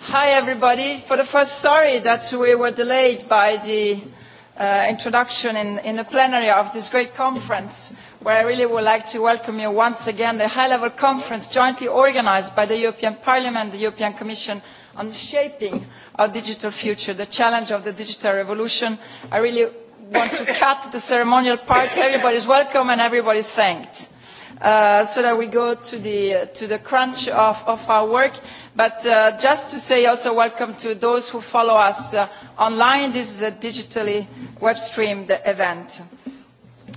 Hi everybody. For the first, sorry that we were delayed by the uh, introduction in, in the plenary of this great conference, where I really would like to welcome you once again, the high-level conference jointly organized by the European Parliament, the European Commission, on shaping our digital future, the challenge of the digital revolution. I really want to cut the ceremonial part. Everybody's welcome and everybody's thanked uh, so that we go to the, to the crunch of, of our work. But uh, just to say also welcome to those who follow us uh, online. This is a digitally web streamed event. Uh,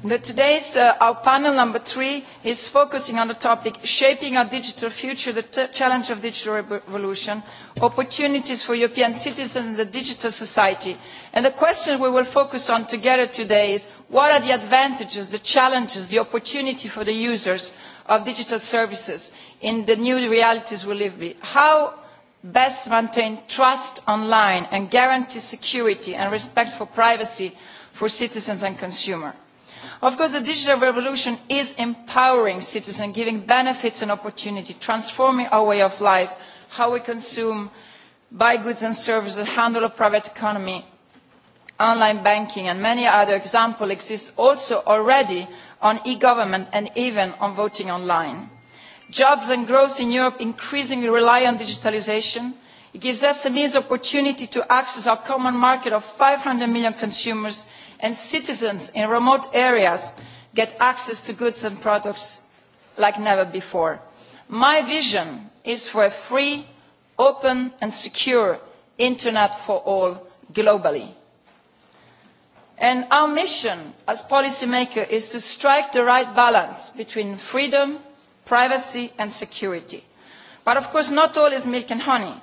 The today's uh, our panel number three is focusing on the topic shaping our digital future the t challenge of digital revolution opportunities for european citizens in the digital society and the question we will focus on together today is what are the advantages the challenges the opportunity for the users of digital services in the new realities we live with how best maintain trust online and guarantee security and respect for privacy for citizens and consumers of course the digital revolution is empowering citizens giving benefits and opportunities transforming our way of life how we consume buy goods and services the handle of private economy online banking and many other examples exist also already on e government and even on voting online. jobs and growth in europe increasingly rely on digitalisation. it gives smes the opportunity to access our common market of five hundred million consumers and citizens in remote areas get access to goods and products like never before. my vision is for a free open and secure internet for all globally. And our mission as policymakers is to strike the right balance between freedom privacy and security. but of course not all is milk and honey.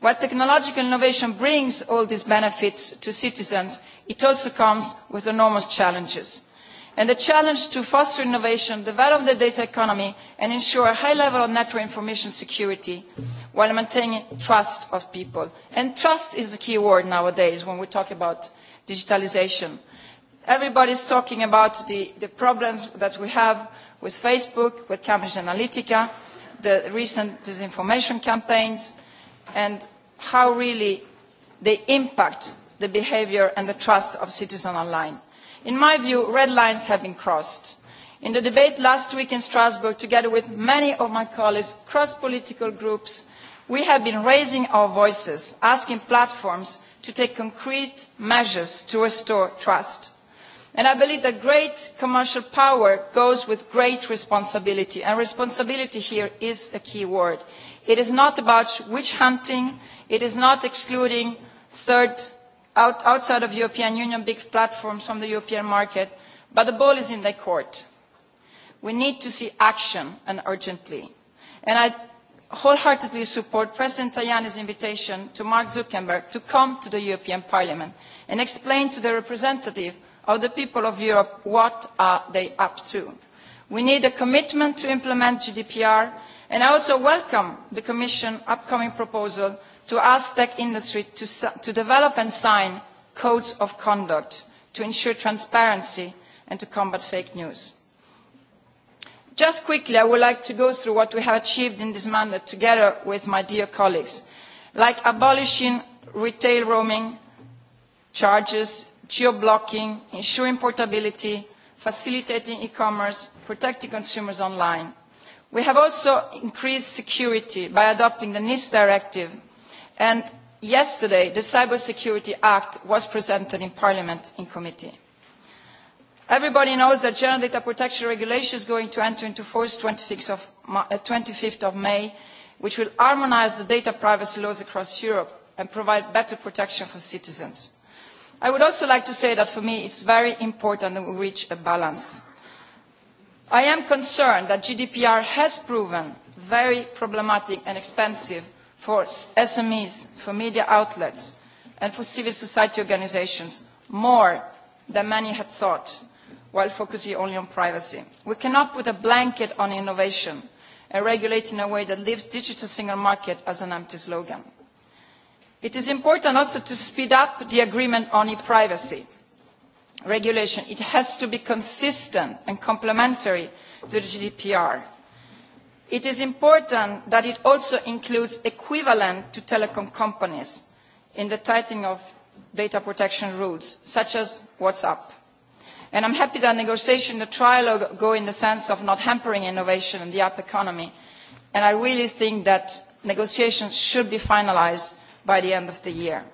while technological innovation brings all these benefits to citizens it also comes with enormous challenges. And the challenge to foster innovation, develop the data economy and ensure a high level of network information security while maintaining trust of people. And trust is a key word nowadays when we talk about digitalization. Everybody is talking about the, the problems that we have with Facebook, with Cambridge Analytica, the recent disinformation campaigns, and how really they impact the behaviour and the trust of citizens online. in my view red lines have been crossed. in the debate last week in strasbourg together with many of my colleagues across political groups we have been raising our voices asking platforms to take concrete measures to restore trust and i believe that great commercial power goes with great responsibility and responsibility here is a key word. it is not about witch hunting it is not excluding third out, outside of European Union big platforms on the European market, but the ball is in their court. We need to see action and urgently. And I wholeheartedly support President Tajani's invitation to Mark Zuckerberg to come to the European Parliament and explain to the representative of the people of Europe what are they up to. We need a commitment to implement GDPR and I also welcome the Commission upcoming proposal to ask tech industry to, to develop and sign codes of conduct to ensure transparency and to combat fake news. Just quickly, I would like to go through what we have achieved in this mandate together with my dear colleagues, like abolishing retail roaming charges, geo-blocking, ensuring portability, facilitating e-commerce, protecting consumers online. We have also increased security by adopting the NIS directive and yesterday the cybersecurity act was presented in parliament in committee. everybody knows that general data protection regulation is going to enter into force twenty five uh, may which will harmonise the data privacy laws across europe and provide better protection for citizens. i would also like to say that for me it is very important that we reach a balance. i am concerned that gdpr has proven very problematic and expensive for SMEs, for media outlets, and for civil society organizations more than many had thought, while focusing only on privacy. We cannot put a blanket on innovation and regulate in a way that leaves digital single market as an empty slogan. It is important also to speed up the agreement on e-privacy regulation. It has to be consistent and complementary to the GDPR It is important that it also includes equivalent to telecom companies in the tightening of data protection rules, such as WhatsApp. And I'm happy that negotiation, the trilogue, go in the sense of not hampering innovation in the app economy. And I really think that negotiations should be finalized by the end of the year.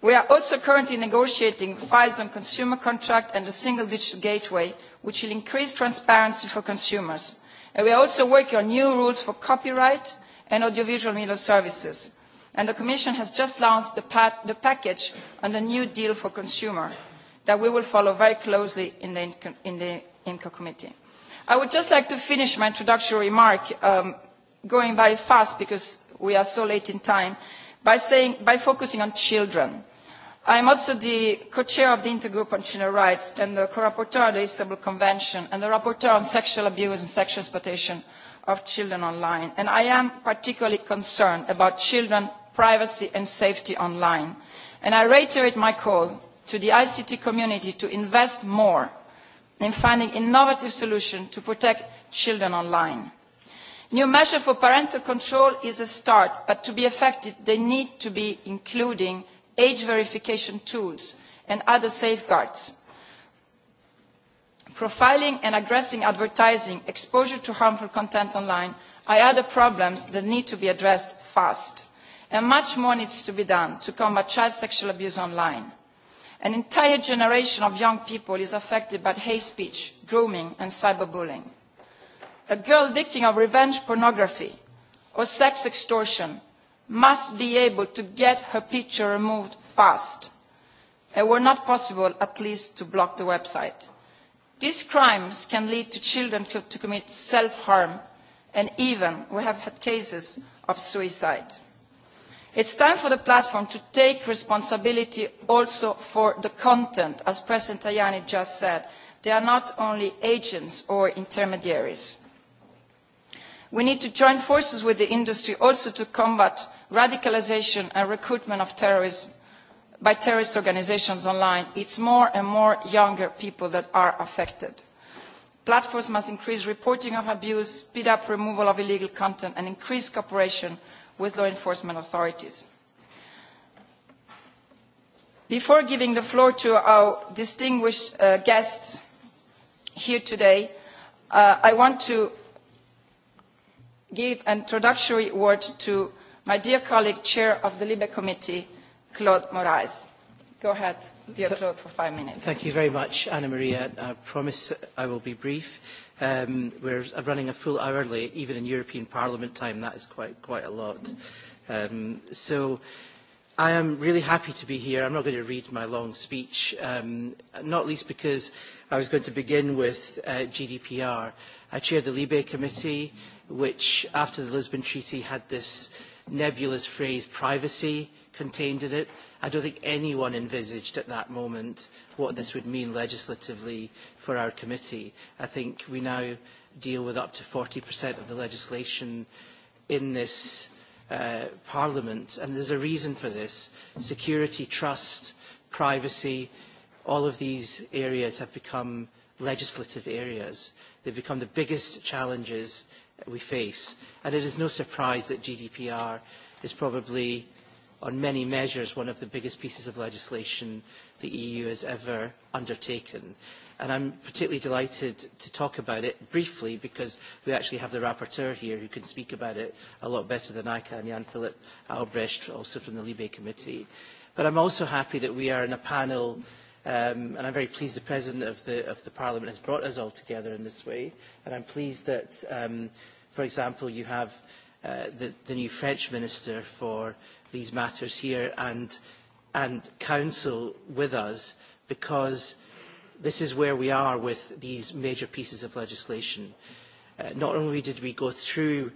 We are also currently negotiating files on consumer contract and the single digital gateway which will increase transparency for consumers. And we are also working on new rules for copyright and audiovisual media services. And the Commission has just launched the, pa the package on the new deal for consumer that we will follow very closely in the, INCO, in the IMCO committee. I would just like to finish my introductory remark, um, going very fast because we are so late in time, by, saying, by focusing on children I am also the co-chair of the Intergroup on Children's Rights and the co-rapporteur on the Istanbul Convention and the rapporteur on sexual abuse and sexual exploitation of children online. And I am particularly concerned about children privacy and safety online. And I reiterate my call to the ICT community to invest more in finding innovative solutions to protect children online. New measures for parental control is a start, but to be effective, they need to be including age verification tools and other safeguards profiling and addressing advertising exposure to harmful content online are other problems that need to be addressed fast and much more needs to be done to combat child sexual abuse online. an entire generation of young people is affected by hate speech grooming and cyberbullying. a girl victim of revenge pornography or sex extortion must be able to get her picture removed fast. It were not possible at least to block the website. These crimes can lead to children to, to commit self-harm and even we have had cases of suicide. It's time for the platform to take responsibility also for the content, as President Tajani just said. They are not only agents or intermediaries. We need to join forces with the industry also to combat radicalisation and recruitment of terrorism by terrorist organisations online it is more and more younger people that are affected. platforms must increase reporting of abuse speed up removal of illegal content and increase cooperation with law enforcement authorities. before giving the floor to our distinguished uh, guests here today uh, i want to give an introductory word to my dear colleague, chair of the Libe Committee, Claude Moraes. Go ahead, dear Claude, for five minutes. Thank you very much, Anna Maria. I promise I will be brief. Um, we're running a full hour late, even in European Parliament time. That is quite, quite a lot. Um, so I am really happy to be here. I'm not going to read my long speech, um, not least because I was going to begin with uh, GDPR. I chaired the Libe Committee, which, after the Lisbon Treaty, had this uh, nebulous phrase privacy contained in it. I don't think anyone envisaged at that moment what this would mean legislatively for our committee. I think we now deal with up to 40% of the legislation in this uh, parliament, and there's a reason for this. Security, trust, privacy, all of these areas have become legislative areas. They've become the biggest challenges we face. And it is no surprise that GDPR is probably, on many measures, one of the biggest pieces of legislation the EU has ever undertaken. And I'm particularly delighted to talk about it briefly because we actually have the rapporteur here who can speak about it a lot better than I can, Jan-Philip Albrecht, also from the Libe Committee. But I'm also happy that we are in a panel mm -hmm Um, and I'm very pleased the President of the, of the Parliament has brought us all together in this way. And I'm pleased that, um, for example, you have uh, the, the new French Minister for these matters here and, and Council with us because this is where we are with these major pieces of legislation. Uh, not only did we go through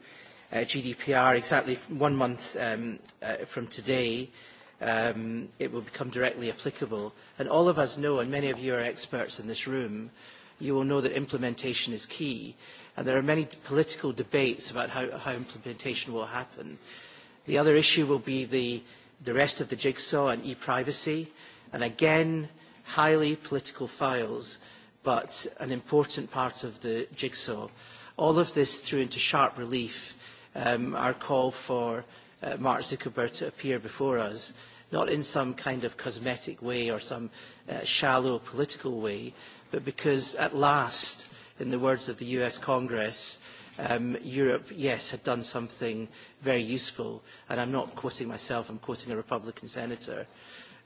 uh, GDPR exactly one month um, uh, from today, uh, um, it will become directly applicable. And all of us know, and many of you are experts in this room, you will know that implementation is key. And there are many political debates about how, how implementation will happen. The other issue will be the, the rest of the jigsaw and e-privacy. And again, highly political files, but an important part of the jigsaw. All of this threw into sharp relief um, our call for uh, Mark Zuckerberg to appear before us, not in some kind of cosmetic way or some uh, shallow political way, but because at last, in the words of the US Congress, um, Europe, yes, had done something very useful. And I'm not quoting myself, I'm quoting a Republican senator.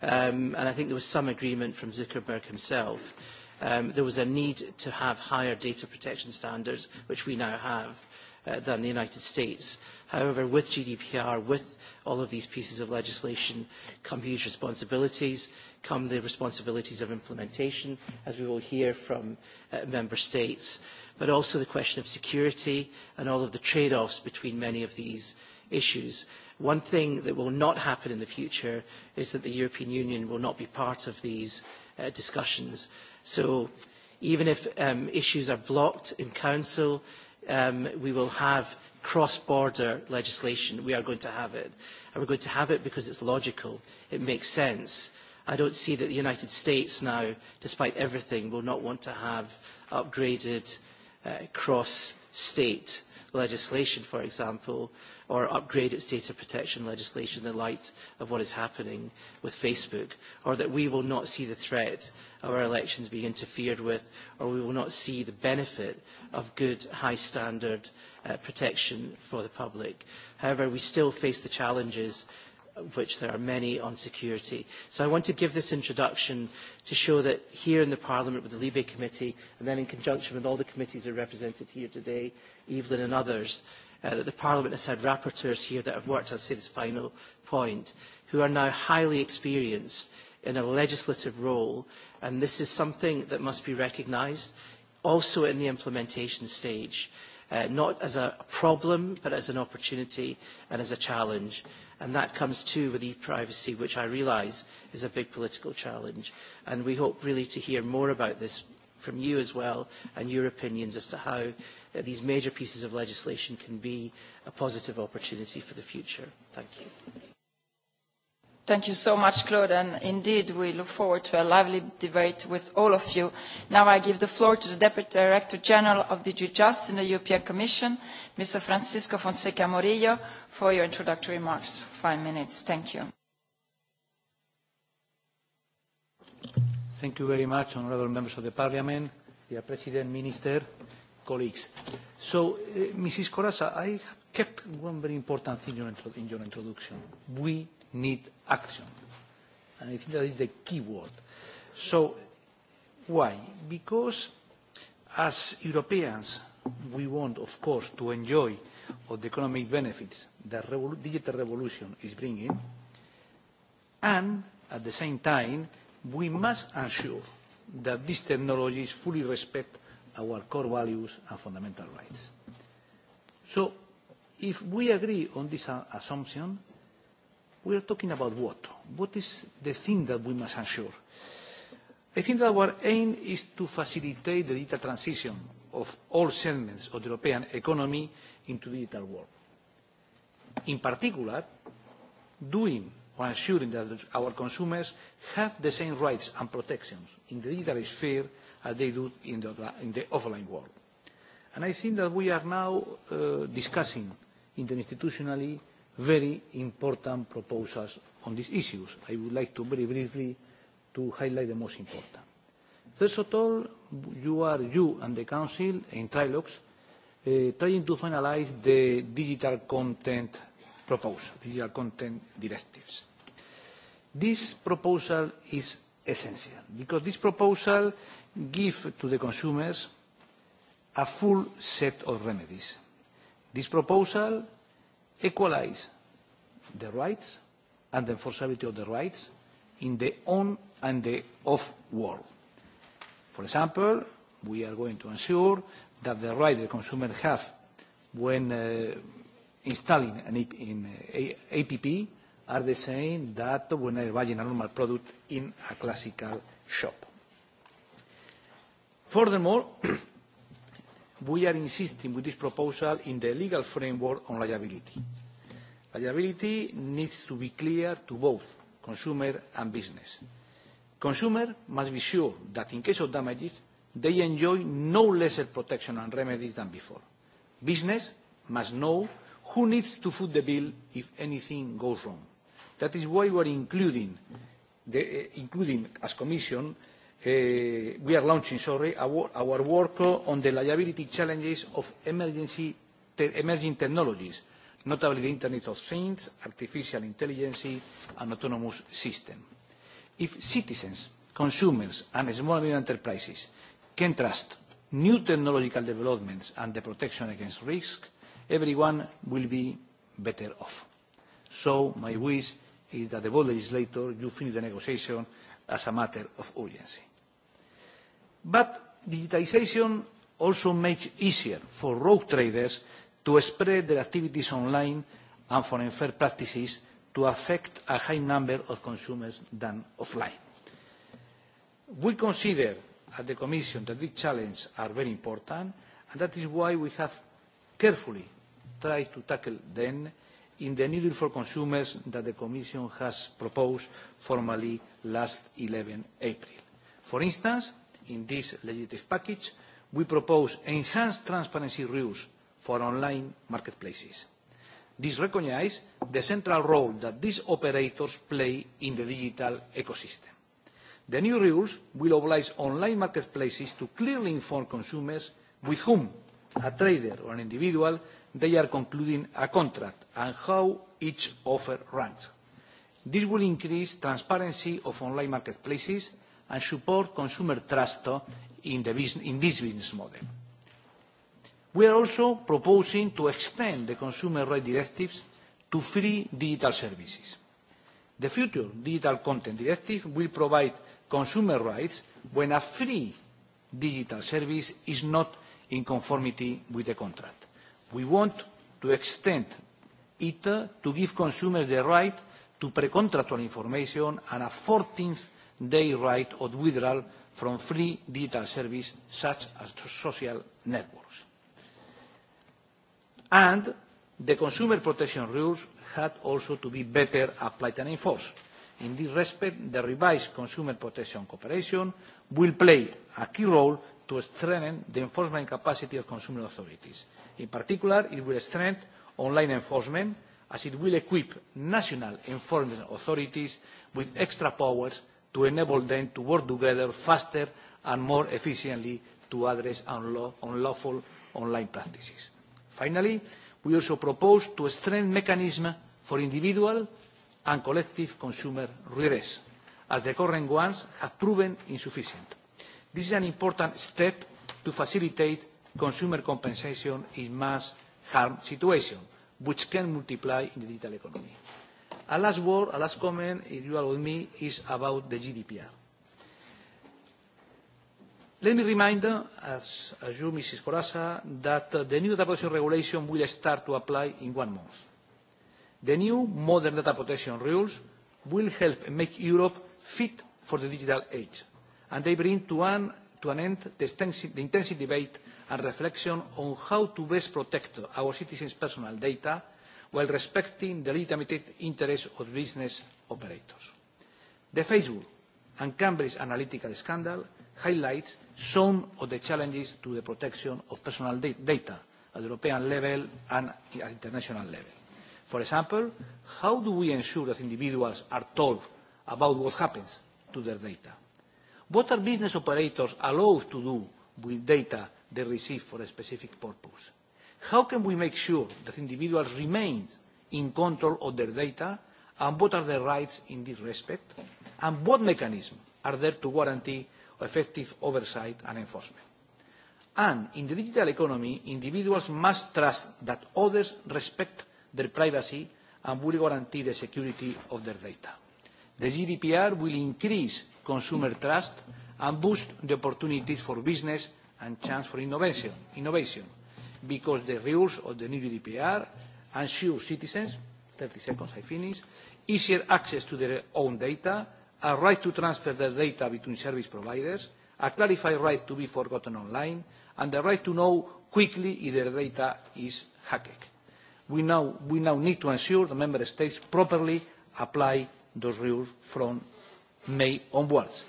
Um, and I think there was some agreement from Zuckerberg himself. Um, there was a need to have higher data protection standards, which we now have uh, than the United States. However, with GDPR, with all of these pieces of legislation come huge responsibilities, come the responsibilities of implementation, as we will hear from uh, member states, but also the question of security and all of the trade-offs between many of these issues. One thing that will not happen in the future is that the European Union will not be part of these uh, discussions. So even if um, issues are blocked in Council, um, we will have cross-border legislation. We are going to have it. And we're going to have it because it's logical. It makes sense. I don't see that the United States now, despite everything, will not want to have upgraded uh, cross-state legislation, for example, or upgrade its data protection legislation in the light of what is happening with Facebook, or that we will not see the threat of our elections being interfered with, or we will not see the benefit of good, high standard uh, protection for the public. However, we still face the challenges of which there are many on security. So I want to give this introduction to show that here in the Parliament with the Libe Committee, and then in conjunction with all the committees that are represented here today, Evelyn and others, uh, that the Parliament has had rapporteurs here that have worked, I'll say this final point, who are now highly experienced in a legislative role, and this is something that must be recognised also in the implementation stage, uh, not as a problem, but as an opportunity and as a challenge. And that comes too with e-privacy, which I realise is a big political challenge. And we hope really to hear more about this from you as well and your opinions as to how uh, these major pieces of legislation can be a positive opportunity for the future. Thank you. Thank you so much, Claude, and indeed we look forward to a lively debate with all of you. Now I give the floor to the Deputy Director General of DG Just in the European Commission, Mr. Francisco Fonseca Morillo, for your introductory remarks. Five minutes. Thank you. Thank you very much, honourable members of the Parliament, dear President, Minister, colleagues. So, uh, Mrs. Corazza, I kept one very important thing in your, intro in your introduction. We need action. And I think that is the key word. So why? Because as Europeans, we want, of course, to enjoy of the economic benefits that revol digital revolution is bringing, and at the same time, we must ensure that these technologies fully respect our core values and fundamental rights. So if we agree on this assumption, we are talking about what? What is the thing that we must ensure? I think that our aim is to facilitate the digital transition of all segments of the European economy into the digital world. In particular, doing or ensuring that our consumers have the same rights and protections in the digital sphere as they do in the, in the offline world. And I think that we are now uh, discussing interinstitutionally very important proposals on these issues. I would like to very briefly to highlight the most important. First of all, you are, you and the Council in trilogues, uh, trying to finalize the digital content proposal, digital content directives. This proposal is essential because this proposal gives to the consumers a full set of remedies. This proposal equalize the rights and the enforceability of the rights in the on and the off world. For example, we are going to ensure that the right the consumer have when uh, installing an AP, in uh, APP are the same that when I buy a normal product in a classical shop. Furthermore, we are insisting with this proposal in the legal framework on liability. Liability needs to be clear to both consumer and business. Consumer must be sure that in case of damages, they enjoy no lesser protection and remedies than before. Business must know who needs to foot the bill if anything goes wrong. That is why we're including, the, uh, including as Commission, Eh, we are launching, sorry, our, our work on the liability challenges of emergency te emerging technologies, notably the Internet of Things, artificial intelligence, and autonomous systems. If citizens, consumers, and small and medium enterprises can trust new technological developments and the protection against risk, everyone will be better off. So my wish is that the board legislator, you finish the negotiation as a matter of urgency. But digitization also makes easier for rogue traders to spread their activities online and for unfair practices to affect a high number of consumers than offline. We consider at the Commission that these challenges are very important, and that is why we have carefully tried to tackle them in the needle for consumers that the Commission has proposed formally last 11 April. For instance, in this legislative package, we propose enhanced transparency rules for online marketplaces. This recognizes the central role that these operators play in the digital ecosystem. The new rules will oblige online marketplaces to clearly inform consumers with whom, a trader or an individual, they are concluding a contract and how each offer ranks. This will increase transparency of online marketplaces and support consumer trust in, the business, in this business model. We are also proposing to extend the consumer rights directives to free digital services. The future Digital Content Directive will provide consumer rights when a free digital service is not in conformity with the contract. We want to extend it to give consumers the right to pre-contractual information and a 14th their right of withdrawal from free digital services such as social networks. And the consumer protection rules had also to be better applied and enforced. In this respect, the revised consumer protection cooperation will play a key role to strengthen the enforcement capacity of consumer authorities. In particular, it will strengthen online enforcement as it will equip national enforcement authorities with extra powers to enable them to work together faster and more efficiently to address unlaw unlawful online practices. Finally, we also propose to strengthen mechanisms for individual and collective consumer redress, as the current ones have proven insufficient. This is an important step to facilitate consumer compensation in mass harm situations, which can multiply in the digital economy. A last word, a last comment, if you are with me, is about the GDPR. Let me remind, as, as you, Mrs. Corazza, that uh, the new data protection regulation will start to apply in one month. The new modern data protection rules will help make Europe fit for the digital age, and they bring to an, to an end the extensive, the intensive debate and reflection on how to best protect our citizens' personal data while respecting the legitimate interests of business operators. The Facebook and Cambridge Analytica scandal highlights some of the challenges to the protection of personal data at European level and at international level. For example, how do we ensure that individuals are told about what happens to their data? What are business operators allowed to do with data they receive for a specific purpose? How can we make sure that individuals remain in control of their data and what are their rights in this respect and what mechanisms are there to guarantee effective oversight and enforcement? And in the digital economy, individuals must trust that others respect their privacy and will guarantee the security of their data. The GDPR will increase consumer trust and boost the opportunities for business and chance for innovation. innovation because the rules of the new GDPR ensure citizens, 30 seconds I finish, easier access to their own data, a right to transfer their data between service providers, a clarified right to be forgotten online, and the right to know quickly if their data is hacked. We now, we now need to ensure the Member States properly apply those rules from May onwards.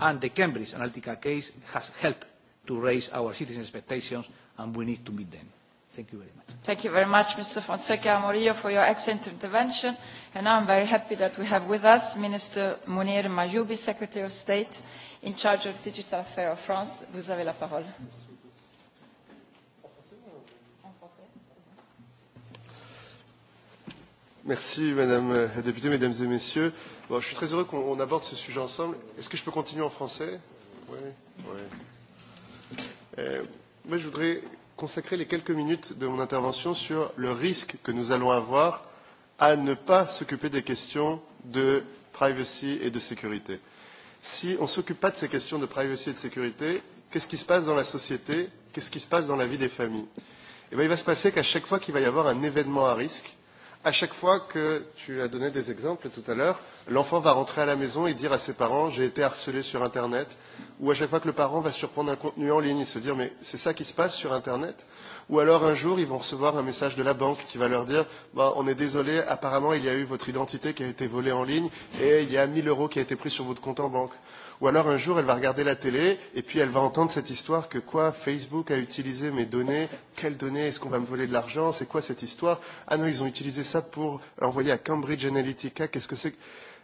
And the Cambridge Analytica case has helped to raise our citizens' expectations and we need to meet them. Thank you very much. Thank you very much, Mr. Fonseca Amorillo, for your excellent intervention. And I'm very happy that we have with us Minister Mounir Majoubi, Secretary of State in charge of Digital Affairs of France. Vous avez la parole. Merci, Madame la députée, Mesdames et Messieurs. Bon, je suis très heureux qu'on aborde ce sujet ensemble. Est-ce que je peux continuer en français Oui. Ouais. Euh, Moi, je voudrais consacrer les quelques minutes de mon intervention sur le risque que nous allons avoir à ne pas s'occuper des questions de privacy et de sécurité. Si on ne s'occupe pas de ces questions de privacy et de sécurité, qu'est-ce qui se passe dans la société Qu'est-ce qui se passe dans la vie des familles Eh bien, il va se passer qu'à chaque fois qu'il va y avoir un événement à risque, à chaque fois que tu as donné des exemples tout à l'heure, l'enfant va rentrer à la maison et dire à ses parents j'ai été harcelé sur Internet, ou à chaque fois que le parent va surprendre un contenu en ligne et se dire mais c'est ça qui se passe sur Internet, ou alors un jour ils vont recevoir un message de la banque qui va leur dire bah, on est désolé, apparemment il y a eu votre identité qui a été volée en ligne et il y a 1000 euros qui a été pris sur votre compte en banque Ou alors un jour, elle va regarder la télé et puis elle va entendre cette histoire que quoi, Facebook a utilisé mes données, quelles données, est-ce qu'on va me voler de l'argent, c'est quoi cette histoire Ah non, ils ont utilisé ça pour l'envoyer à Cambridge Analytica, qu'est-ce que c'est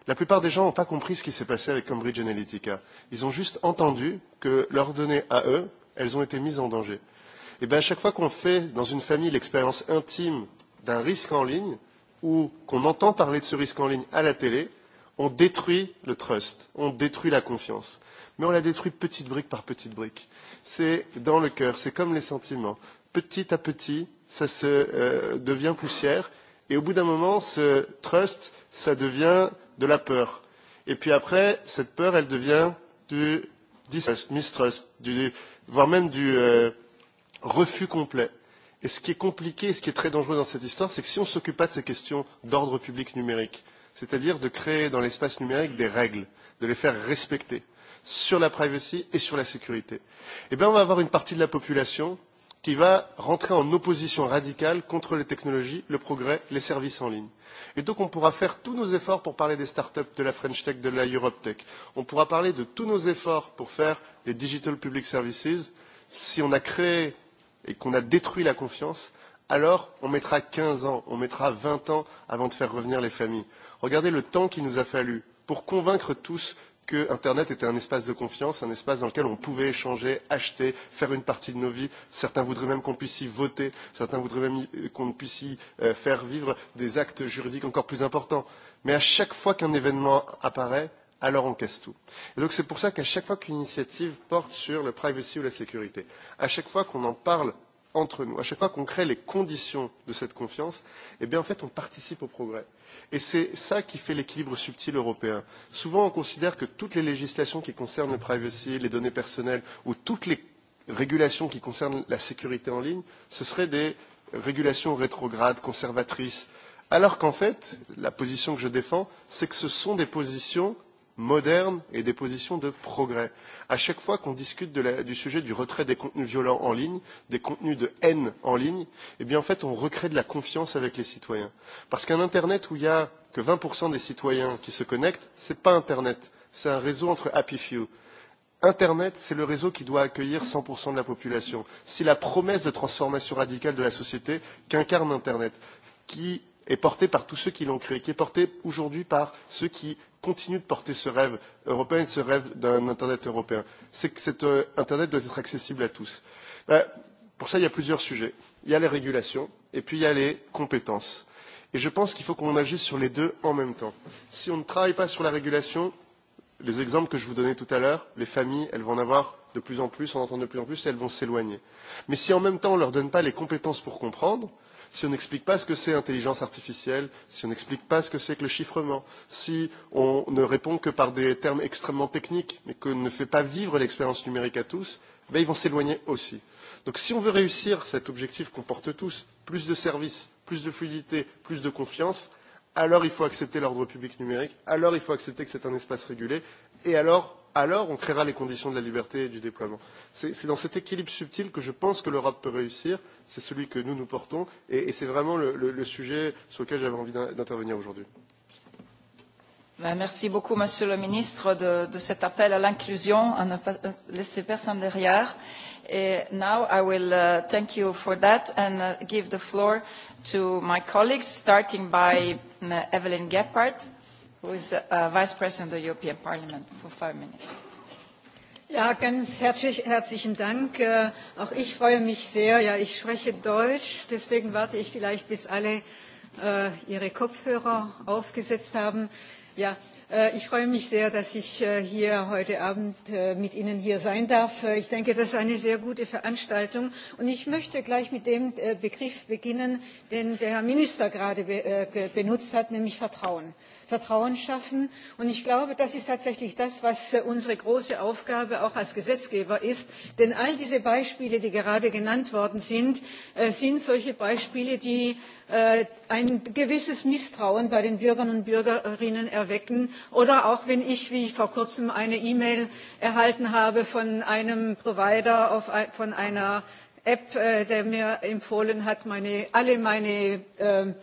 la plupart des gens n'ont pas compris ce qui s'est passé avec Cambridge Analytica. Ils ont juste entendu que leurs données à eux, elles ont été mises en danger. Et eh bien à chaque fois qu'on fait dans une famille l'expérience intime d'un risque en ligne, ou qu'on entend parler de ce risque en ligne à la télé, on détruit le trust, on détruit la confiance. Mais on la détruit petite brique par petite brique. C'est dans le cœur, c'est comme les sentiments. Petit à petit, ça se, euh, devient poussière. Et au bout d'un moment, ce trust, ça devient de la peur. Et puis après, cette peur, elle devient du distrust, mistrust, du, voire même du euh, refus complet. Et ce qui est compliqué, ce qui est très dangereux dans cette histoire, c'est que si on ne s'occupe pas de ces questions d'ordre public numérique, c'est-à-dire de créer dans l'espace numérique des règles, de les faire respecter sur la privacy et sur la sécurité. Eh bien, on va avoir une partie de la population qui va rentrer en opposition radicale contre les technologies, le progrès, les services en ligne. Et donc on pourra faire tous nos efforts pour parler des startups, de la French Tech, de la Europe Tech. On pourra parler de tous nos efforts pour faire les digital public services si on a créé et qu'on a détruit la confiance, alors on mettra quinze ans on mettra vingt ans avant de faire revenir les familles. regardez le temps qu'il nous a fallu pour convaincre tous que internet était un espace de confiance un espace dans lequel on pouvait échanger acheter faire une partie de nos vies certains voudraient même qu'on puisse y voter certains voudraient même euh, qu'on puisse y euh, faire vivre des actes juridiques encore plus importants mais à chaque fois qu'un événement apparaît alors on casse tout. Et donc c'est pour ça qu'à chaque fois qu'une initiative porte sur le privacy ou la sécurité, à chaque fois qu'on en parle entre nous. À chaque fois qu'on crée les conditions de cette confiance, eh bien, en fait, on participe au progrès. Et c'est ça qui fait l'équilibre subtil européen. Souvent, on considère que toutes les législations qui concernent le privacy, les données personnelles, ou toutes les régulations qui concernent la sécurité en ligne, ce seraient des régulations rétrogrades, conservatrices. Alors qu'en fait, la position que je défends, c'est que ce sont des positions modernes et des positions de progrès. À chaque fois qu'on discute de la, du sujet du retrait des contenus violents en ligne, des contenus de haine en ligne, eh bien en fait on recrée de la confiance avec les citoyens. Parce qu'un Internet où il n'y a que 20% des citoyens qui se connectent, ce n'est pas Internet, c'est un réseau entre happy few. Internet, c'est le réseau qui doit accueillir 100% de la population. C'est la promesse de transformation radicale de la société qu'incarne Internet, qui est porté par tous ceux qui l'ont créé, qui est porté aujourd'hui par ceux qui continuent de porter ce rêve européen et ce rêve d'un Internet européen. C'est que cet euh, Internet doit être accessible à tous. Ben, pour ça, il y a plusieurs sujets. Il y a les régulations et puis il y a les compétences. Et je pense qu'il faut qu'on agisse sur les deux en même temps. Si on ne travaille pas sur la régulation, les exemples que je vous donnais tout à l'heure, les familles, elles vont en avoir de plus en plus, en entendre de plus en plus, et elles vont s'éloigner. Mais si en même temps on ne leur donne pas les compétences pour comprendre, euh, si on n'explique pas ce que c'est intelligence artificielle, si on n'explique pas ce que c'est que le chiffrement, si on ne répond que par des termes extrêmement techniques, mais qu'on ne fait pas vivre l'expérience numérique à tous, ben ils vont s'éloigner aussi. Donc si on veut réussir cet objectif qu'on porte tous, plus de services, plus de fluidité, plus de confiance, alors il faut accepter l'ordre public numérique, alors il faut accepter que c'est un espace régulé, et alors alors on créera les conditions de la liberté et du déploiement. C'est dans cet équilibre subtil que je pense que l'Europe peut réussir, c'est celui que nous nous portons, et, et c'est vraiment le, le, le sujet sur lequel j'avais envie d'intervenir aujourd'hui. Merci beaucoup, Monsieur le Ministre, de, de cet appel à l'inclusion, à ne pas euh, laisser personne derrière. Uh, now I will uh, thank you for that and uh, give the floor to my colleagues, starting by uh, Evelyn Gephardt who is uh, Vice President of the European Parliament, for five minutes. Ja, ganz herzlich, herzlichen Dank. Äh, auch ich freue mich sehr. Ja, ich spreche Deutsch, deswegen warte ich vielleicht, bis alle äh, ihre Kopfhörer aufgesetzt haben. Äh, Ja, äh, ich freue mich sehr, dass ich äh, hier heute Abend äh, mit Ihnen hier sein darf. Ich denke, das ist eine sehr gute Veranstaltung. Und ich möchte gleich mit dem Begriff beginnen, den der Herr Minister gerade benutzt hat, nämlich Vertrauen. Vertrauen schaffen. Und ich glaube, das ist tatsächlich das, was unsere große Aufgabe auch als Gesetzgeber ist. Denn all diese Beispiele, die gerade genannt worden sind, sind solche Beispiele, die ein gewisses Misstrauen bei den Bürgern und Bürgerinnen erwecken oder auch wenn ich, wie ich vor kurzem eine E-Mail erhalten habe von einem Provider auf, von einer App, äh, der mir empfohlen hat, meine, alle meine ähm,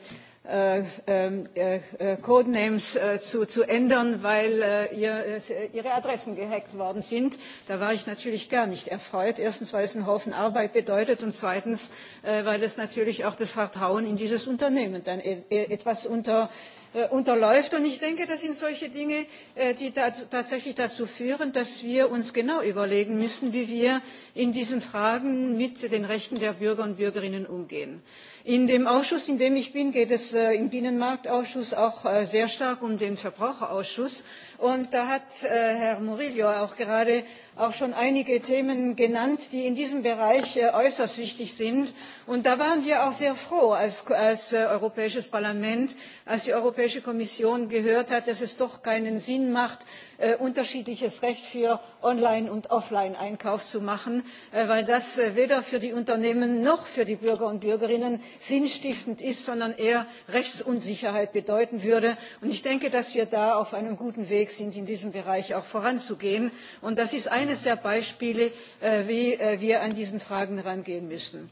äh, äh, äh, äh, Codenames äh, zu, zu ändern, weil äh, ihr, äh, ihre Adressen gehackt worden sind. Da war ich natürlich gar nicht erfreut. Erstens, weil es einen Haufen Arbeit bedeutet und zweitens, äh, weil es natürlich auch das Vertrauen in dieses Unternehmen dann e, e etwas unter Äh, unterläuft. Und ich denke, das sind solche Dinge, äh, die tatsächlich dazu führen, dass wir uns genau überlegen müssen, wie wir in diesen Fragen mit den Rechten der Bürger und Bürgerinnen umgehen. In dem Ausschuss, in dem ich bin, geht es äh, im Binnenmarktausschuss auch sehr stark um den Verbraucherausschuss. Und da hat Herr Murillo auch gerade auch schon einige Themen genannt, die in diesem Bereich äh, äußerst wichtig sind. Und da waren wir auch sehr froh als, als äh, Europäisches Parlament, als die Europäische Kommission gehört hat, dass es doch keinen Sinn macht, äh, unterschiedliches Recht für Online- und Offline-Einkauf zu machen, weil das weder für die Unternehmen noch für die Bürger und Bürgerinnen sinnstiftend ist, sondern eher Rechtsunsicherheit bedeuten würde. Und ich denke, dass wir da auf einem guten Weg sind, in diesem Bereich auch voranzugehen. Und das ist ein eines der beispiele äh, wie äh, wir an diese fragen herangehen müssen.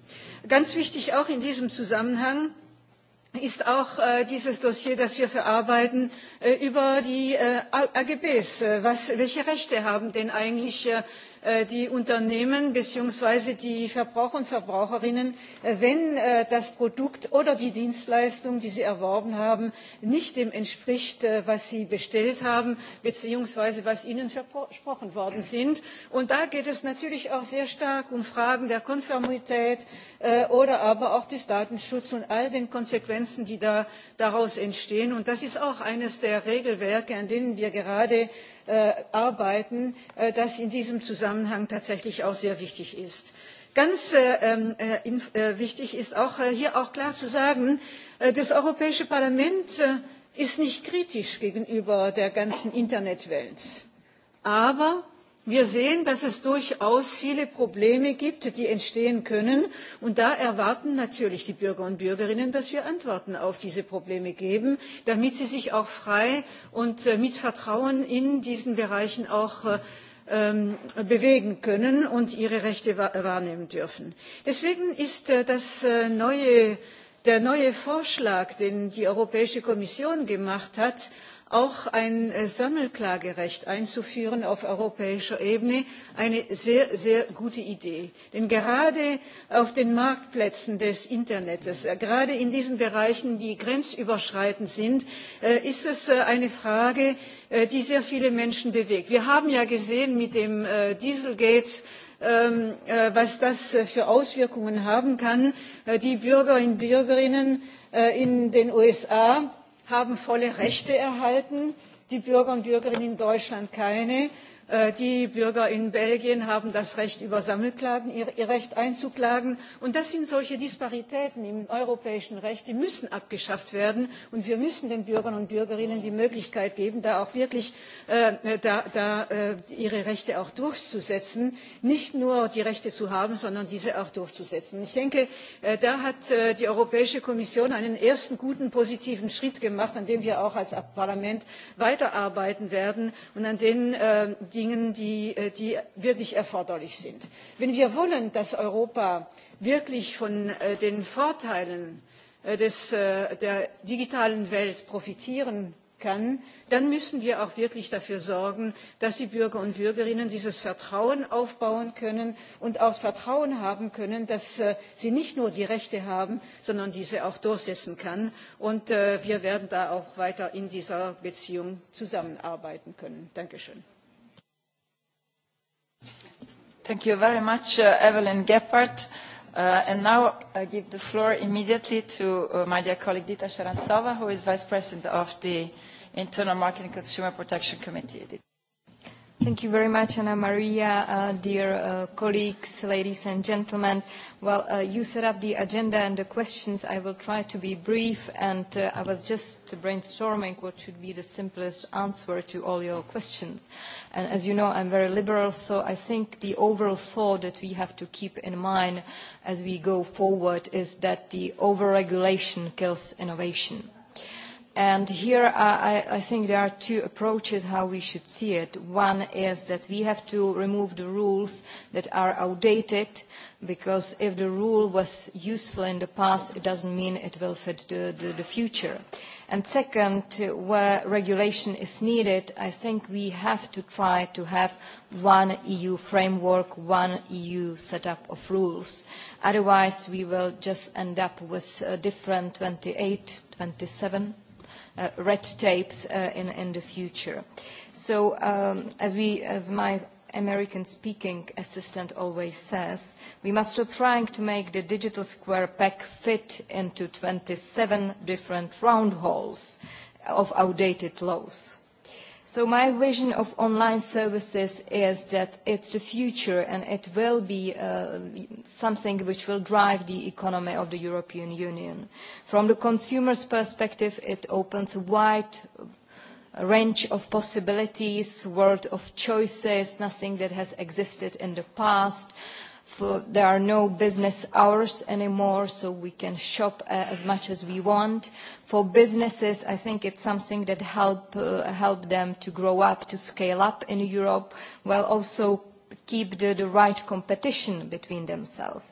ganz wichtig auch in diesem zusammenhang ist auch äh, dieses Dossier, das wir verarbeiten, äh, über die äh, AGBs. Äh, was, welche Rechte haben denn eigentlich Äh, die Unternehmen bzw. die Verbraucher und Verbraucherinnen, äh, wenn äh, das Produkt oder die Dienstleistung, die sie erworben haben, nicht dem entspricht, was sie bestellt haben bzw. was ihnen versprochen worden sind. Und da geht es natürlich auch sehr stark um Fragen der Konformität oder aber auch des Datenschutzes und all den Konsequenzen, die da daraus entstehen. Und das ist auch eines der Regelwerke, an denen wir gerade Äh, arbeiten äh, das in diesem zusammenhang tatsächlich auch sehr wichtig ist. ganz äh, ähm, wichtig ist auch hier auch klar zu sagen das europäische parlament ist nicht kritisch gegenüber der ganzen internetwelt aber wir sehen dass es durchaus viele probleme gibt die entstehen können und da erwarten natürlich die bürger und bürgerinnen dass wir antworten auf diese probleme geben damit sie sich auch frei und äh, mit vertrauen in diesen bereichen äh, ähm, bewegen können und ihre rechte wahrnehmen dürfen. deswegen ist äh, der neue vorschlag den die europäische kommission gemacht hat auch ein äh, sammelklagerecht einzuführen auf europäischer ebene eine sehr sehr gute idee denn gerade auf den marktplätzen des internets äh, gerade in diesen bereichen die grenzüberschreitend sind äh, ist es eine frage die sehr viele menschen bewegt. wir haben ja gesehen mit dem dieselgate ähm, was das für auswirkungen haben kann die bürger und bürgerinnen in den usa haben volle rechte erhalten die bürger und bürgerinnen in deutschland keine. Äh, die bürger in belgien haben das recht über sammelklagen ihr recht einzuklagen und das sind solche disparitäten im europäischen recht die müssen abgeschafft werden und wir müssen den bürgern und bürgerinnen die möglichkeit geben da auch wirklich äh, äh, ihre rechte auch durchzusetzen nicht nur die rechte zu haben sondern diese auch durchzusetzen. ich denke da hat die europäische kommission einen ersten guten positiven schritt gemacht an dem wir auch als parlament weiterarbeiten werden und an dem dingen die, äh, die wirklich erforderlich sind. wenn wir wollen dass europa wirklich von äh, den vorteilen äh, des, der digitalen welt profitieren kann dann müssen wir auch wirklich dafür sorgen dass die bürger und bürgerinnen dieses vertrauen aufbauen können und auch vertrauen haben können dass sie nicht nur die rechte haben sondern diese auch durchsetzen können. und wir werden da auch weiter in dieser beziehung zusammenarbeiten können. danke schön. Thank you very much, uh, Evelyn Gephardt. Uh, and now I give the floor immediately to uh, my dear colleague Dita Sharantsova, who is Vice President of the Internal Market and Consumer Protection Committee. Thank you very much, Anna Maria. Uh, dear uh, colleagues, ladies and gentlemen, well, uh, you set up the agenda and the questions. I will try to be brief, and uh, I was just brainstorming what should be the simplest answer to all your questions. And as you know, I'm very liberal, so I think the overall thought that we have to keep in mind as we go forward is that the overregulation kills innovation And here uh, I, I think there are two approaches how we should see it. One is that we have to remove the rules that are outdated because if the rule was useful in the past, it doesn't mean it will fit the, the, the future. And second, where regulation is needed, I think we have to try to have one EU framework, one EU setup of rules. Otherwise, we will just end up with a different 28, 27 uh, red tapes uh, in, in the future. So um, as, we, as my American-speaking assistant always says, we must stop trying to make the digital square peg fit into 27 different round holes of outdated laws So my vision of online services is that it's the future and it will be uh, something which will drive the economy of the European Union. From the consumer's perspective, it opens a wide range of possibilities, world of choices, nothing that has existed in the past. Uh, for, there are no business hours anymore, so we can shop uh, as much as we want. For businesses, I think it's something that help, uh, help them to grow up, to scale up in Europe, while also keep the, the right competition between themselves.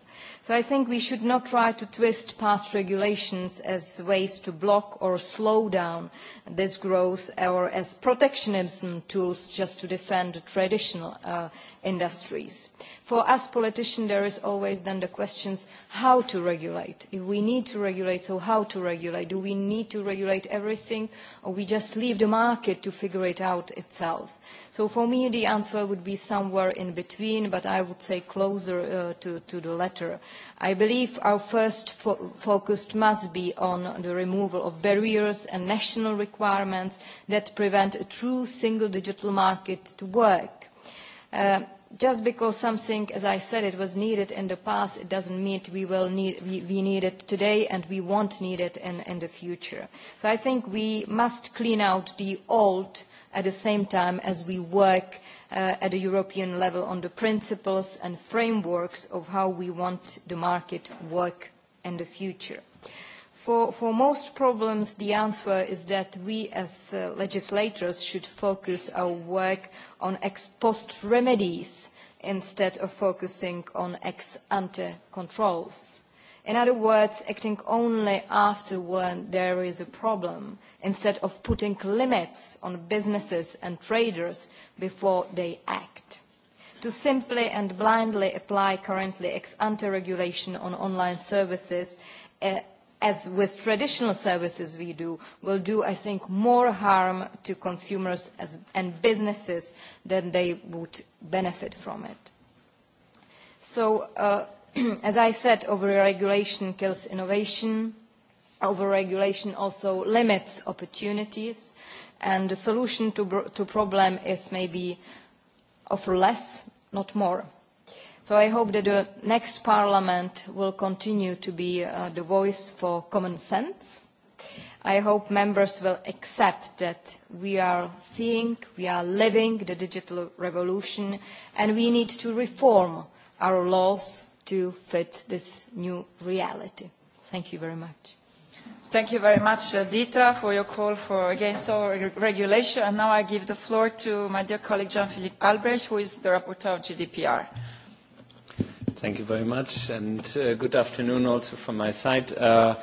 So I think we should not try to twist past regulations as ways to block or slow down this growth or as protectionism tools just to defend traditional uh, industries. For us politicians, there is always then the questions how to regulate. If we need to regulate, so how to regulate? Do we need to regulate everything or we just leave the market to figure it out itself? Uh, So for me, the answer would be somewhere in between, but I would say closer uh, to, to the latter. I believe our first fo focus must be on the removal of barriers and national requirements that prevent a true single digital market to work. Uh, just because something, as I said, it was needed in the past, it doesn't mean we will need, we, we need it today and we won't need it in, in the future. So I think we must clean out the old at the same time as we work uh, at a European level on the principles and frameworks of how we want the market to work in the future. For, for most problems, the answer is that we as uh, legislators should focus our work on ex post remedies instead of focusing on ex ante controls In other words, acting only after when there is a problem, instead of putting limits on businesses and traders before they act. To simply and blindly apply currently ex-ante regulation on online services, uh, as with traditional services we do, will do, I think, more harm to consumers as, and businesses than they would benefit from it. So uh, as I said, overregulation kills innovation. Overregulation also limits opportunities, and the solution to, to problem is maybe offer less, not more. So I hope that the next parliament will continue to be uh, the voice for common sense. I hope members will accept that we are seeing, we are living the digital revolution, and we need to reform our laws to fit this new reality. Thank you very much. Thank you very much, uh, Dita, for your call for against all re regulation. And now I give the floor to my dear colleague Jean-Philippe Albrecht, who is the rapporteur of GDPR. Thank you very much, and uh, good afternoon also from my side. Uh,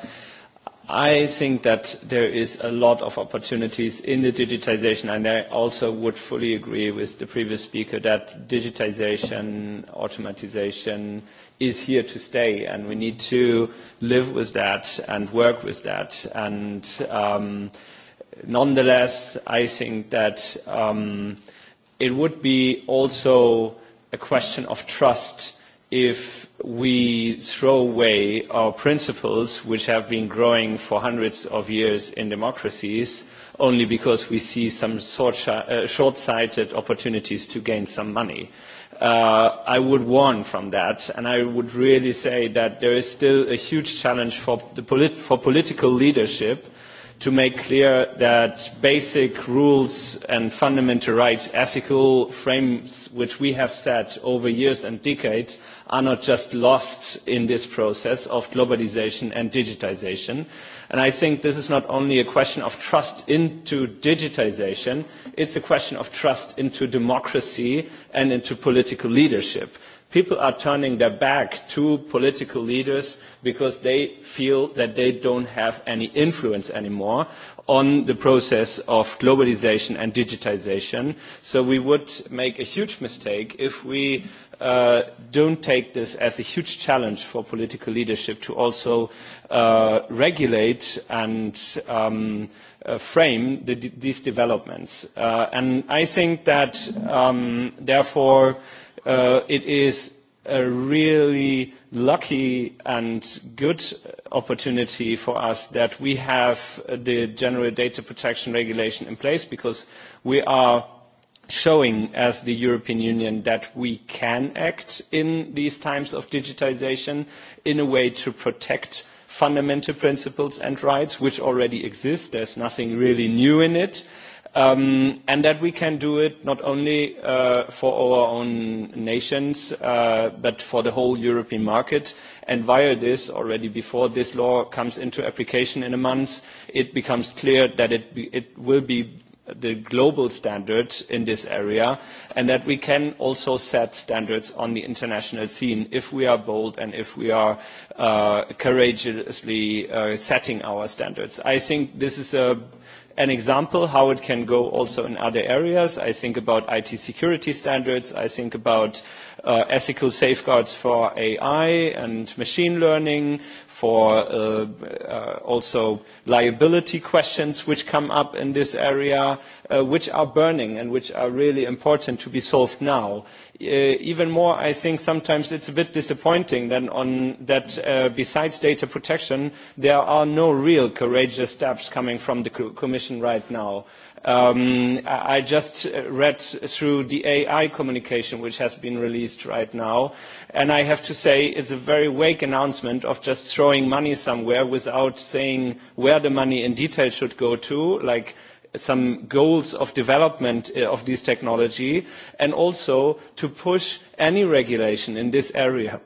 I think that there is a lot of opportunities in the digitization, and I also would fully agree with the previous speaker that digitization, automatization is here to stay, and we need to live with that and work with that. And um, nonetheless, I think that um, it would be also a question of trust if we throw away our principles which have been growing for hundreds of years in democracies only because we see some sort, uh, short-sighted opportunities to gain some money. Uh, I would warn from that, and I would really say that there is still a huge challenge for, the polit for political leadership uh, to make clear that basic rules and fundamental rights, ethical frames which we have set over years and decades are not just lost in this process of globalization and digitization. And I think this is not only a question of trust into digitization, it's a question of trust into democracy and into political leadership people are turning their back to political leaders because they feel that they don't have any influence anymore on the process of globalization and digitization. So we would make a huge mistake if we uh, don't take this as a huge challenge for political leadership to also uh, regulate and um, uh, frame the, these developments. Uh, and I think that, um, therefore, uh, uh, it is a really lucky and good opportunity for us that we have uh, the general data protection regulation in place because we are showing as the European Union that we can act in these times of digitization in a way to protect fundamental principles and rights which already exist. There's nothing really new in it. Uh, um, and that we can do it not only uh, for our own nations, uh, but for the whole European market. And via this, already before this law comes into application in a month, it becomes clear that it, be, it will be the global standard in this area and that we can also set standards on the international scene if we are bold and if we are uh, courageously uh, setting our standards. I think this is a an example how it can go also in other areas. I think about IT security standards. I think about uh, ethical safeguards for AI and machine learning for uh, uh, also liability questions which come up in this area, uh, which are burning and which are really important to be solved now. Uh, even more, I think sometimes it's a bit disappointing than on that uh, besides data protection, there are no real courageous steps coming from the Commission right now. Um, I just read through the AI communication, which has been released right now, and I have to say it's a very vague announcement of just throwing money somewhere without saying where the money in detail should go to, like some goals of development uh, of this technology, and also to push any regulation in this area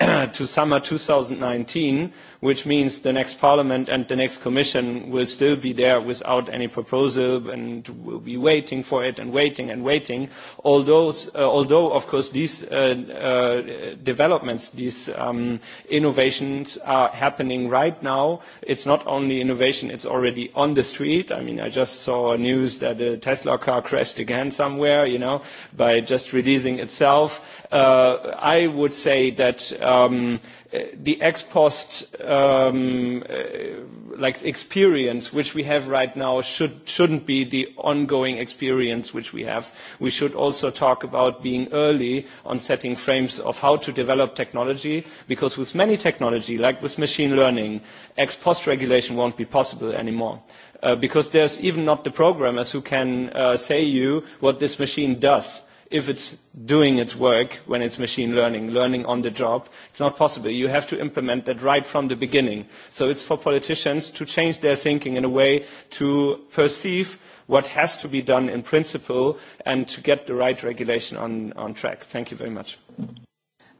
to summer 2019 which means the next parliament and the next commission will still be there without any proposal and will be waiting for it and waiting and waiting. Although, uh, although of course, these uh, uh, developments, these um, innovations are happening right now. It's not only innovation, it's already on the street. I mean, I just saw news that a Tesla car crashed again somewhere, you know, by just releasing itself. Uh, I would say that um, Uh, the ex post um, uh, like experience which we have right now should shouldn't be the ongoing experience which we have. We should also talk about being early on setting frames of how to develop technology, because with many technology, like with machine learning, ex post regulation won't be possible anymore. Uh, because there's even not the programmers who can uh, say you what this machine does if it's doing its work when it's machine learning, learning on the job. It's not possible. You have to implement that right from the beginning. So it's for politicians to change their thinking in a way to perceive what has to be done in principle and to get the right regulation on, on track. Thank you very much.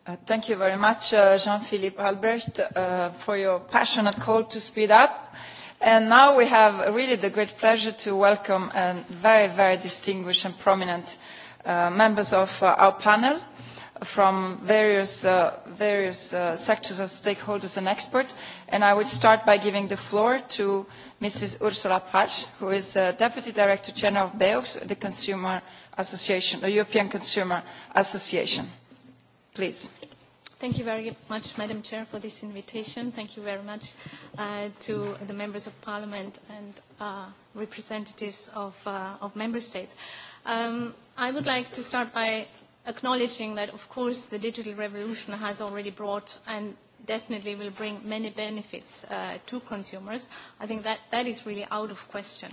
Uh, thank you very much, uh, Jean-Philippe Albrecht, uh, for your passionate call to speed up. And now we have really the great pleasure to welcome a very, very distinguished and prominent uh, uh, members of uh, our panel from various, uh, various uh, sectors of stakeholders and experts. And I would start by giving the floor to Mrs. Ursula Pasch, who is the Deputy Director General of BEOX, the Consumer Association, the European Consumer Association. Please. Thank you very much, Madam Chair, for this invitation. Thank you very much uh, to the members of Parliament and uh, representatives of, uh, of member states. Um, I would like to start by acknowledging that, of course, the digital revolution has already brought and definitely will bring many benefits uh, to consumers. I think that, that is really out of question.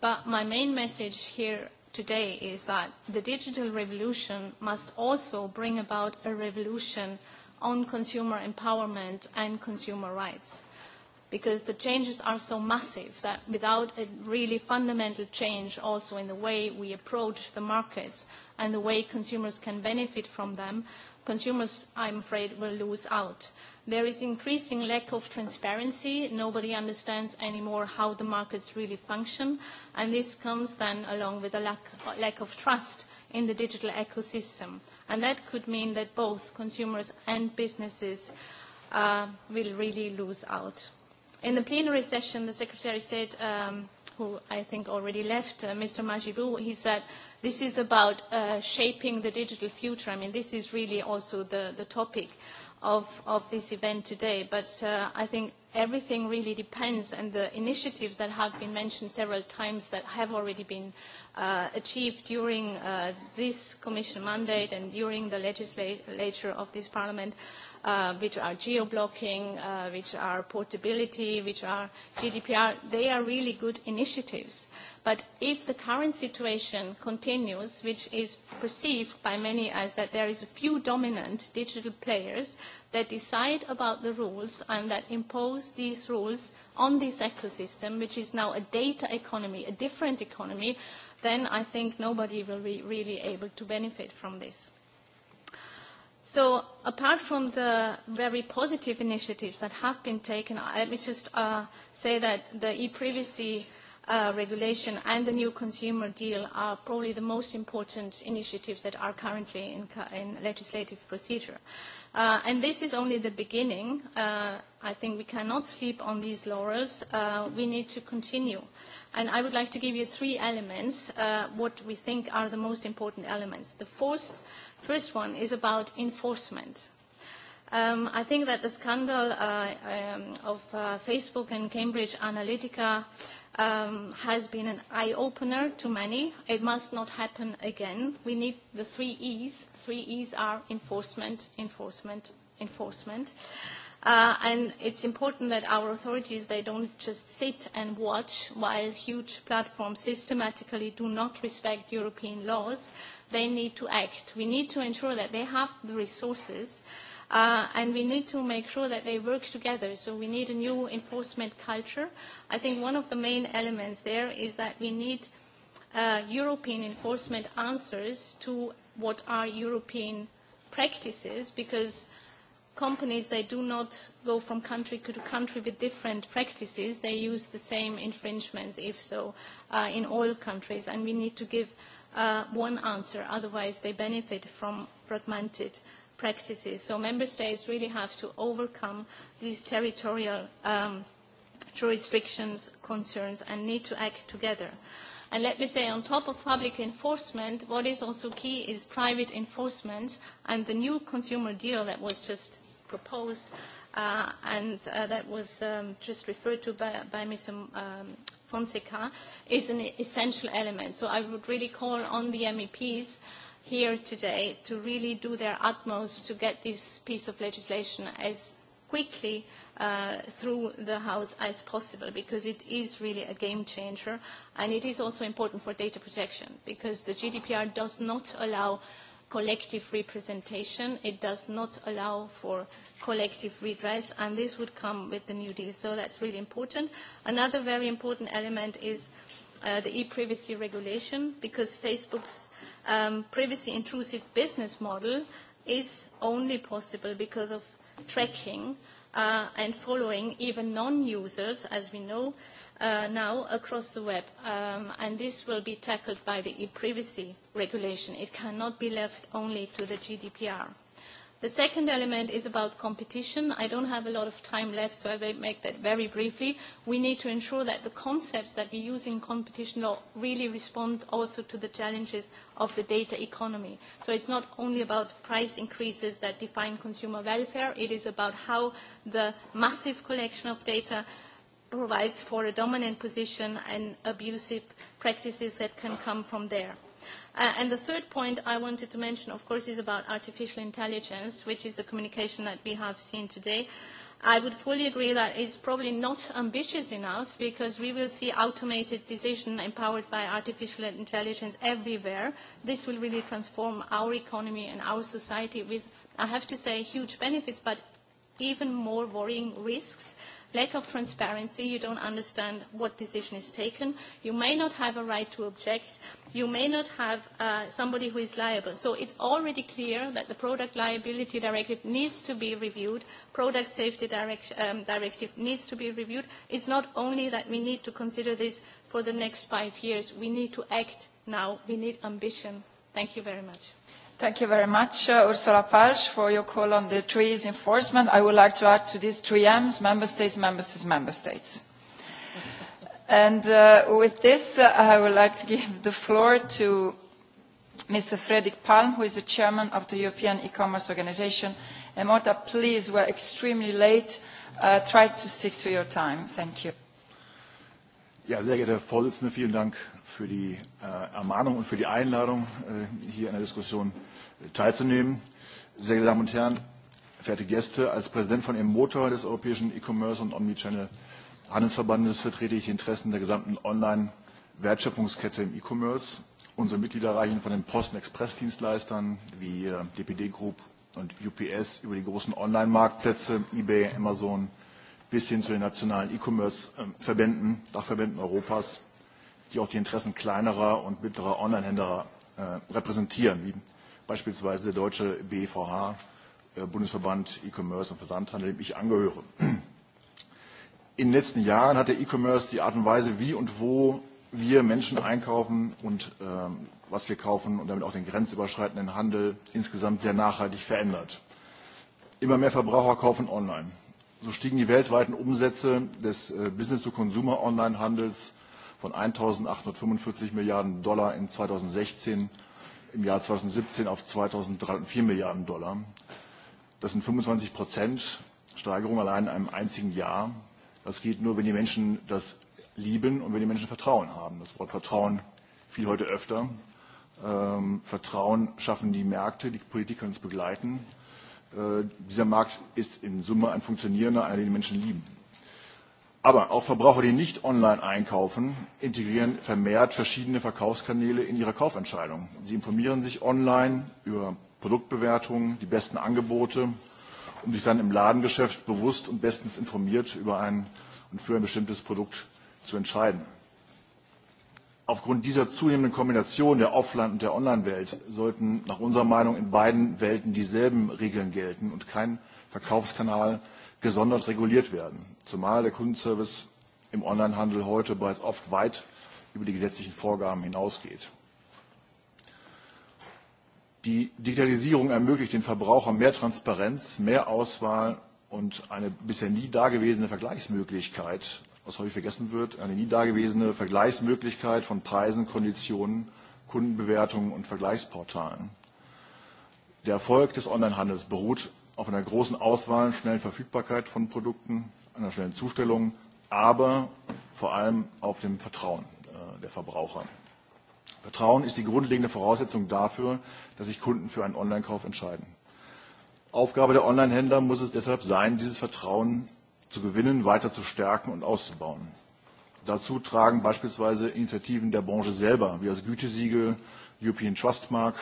But my main message here today is that the digital revolution must also bring about a revolution on consumer empowerment and consumer rights because the changes are so massive that without a really fundamental change also in the way we approach the markets and the way consumers can benefit from them, consumers, I'm afraid, will lose out. There is increasing lack of transparency. Nobody understands anymore how the markets really function, and this comes then along with a lack, lack of trust in the digital ecosystem. And that could mean that both consumers and businesses uh, will really lose out. In the plenary session, the Secretary of State, um, who I think already left, uh, Mr. Majibou, he said this is about uh, shaping the digital future. I mean, this is really also the, the topic of, of this event today. But uh, I think everything really depends, and the initiatives that have been mentioned several times that have already been uh, achieved during uh, this Commission mandate and during the legislature of this Parliament, uh, which are geo-blocking, uh, which are portability, which are GDPR, they are really good initiatives. But if the current situation continues, which is perceived by many as that there is a few dominant digital players that decide about the rules and that impose these rules on this ecosystem, which is now a data economy, a different economy, then I think nobody will be really able to benefit from this. So apart from the very positive initiatives that have been taken, let me just uh, say that the e-privacy uh, uh, regulation and the new consumer deal are probably the most important initiatives that are currently in, in legislative procedure. Uh, and this is only the beginning. Uh, I think we cannot sleep on these laurels. Uh, we need to continue. And I would like to give you three elements, uh, what we think are the most important elements. The first, first one is about enforcement. Um, I think that the scandal uh, um, of uh, Facebook and Cambridge Analytica um, has been an eye-opener to many. It must not happen again. We need the three E's. Three E's are enforcement, enforcement, enforcement. Uh, and it's important that our authorities, they don't just sit and watch while huge platforms systematically do not respect European laws. They need to act. We need to ensure that they have the resources uh, uh, and we need to make sure that they work together. So we need a new enforcement culture. I think one of the main elements there is that we need uh, European enforcement answers to what are European practices because companies, they do not go from country to country with different practices. They use the same infringements, if so, uh, in all countries. And we need to give uh, one answer. Otherwise, they benefit from fragmented uh, practices. So member states really have to overcome these territorial um, restrictions, concerns, and need to act together. And let me say, on top of public enforcement, what is also key is private enforcement and the new consumer deal that was just proposed uh, and uh, that was um, just referred to by, by Ms. Um, um, Fonseca is an essential element. So I would really call on the MEPs uh, here today to really do their utmost to get this piece of legislation as quickly uh, through the House as possible because it is really a game changer and it is also important for data protection because the GDPR does not allow collective representation. It does not allow for collective redress and this would come with the new deal. So that's really important. Another very important element is uh, the e-privacy regulation because Facebook's uh, um, privacy intrusive business model is only possible because of tracking uh, and following even non-users, as we know uh, now, across the web. Um, and this will be tackled by the e-privacy regulation. It cannot be left only to the GDPR. The second element is about competition. I don't have a lot of time left, so I will make that very briefly. We need to ensure that the concepts that we use in competition law really respond also to the challenges of the data economy. So it's not only about price increases that define consumer welfare, it is about how the massive collection of data provides for a dominant position and abusive practices that can come from there. Uh, and the third point I wanted to mention, of course, is about artificial intelligence, which is the communication that we have seen today. I would fully agree that it's probably not ambitious enough because we will see automated decision empowered by artificial intelligence everywhere. This will really transform our economy and our society with, I have to say, huge benefits, but even more worrying risks. Uh, lack of transparency, you don't understand what decision is taken, you may not have a right to object, you may not have uh, somebody who is liable. So it's already clear that the Product Liability Directive needs to be reviewed, Product Safety direct, um, Directive needs to be reviewed. It's not only that we need to consider this for the next five years, we need to act now, we need ambition. Thank you very much. Thank you very much, uh, Ursula Palsch, for your call on the treaties enforcement. I would like to add to these three M's, member states, member states, member states. And uh, with this, uh, I would like to give the floor to Mr. Fredrik Palm, who is the chairman of the European E-Commerce Organization. And Mota, please, we're extremely late. Uh, try to stick to your time. Thank you. Ja, sehr geehrter Herr Vorsitzender, vielen Dank für die äh, Ermahnung und für die Einladung äh, hier in der Diskussion teilzunehmen. Sehr geehrte Damen und Herren, verehrte Gäste, als Präsident von Emotor des Europäischen E-Commerce und Omnichannel Handelsverbandes vertrete ich die Interessen der gesamten Online-Wertschöpfungskette im E-Commerce. Unsere Mitglieder reichen von den Posten-Express-Dienstleistern wie DPD äh, Group und UPS über die großen Online-Marktplätze, eBay, Amazon, bis hin zu den nationalen E-Commerce-Verbänden, ähm, Dachverbänden Europas, die auch die Interessen kleinerer und mittlerer Online-Händler äh, repräsentieren, wie beispielsweise der deutsche BVH, äh, Bundesverband E-Commerce und Versandhandel, dem ich angehöre. In den letzten Jahren hat der E-Commerce die Art und Weise, wie und wo wir Menschen einkaufen und ähm, was wir kaufen und damit auch den grenzüberschreitenden Handel insgesamt sehr nachhaltig verändert. Immer mehr Verbraucher kaufen online. So stiegen die weltweiten Umsätze des äh, Business-to-Consumer-Online-Handels von 1.845 Milliarden Dollar in 2016 im Jahr 2017 auf 2.304 Milliarden Dollar. Das sind 25 Prozent Steigerung allein in einem einzigen Jahr. Das geht nur, wenn die Menschen das lieben und wenn die Menschen Vertrauen haben. Das Wort Vertrauen fiel heute öfter. Ähm, Vertrauen schaffen die Märkte, die Politik kann es begleiten. Äh, dieser Markt ist in Summe ein funktionierender, einer, den die Menschen lieben. Aber auch Verbraucher, die nicht online einkaufen, integrieren vermehrt verschiedene Verkaufskanäle in ihre Kaufentscheidung. Sie informieren sich online über Produktbewertungen, die besten Angebote, um sich dann im Ladengeschäft bewusst und bestens informiert über ein und für ein bestimmtes Produkt zu entscheiden. Aufgrund dieser zunehmenden Kombination der Offline- und der Online-Welt sollten nach unserer Meinung in beiden Welten dieselben Regeln gelten und kein Verkaufskanal gesondert reguliert werden, zumal der Kundenservice im Onlinehandel heute bereits oft weit über die gesetzlichen Vorgaben hinausgeht. Die Digitalisierung ermöglicht den Verbrauchern mehr Transparenz, mehr Auswahl und eine bisher nie dagewesene Vergleichsmöglichkeit, was häufig vergessen wird, eine nie dagewesene Vergleichsmöglichkeit von Preisen, Konditionen, Kundenbewertungen und Vergleichsportalen. Der Erfolg des Onlinehandels beruht auf einer großen Auswahl, schnellen Verfügbarkeit von Produkten, einer schnellen Zustellung, aber vor allem auf dem Vertrauen äh, der Verbraucher. Vertrauen ist die grundlegende Voraussetzung dafür, dass sich Kunden für einen Online-Kauf entscheiden. Aufgabe der Online-Händler muss es deshalb sein, dieses Vertrauen zu gewinnen, weiter zu stärken und auszubauen. Dazu tragen beispielsweise Initiativen der Branche selber, wie das Gütesiegel, European Trust Mark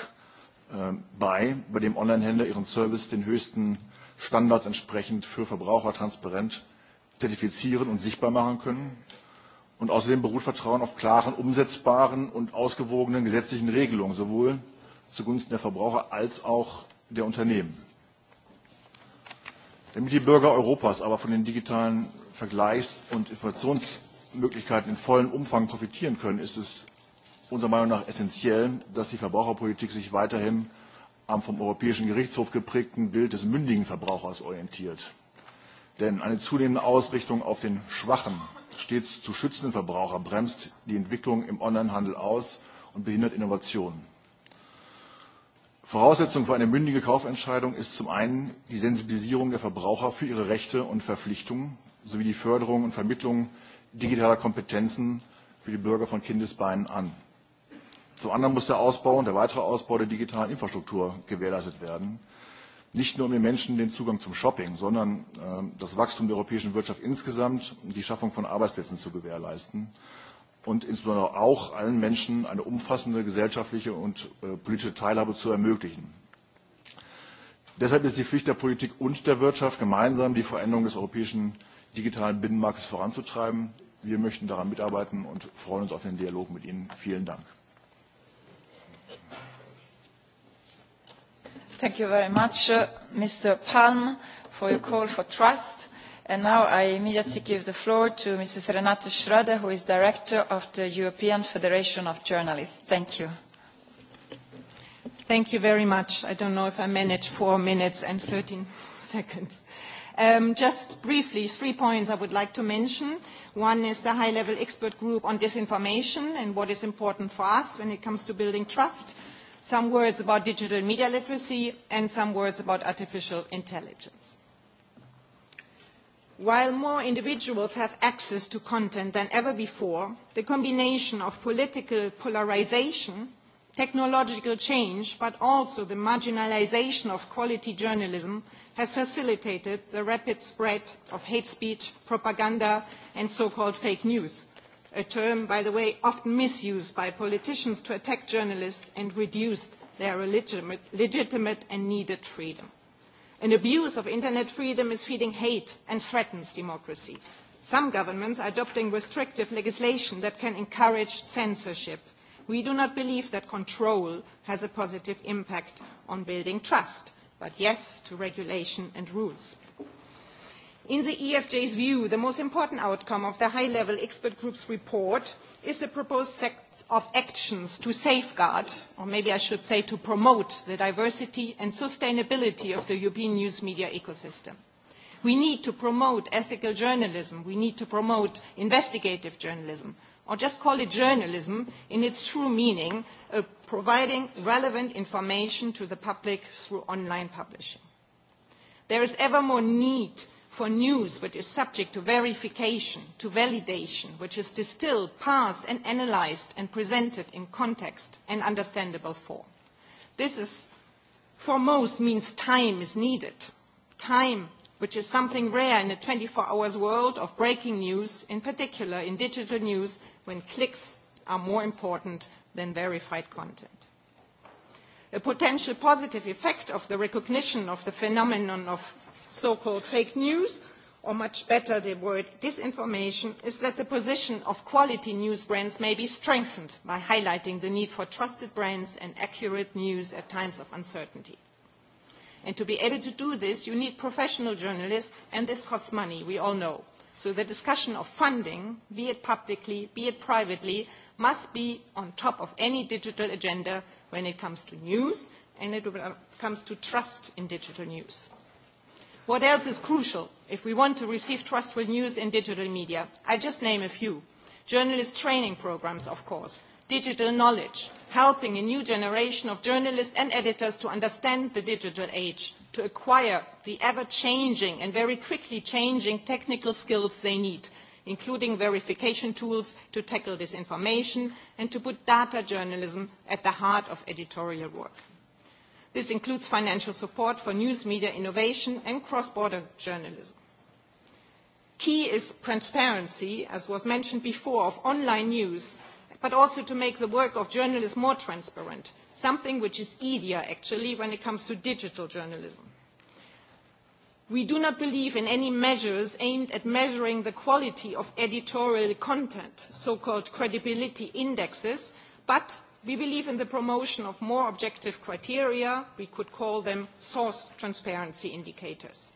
Ähm, bei, bei dem Online-Händler ihren Service den höchsten Standards entsprechend für Verbraucher transparent zertifizieren und sichtbar machen können. Und außerdem beruht Vertrauen auf klaren, umsetzbaren und ausgewogenen gesetzlichen Regelungen, sowohl zugunsten der Verbraucher als auch der Unternehmen. Damit die Bürger Europas aber von den digitalen Vergleichs- und Informationsmöglichkeiten in vollem Umfang profitieren können, ist es unserer Meinung nach essentiell, dass die Verbraucherpolitik sich weiterhin am vom Europäischen Gerichtshof geprägten Bild des mündigen Verbrauchers orientiert. Denn eine zunehmende Ausrichtung auf den schwachen, stets zu schützenden Verbraucher bremst die Entwicklung im Onlinehandel aus und behindert Innovationen. Voraussetzung für eine mündige Kaufentscheidung ist zum einen die Sensibilisierung der Verbraucher für ihre Rechte und Verpflichtungen sowie die Förderung und Vermittlung digitaler Kompetenzen für die Bürger von Kindesbeinen an. Zum anderen muss der Ausbau und der weitere Ausbau der digitalen Infrastruktur gewährleistet werden. Nicht nur um den Menschen den Zugang zum Shopping, sondern äh, das Wachstum der europäischen Wirtschaft insgesamt, die Schaffung von Arbeitsplätzen zu gewährleisten und insbesondere auch allen Menschen eine umfassende gesellschaftliche und äh, politische Teilhabe zu ermöglichen. Deshalb ist die Pflicht der Politik und der Wirtschaft, gemeinsam die Veränderung des europäischen digitalen Binnenmarktes voranzutreiben. Wir möchten daran mitarbeiten und freuen uns auf den Dialog mit Ihnen. Vielen Dank. Thank you very much, uh, Mr. Palm, for your call for trust. And now I immediately give the floor to Mrs. Renate Schroeder, who is Director of the European Federation of Journalists. Thank you. Thank you very much. I don't know if I managed four minutes and 13 seconds. Um, just briefly, three points I would like to mention. One is the high-level expert group on disinformation and what is important for us when it comes to building trust some words about digital media literacy, and some words about artificial intelligence. While more individuals have access to content than ever before, the combination of political polarization, technological change, but also the marginalization of quality journalism has facilitated the rapid spread of hate speech, propaganda, and so-called fake news, a term, by the way, often misused by politicians to attack journalists and reduce their legitimate, legitimate and needed freedom. An abuse of internet freedom is feeding hate and threatens democracy. Some governments are adopting restrictive legislation that can encourage censorship. We do not believe that control has a positive impact on building trust, but yes to regulation and rules. In the EFJ's view, the most important outcome of the high-level expert group's report is the proposed set of actions to safeguard, or maybe I should say to promote, the diversity and sustainability of the European news media ecosystem. We need to promote ethical journalism. We need to promote investigative journalism, or just call it journalism in its true meaning, uh, providing relevant information to the public through online publishing. There is ever more need for news which is subject to verification, to validation, which is distilled, parsed and analyzed and presented in context and understandable form. This is, for most, means time is needed. Time, which is something rare in a 24 hours world of breaking news, in particular in digital news, when clicks are more important than verified content. A potential positive effect of the recognition of the phenomenon of so-called fake news, or much better the word disinformation, is that the position of quality news brands may be strengthened by highlighting the need for trusted brands and accurate news at times of uncertainty. And to be able to do this, you need professional journalists, and this costs money, we all know. So the discussion of funding, be it publicly, be it privately, must be on top of any digital agenda when it comes to news and it uh, comes to trust in digital news. What else is crucial if we want to receive trustful news in digital media? I just name a few. Journalist training programs, of course, digital knowledge, helping a new generation of journalists and editors to understand the digital age, to acquire the ever-changing and very quickly changing technical skills they need, including verification tools to tackle disinformation and to put data journalism at the heart of editorial work. This includes financial support for news media innovation and cross-border journalism. Key is transparency, as was mentioned before, of online news, but also to make the work of journalists more transparent, something which is easier, actually, when it comes to digital journalism. We do not believe in any measures aimed at measuring the quality of editorial content, so-called credibility indexes, but We believe in the promotion of more objective criteria, we could call them source transparency indicators.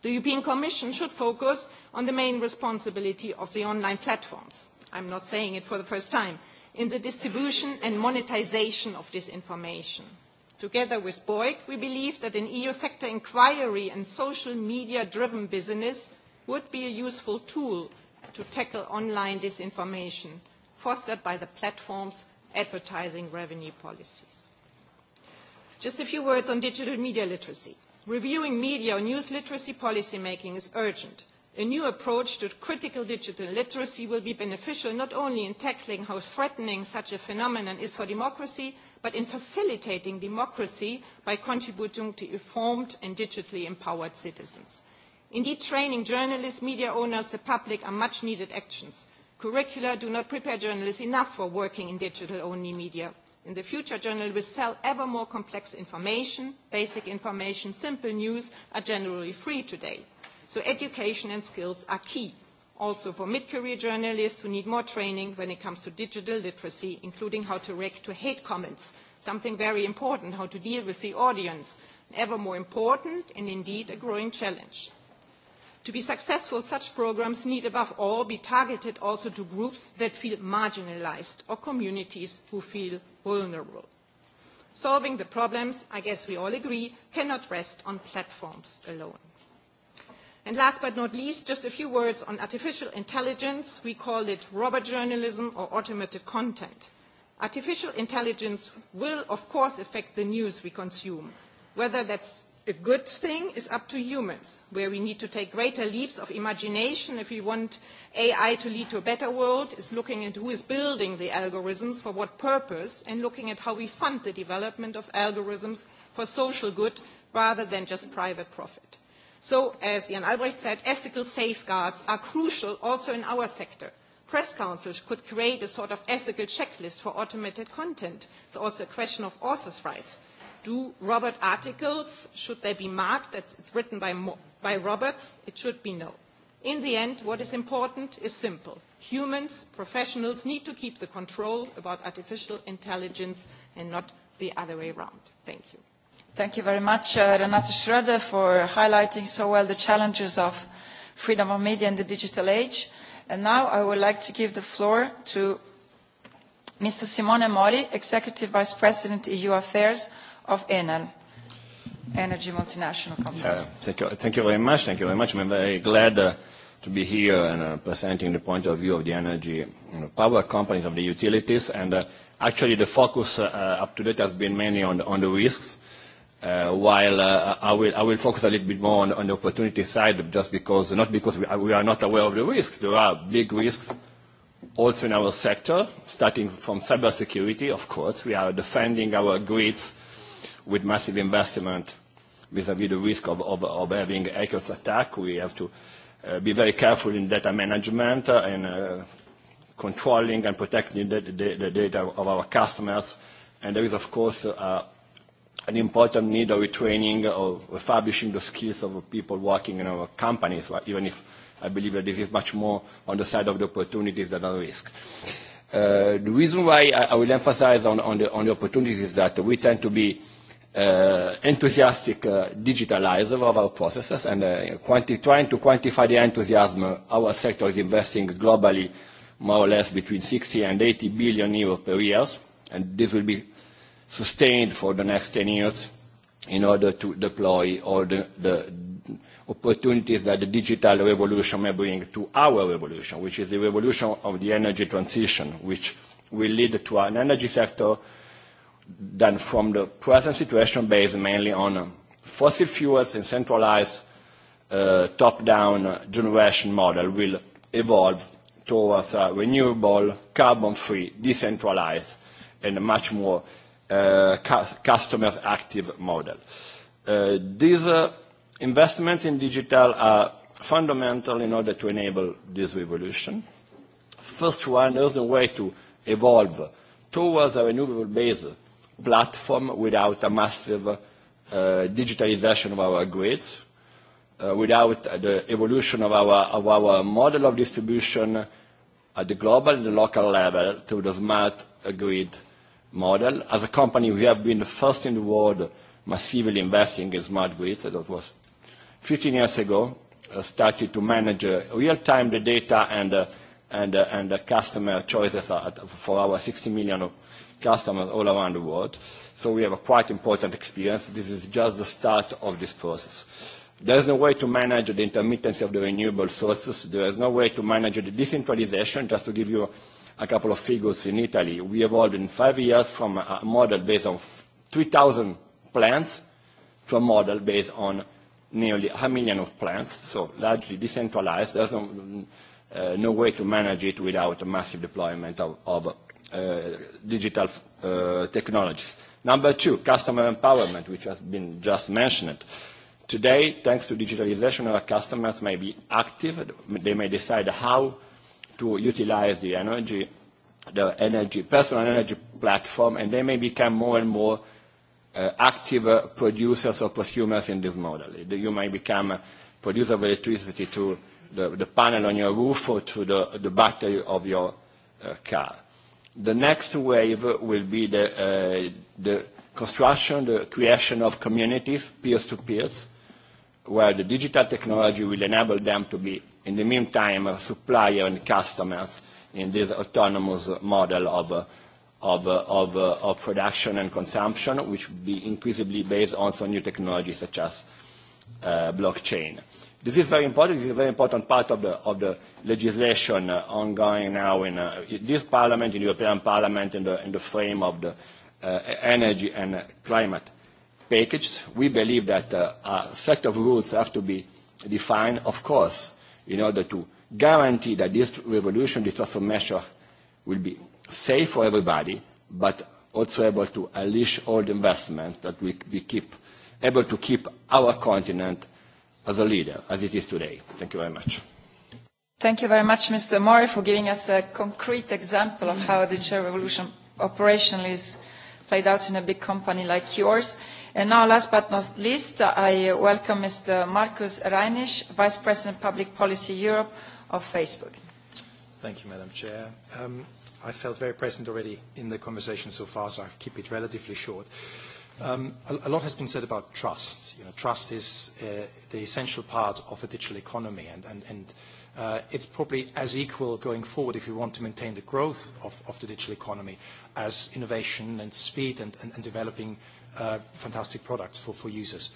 The European Commission should focus on the main responsibility of the online platforms. I'm not saying it for the first time, in the distribution and monetization of this information. Together with Boyd, we believe that an EU sector inquiry and social media-driven business would be a useful tool to tackle online disinformation – fostered by the platform's advertising revenue policies. Just a few words on digital media literacy. Reviewing media or news literacy policymaking is urgent. A new approach to critical digital literacy will be beneficial not only in tackling how threatening such a phenomenon is for democracy, but in facilitating democracy by contributing to informed and digitally empowered citizens. Indeed, training journalists, media owners, the public are much needed actions curricula do not prepare journalists enough for working in digital-only media. In the future, journalists will sell ever more complex information. Basic information, simple news are generally free today. So education and skills are key, also for mid-career journalists who need more training when it comes to digital literacy, including how to react to hate comments, something very important, how to deal with the audience, ever more important and indeed a growing challenge. To be successful, such programs need above all be targeted also to groups that feel marginalized or communities who feel vulnerable. Solving the problems, I guess we all agree, cannot rest on platforms alone. And last but not least, just a few words on artificial intelligence. We call it robot journalism or automated content. Artificial intelligence will, of course, affect the news we consume, whether that's a good thing is up to humans, where we need to take greater leaps of imagination if we want AI to lead to a better world, is looking at who is building the algorithms, for what purpose, and looking at how we fund the development of algorithms for social good rather than just private profit. So, as Jan Albrecht said, ethical safeguards are crucial also in our sector. Press councils could create a sort of ethical checklist for automated content. It's also a question of authors' rights do Robert articles, should they be marked that it's written by, by Roberts? It should be no. In the end, what is important is simple. Humans, professionals need to keep the control about artificial intelligence and not the other way around. Thank you. Thank you very much, uh, Renate Schroeder, for highlighting so well the challenges of freedom of media in the digital age. And now I would like to give the floor to Mr. Simone Mori, Executive Vice President, EU Affairs, of Enel energy multinational company. Yeah, thank you, thank you very much. Thank you very much. I'm very glad uh, to be here and uh, presenting the point of view of the energy you know, power companies of the utilities. And uh, actually, the focus uh, uh up to date has been mainly on the, on the risks. Uh, while uh, I, will, I will focus a little bit more on, on the opportunity side, just because not because we are, we are not aware of the risks. There are big risks also in our sector, starting from cybersecurity. Of course, we are defending our grids with massive investment vis-à-vis -vis the risk of, of, of having hackers attack. We have to uh, be very careful in data management uh, and uh, controlling and protecting the, the, the data of our customers. And there is, of course, uh, an important need of retraining or refurbishing the skills of people working in our companies, right? even if I believe that this is much more on the side of the opportunities than the risk. Uh, the reason why I, I will emphasize on, on, the, on the opportunities is that we tend to be uh, uh, enthusiastic uh, digitalizer of our processes and uh, quanti- trying to quantify the enthusiasm our sector is investing globally more or less between 60 and 80 billion euros per year and this will be sustained for the next 10 years in order to deploy all the, the opportunities that the digital revolution may bring to our revolution, which is the revolution of the energy transition, which will lead to an energy sector than from the present situation based mainly on uh, fossil fuels and centralized uh, top-down uh, generation model will evolve towards a renewable, carbon-free, decentralized, and a much more uh, cu customers active model. Uh, these uh, investments in digital are fundamental in order to enable this revolution. First one is the way to evolve towards a renewable base platform without a massive uh, digitalization of our grids, uh, without uh, the evolution of our, of our model of distribution at the global and the local level to the smart grid model. As a company, we have been the first in the world massively investing in smart grids. That was 15 years ago, uh, started to manage uh, real-time the data and, uh, and, uh, and the customer choices at, for our 60 million customers all around the world. So we have a quite important experience. This is just the start of this process. There is no way to manage the intermittency of the renewable sources. There is no way to manage the decentralization. Just to give you a couple of figures, in Italy, we evolved in five years from a model based on 3,000 plants to a model based on nearly a million of plants, so largely decentralized. There's no, uh, no way to manage it without a massive deployment of, of uh, digital uh, technologies. Number two, customer empowerment, which has been just mentioned. Today, thanks to digitalization, our customers may be active. They may decide how to utilize the energy, the energy, personal energy platform, and they may become more and more uh, active uh, producers or consumers in this model. You may become a producer of electricity to the, the panel on your roof or to the, the battery of your uh, car. The next wave will be the, uh, the construction, the creation of communities, peers-to-peers, where the digital technology will enable them to be, in the meantime, a supplier and customers in this autonomous model of, uh, of, uh, of, uh, of production and consumption, which will be increasingly based also on new technologies such as uh, blockchain. This is very important. This is a very important part of the, of the legislation uh, ongoing now in uh, this Parliament, in the European Parliament, in the, in the frame of the uh, energy and climate package. We believe that uh, a set of rules have to be defined, of course, in order to guarantee that this revolution, this transformation will be safe for everybody, but also able to unleash all the investments that we, we keep, able to keep our continent as a leader as it is today. Thank you very much. Thank you very much, Mr. Mori, for giving us a concrete example of how the digital revolution operationally is played out in a big company like yours. And now, last but not least, I welcome Mr. Markus Reinisch, Vice President Public Policy Europe of Facebook. Thank you, Madam Chair. Um, I felt very present already in the conversation so far, so I'll keep it relatively short. Uh, Um, a, a lot has been said about trust. You know, trust is uh, the essential part of a digital economy, and, and, and uh, it's probably as equal going forward if we want to maintain the growth of, of the digital economy as innovation and speed and, and, and developing uh, fantastic products for, for users.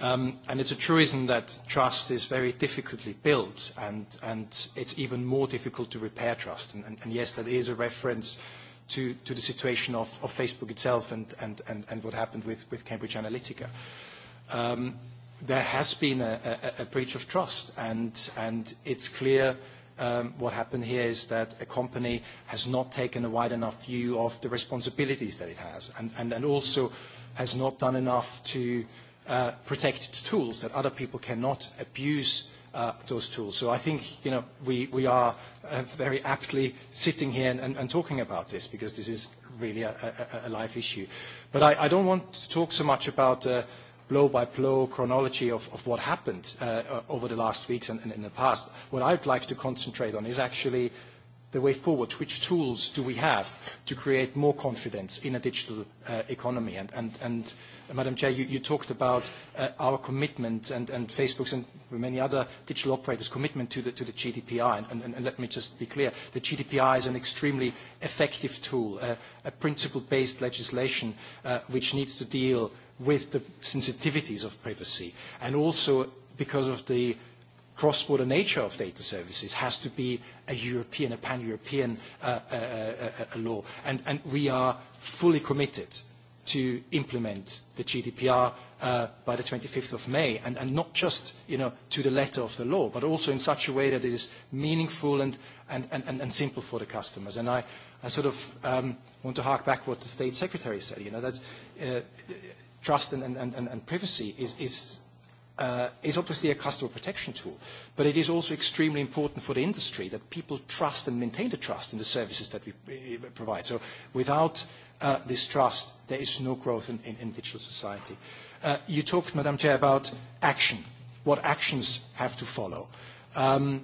Um, and it's a truism that trust is very difficultly built, and, and it's even more difficult to repair trust. And, and, and yes, that is a reference uh, to, to the situation of, of Facebook itself and, and, and, and what happened with, with Cambridge Analytica. Um, there has been a, a, a breach of trust, and, and it's clear um, what happened here is that a company has not taken a wide enough view of the responsibilities that it has, and, and, and also has not done enough to uh, protect its tools that other people cannot abuse uh, those tools. So I think you know, we, we are uh, very aptly sitting here and, and, and talking about this because this is really a, a, a live issue. But I, I don't want to talk so much about uh, blow-by-blow blow chronology of, of what happened uh, over the last weeks and, and in the past. What I'd like to concentrate on is actually the way forward? Which tools do we have to create more confidence in a digital uh, economy? And, and, and uh, Madam Chair, you, you talked about uh, our commitment and, and Facebook's and many other digital operators' commitment to the, to the GDPR. And, and, and let me just be clear, the GDPR is an extremely effective tool, uh, a principle-based legislation uh, which needs to deal with the sensitivities of privacy and also because of the cross-border nature of data services has to be a European, a pan-European uh, uh, uh, uh, law. And, and we are fully committed to implement the GDPR uh, by the 25th of May, and, and not just you know, to the letter of the law, but also in such a way that it is meaningful and, and, and, and, and simple for the customers. And I, I sort of um, want to hark back what the State Secretary said. You know, that uh, trust and, and, and, and privacy is, is uh, is obviously a customer protection tool, but it is also extremely important for the industry that people trust and maintain the trust in the services that we provide. So without uh, this trust, there is no growth in, in, in digital society. Uh, you talked, Madam Chair, about action, what actions have to follow. Um,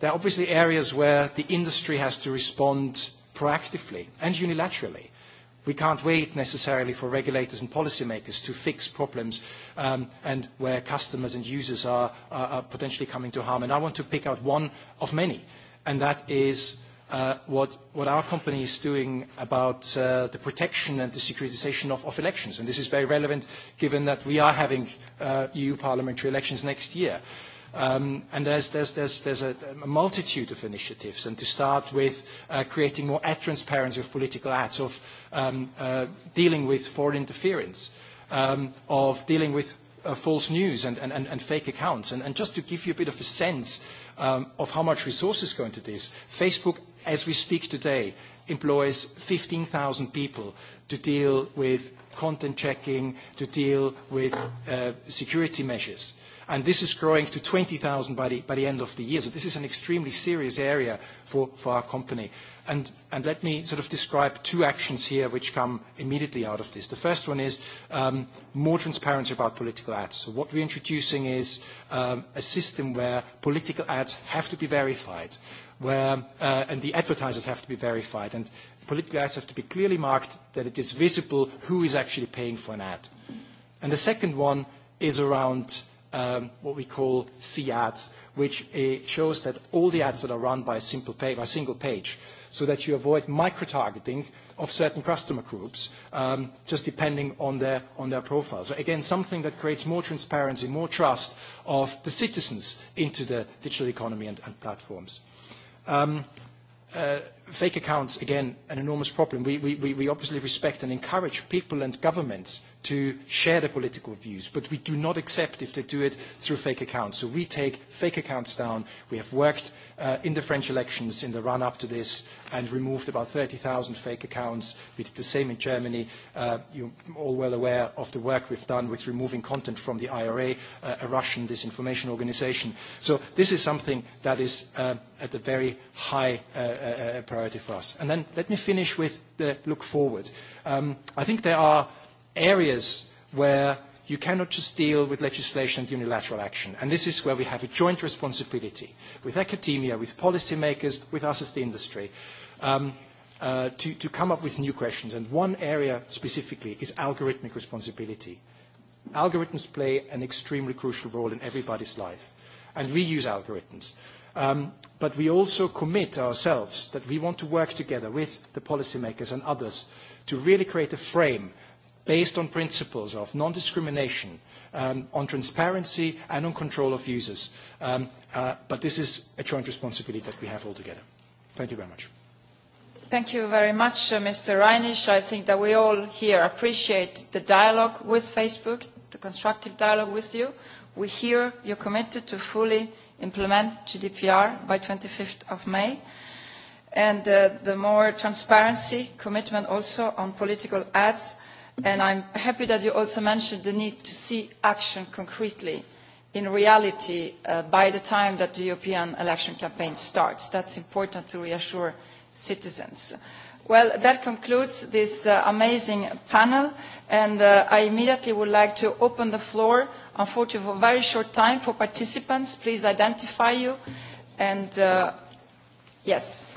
there are obviously areas where the industry has to respond proactively and unilaterally. We can't wait necessarily for regulators and policymakers to fix problems um, and where customers and users are, are, are potentially coming to harm. And I want to pick out one of many, and that is uh, what, what our company is doing about uh, the protection and the securitization of, of elections. And this is very relevant given that we are having uh, EU parliamentary elections next year. Uh, Um, and there's, there's, there's, there's a, a multitude of initiatives, and to start with uh, creating more ad transparency of political ads, of um, uh, dealing with foreign interference, um, of dealing with uh, false news and, and, and, and fake accounts. And, and just to give you a bit of a sense um, of how much resources go into this, Facebook, as we speak today, employs 15,000 people to deal with content checking, to deal with uh, security measures and this is growing to 20,000 by the, by the end of the year. So this is an extremely serious area for, for our company. And, and let me sort of describe two actions here which come immediately out of this. The first one is um, more transparency about political ads. So what we're introducing is um, a system where political ads have to be verified, where, uh, and the advertisers have to be verified, and political ads have to be clearly marked that it is visible who is actually paying for an ad. And the second one is around um, what we call C-ads, which uh, shows that all the ads that are run by a simple page, by a single page, so that you avoid micro-targeting of certain customer groups, um, just depending on their, on their profile. So again, something that creates more transparency, more trust of the citizens into the digital economy and, and platforms. Um, uh, fake accounts, again, an enormous problem. We, we, we obviously respect and encourage people and governments to share their political views, but we do not accept if they do it through fake accounts. So we take fake accounts down. We have worked uh, in the French elections in the run-up to this and removed about 30,000 fake accounts. We did the same in Germany. Uh, you're all well aware of the work we've done with removing content from the IRA, uh, a Russian disinformation organization. So this is something that is uh, at a very high uh, uh, priority uh, priority for us. And then let me finish with the look forward. Um, I think there are areas where you cannot just deal with legislation and unilateral action. And this is where we have a joint responsibility with academia, with policymakers, with us as the industry, um, uh, to, to come up with new questions. And one area specifically is algorithmic responsibility. Algorithms play an extremely crucial role in everybody's life, and we use algorithms. Um, but we also commit ourselves that we want to work together with the policymakers and others to really create a frame based on principles of non-discrimination, um, on transparency, and on control of users. Um, uh, but this is a joint responsibility that we have all together. Thank you very much. Thank you very much, uh, Mr. Reinisch. I think that we all here appreciate the dialogue with Facebook, the constructive dialogue with you. We hear you're committed to fully implement GDPR by 25th of May, and uh, the more transparency commitment also on political ads. And I'm happy that you also mentioned the need to see action concretely in reality uh, by the time that the European election campaign starts. That's important to reassure citizens. Well, that concludes this uh, amazing panel, and uh, I immediately would like to open the floor unfortunately for a very short time for participants. Please identify you. And uh, yes.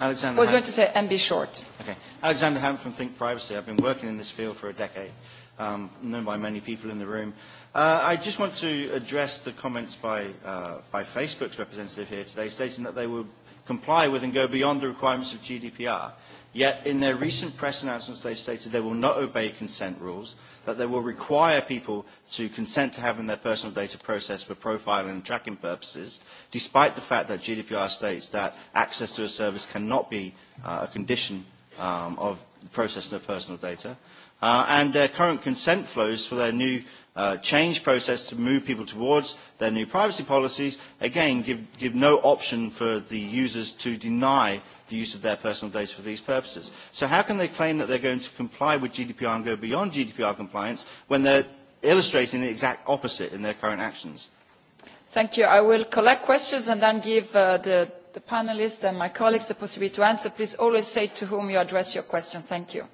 Alexander I was going to say, and be short. Okay. Alexander Ham from Think Privacy. I've been working in this field for a decade, um, known by many people in the room. Uh, I just want to address the comments by, uh, by Facebook's representative here today, stating that they will comply with and go beyond the requirements of GDPR. Yet in their recent press announcements, they've stated they will not obey consent rules, that they will require people to consent to having their personal data processed for profiling and tracking purposes, despite the fact that GDPR states that access to a service cannot be uh, a condition um, of the processing of personal data. Uh, and their current consent flows for their new uh, change process to move people towards their new privacy policies, again, give, give no option for the users to deny the use of their personal data for these purposes. So how can they claim that they're going to comply with GDPR and go beyond GDPR compliance when they're illustrating the exact opposite in their current actions? Thank you. I will collect questions and then give uh, the, the panelists and my colleagues the possibility to answer. Please always say to whom you address your question. Thank you.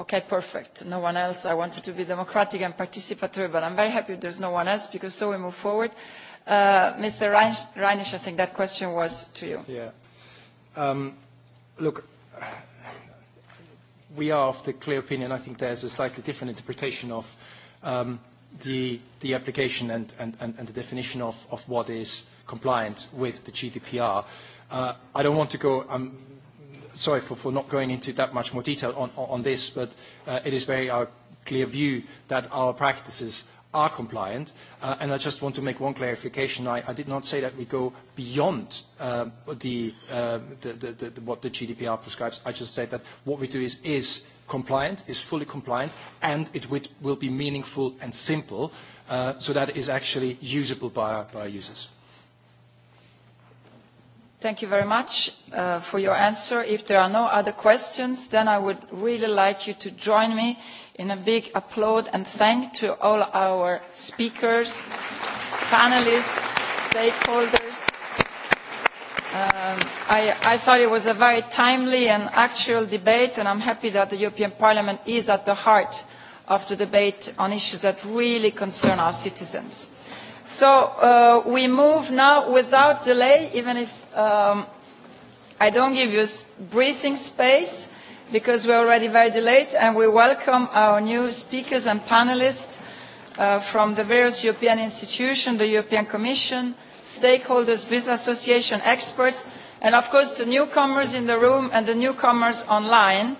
Okay, perfect. No one else. I wanted to be democratic and participatory, but I'm very happy there's no one else because so we move forward. Uh, Mr. Reinisch, I think that question was to you. Yeah. Um, look, we are of the clear opinion, I think there's a slightly different interpretation of um, the, the application and, and, and, and the definition of, of what is compliant with the GDPR. Uh, I don't want to go, I'm um, sorry for, for not going into that much more detail on, on this, but uh, it is very our uh, clear view that our practices are compliant. Uh, and I just want to make one clarification. I, I did not say that we go beyond um, the, uh, the, the, the, what the GDPR prescribes. I just said that what we do is, is compliant, is fully compliant, and it would, will be meaningful and simple, uh, so that it is actually usable by our, by our users. Thank you very much uh, for your answer. If there are no other questions, then I would really like you to join me in a big applaud and thank to all our speakers, panelists, stakeholders. Um, I, I thought it was a very timely and actual debate, and I'm happy that the European Parliament is at the heart of the debate on issues that really concern our citizens So uh, we move now without delay, even if um, I don't give you breathing space, because we're already very late, and we welcome our new speakers and panelists uh, from the various European institutions, the European Commission, stakeholders, business association, experts, and of course the newcomers in the room and the newcomers online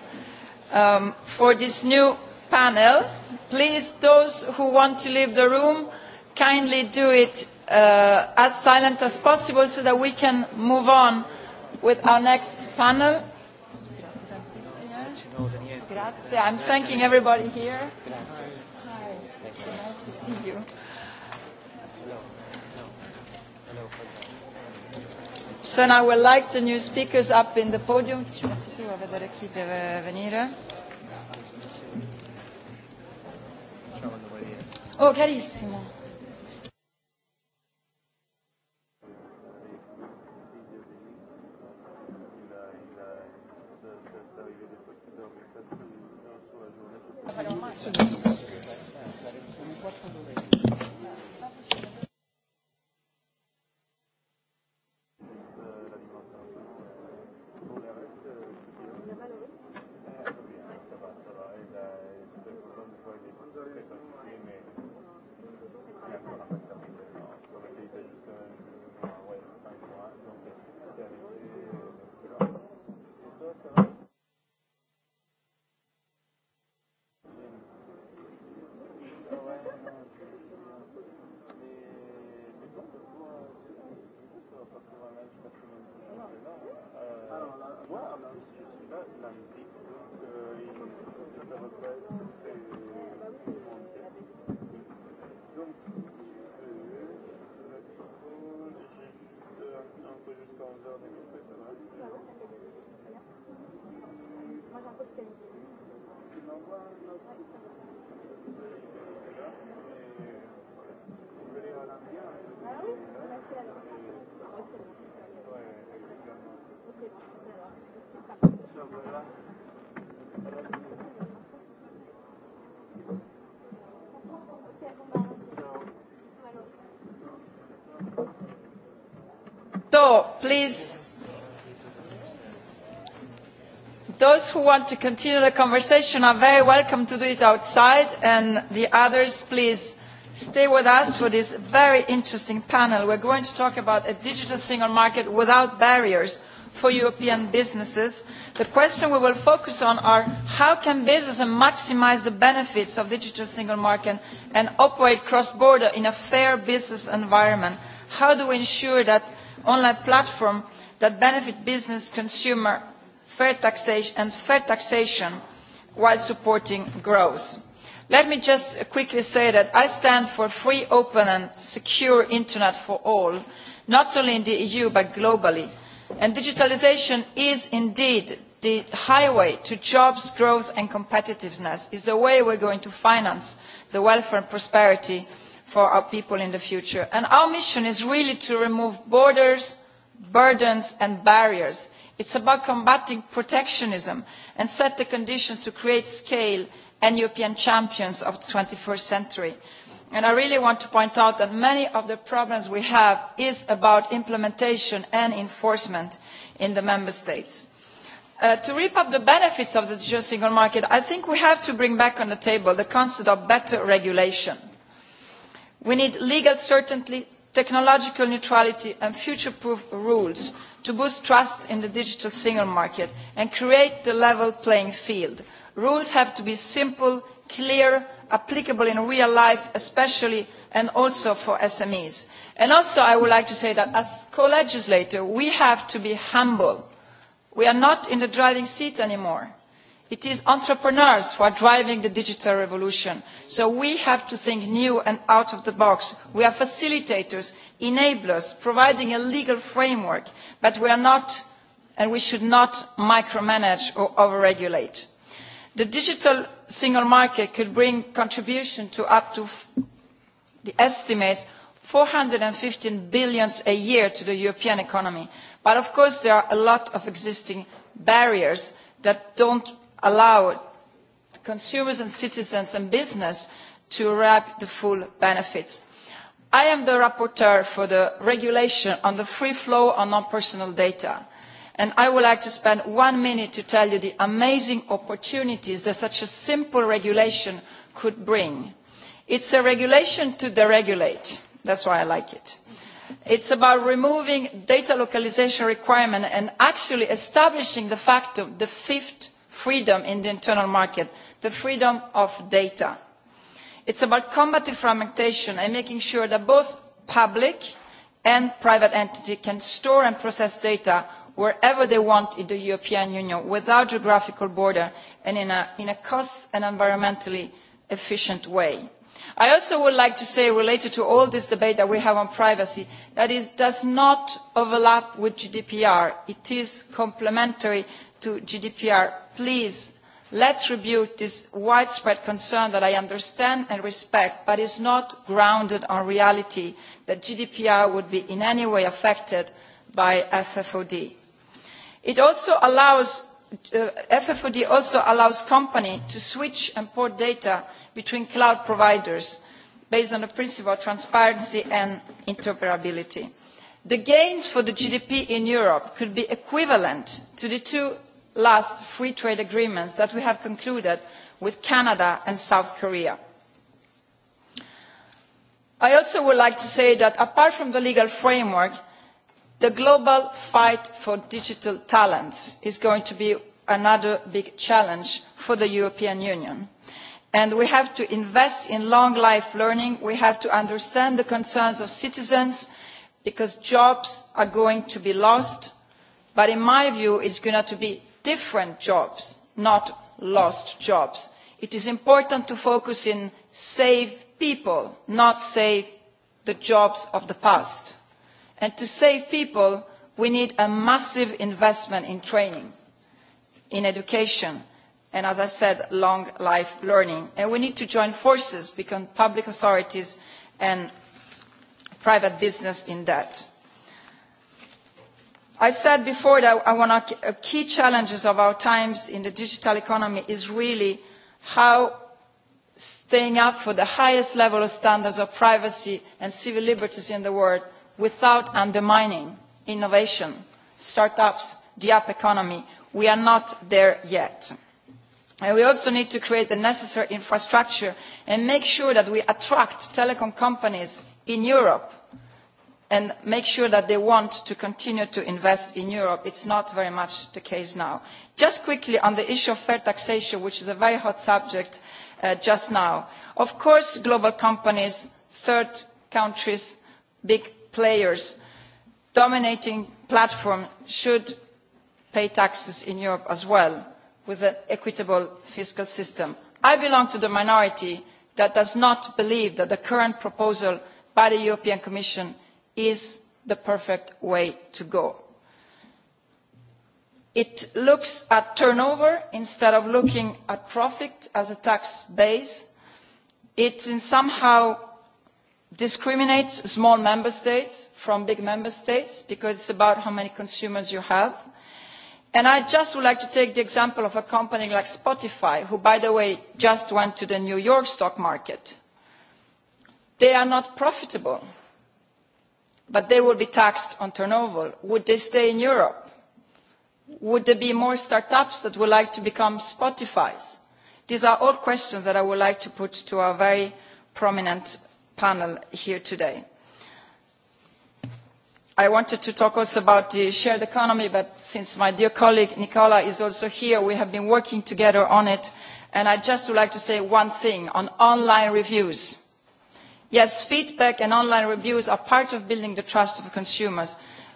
um, for this new panel. Please, those who want to leave the room, kindly do it uh, as silent as possible so that we can move on with our next panel. Grazie. I'm thanking everybody here. Hi. Nice to see you. So now we'll like the new speakers up in the podium. Ci metti tu a vedere chi deve venire. Oh, carissimo. So, please, those who want to continue the conversation are very welcome to do it outside and the others please stay with us for this very interesting panel. we are going to talk about a digital single market without barriers for european businesses. the question we will focus on is how can businesses maximise the benefits of the digital single market and operate cross border in a fair business environment? how do we ensure that online platforms that benefit business consumers fair taxation, and fair taxation while supporting growth. Let me just quickly say that I stand for free, open and secure internet for all, not only in the EU but globally. And digitalization is indeed the highway to jobs, growth and competitiveness. It's the way we're going to finance the welfare and prosperity for our people in the future. And our mission is really to remove borders, burdens and barriers It's about combating protectionism and set the conditions to create scale and European champions of the 21st century. And I really want to point out that many of the problems we have is about implementation and enforcement in the member states. Uh, to reap up the benefits of the digital single market, I think we have to bring back on the table the concept of better regulation. We need legal certainty, technological neutrality and future-proof rules to boost trust in the digital single market and create the level playing field. Rules have to be simple, clear, applicable in real life especially and also for SMEs. And also I would like to say that as co-legislator we have to be humble. We are not in the driving seat anymore. It is entrepreneurs who are driving the digital revolution. So we have to think new and out of the box. We are facilitators, enablers, providing a legal framework but we are not and we should not micromanage or overregulate. the digital single market could bring contributions to up to the estimates of four hundred and fifteen billion a year to the european economy but of course there are a lot of existing barriers that do not allow consumers and citizens and businesses to reap the full benefits i am the rapporteur for the regulation on the free flow of non personal data and i would like to spend one minute to tell you the amazing opportunities that such a simple regulation could bring. it is a regulation to deregulate that is why i like it. it is about removing data localisation requirements and actually establishing de facto the fifth freedom in the internal market the freedom of data it is about combating fragmentation and making sure that both public and private entities can store and process data wherever they want in the european union without geographical borders and in a cost and environmentally efficient way. i also would like to say related to all this debate that we have on privacy that it does not overlap with gdpr it is complementary to gdpr. please let us rebuke this widespread concern that i understand and respect but is not grounded on reality that gdpr would be in any way affected by ffod. ffod also allows uh, companies to switch and port data between cloud providers based on the principle of transparency and interoperability. the gains for the gdp in europe could be equivalent to the two last free trade agreements that we have concluded with canada and south korea. i also would like to say that apart from the legal framework the global fight for digital talents is going to be another big challenge for the european union and we have to invest in long life learning we have to understand the concerns of citizens because jobs are going to be lost but in my view it is going to be different jobs not lost jobs. it is important to focus on saving people not saving the jobs of the past and to save people we need a massive investment in training in education and as i said long life learning and we need to join forces between public authorities and private business in that. I said before that one of the key challenges of our times in the digital economy is really how staying up for the highest level of standards of privacy and civil liberties in the world without undermining innovation, startups, the app economy. We are not there yet. And we also need to create the necessary infrastructure and make sure that we attract telecom companies in Europe and make sure that they want to continue to invest in Europe. It's not very much the case now. Just quickly on the issue of fair taxation, which is a very hot subject uh, just now. Of course, global companies, third countries, big players, dominating platform should pay taxes in Europe as well with an equitable fiscal system. I belong to the minority that does not believe that the current proposal by the European Commission is the perfect way to go. It looks at turnover instead of looking at profit as a tax base. It somehow discriminates small member states from big member states because it's about how many consumers you have. And I just would like to take the example of a company like Spotify, who, by the way, just went to the New York stock market. They are not profitable but they will be taxed on turnover. Would they stay in Europe? Would there be more startups that would like to become Spotify's? These are all questions that I would like to put to our very prominent panel here today. I wanted to talk also about the shared economy, but since my dear colleague Nicola is also here, we have been working together on it. And I just would like to say one thing on online reviews yes feedback and online reviews are part of building the trust of consumers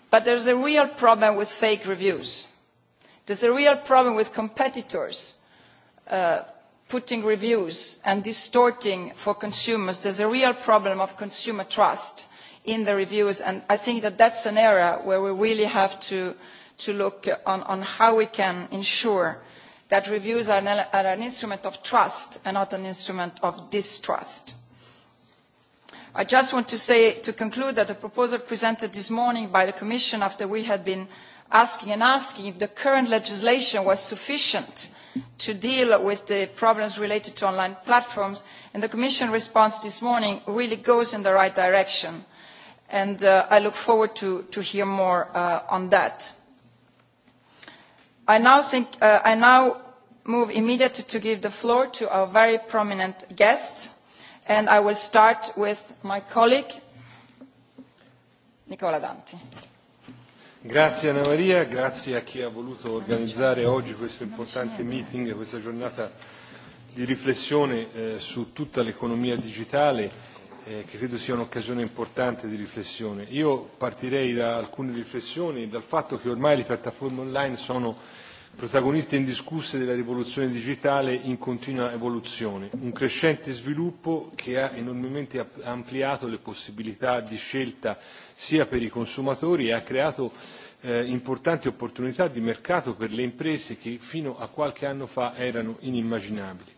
but there is a real problem with fake reviews. there is a real problem with competitors uh, putting reviews and distorting for consumers. there is a real problem of consumer trust in the reviews and i think that is an area where we really have to, to look on, on how we can ensure that reviews are an, are an instrument of trust and not an instrument of distrust I just want to say, to conclude, that the proposal presented this morning by the Commission after we had been asking and asking if the current legislation was sufficient to deal with the problems related to online platforms, and the Commission response this morning really goes in the right direction. And uh, I look forward to, to hear more uh, on that. I now, think, uh, I now move immediately to give the floor to our very prominent guests and I will start with my colleague, Nicola Danti. Grazie Anna Maria, grazie a chi ha voluto organizzare oggi questo importante meeting, questa giornata di riflessione eh, su tutta l'economia digitale eh, che credo sia un'occasione importante di riflessione. Io partirei da alcune riflessioni, dal fatto che ormai le piattaforme online sono protagoniste indiscusse della rivoluzione digitale in continua evoluzione, un crescente sviluppo che ha enormemente ampliato le possibilità di scelta sia per i consumatori e ha creato eh, importanti opportunità di mercato per le imprese che fino a qualche anno fa erano inimmaginabili.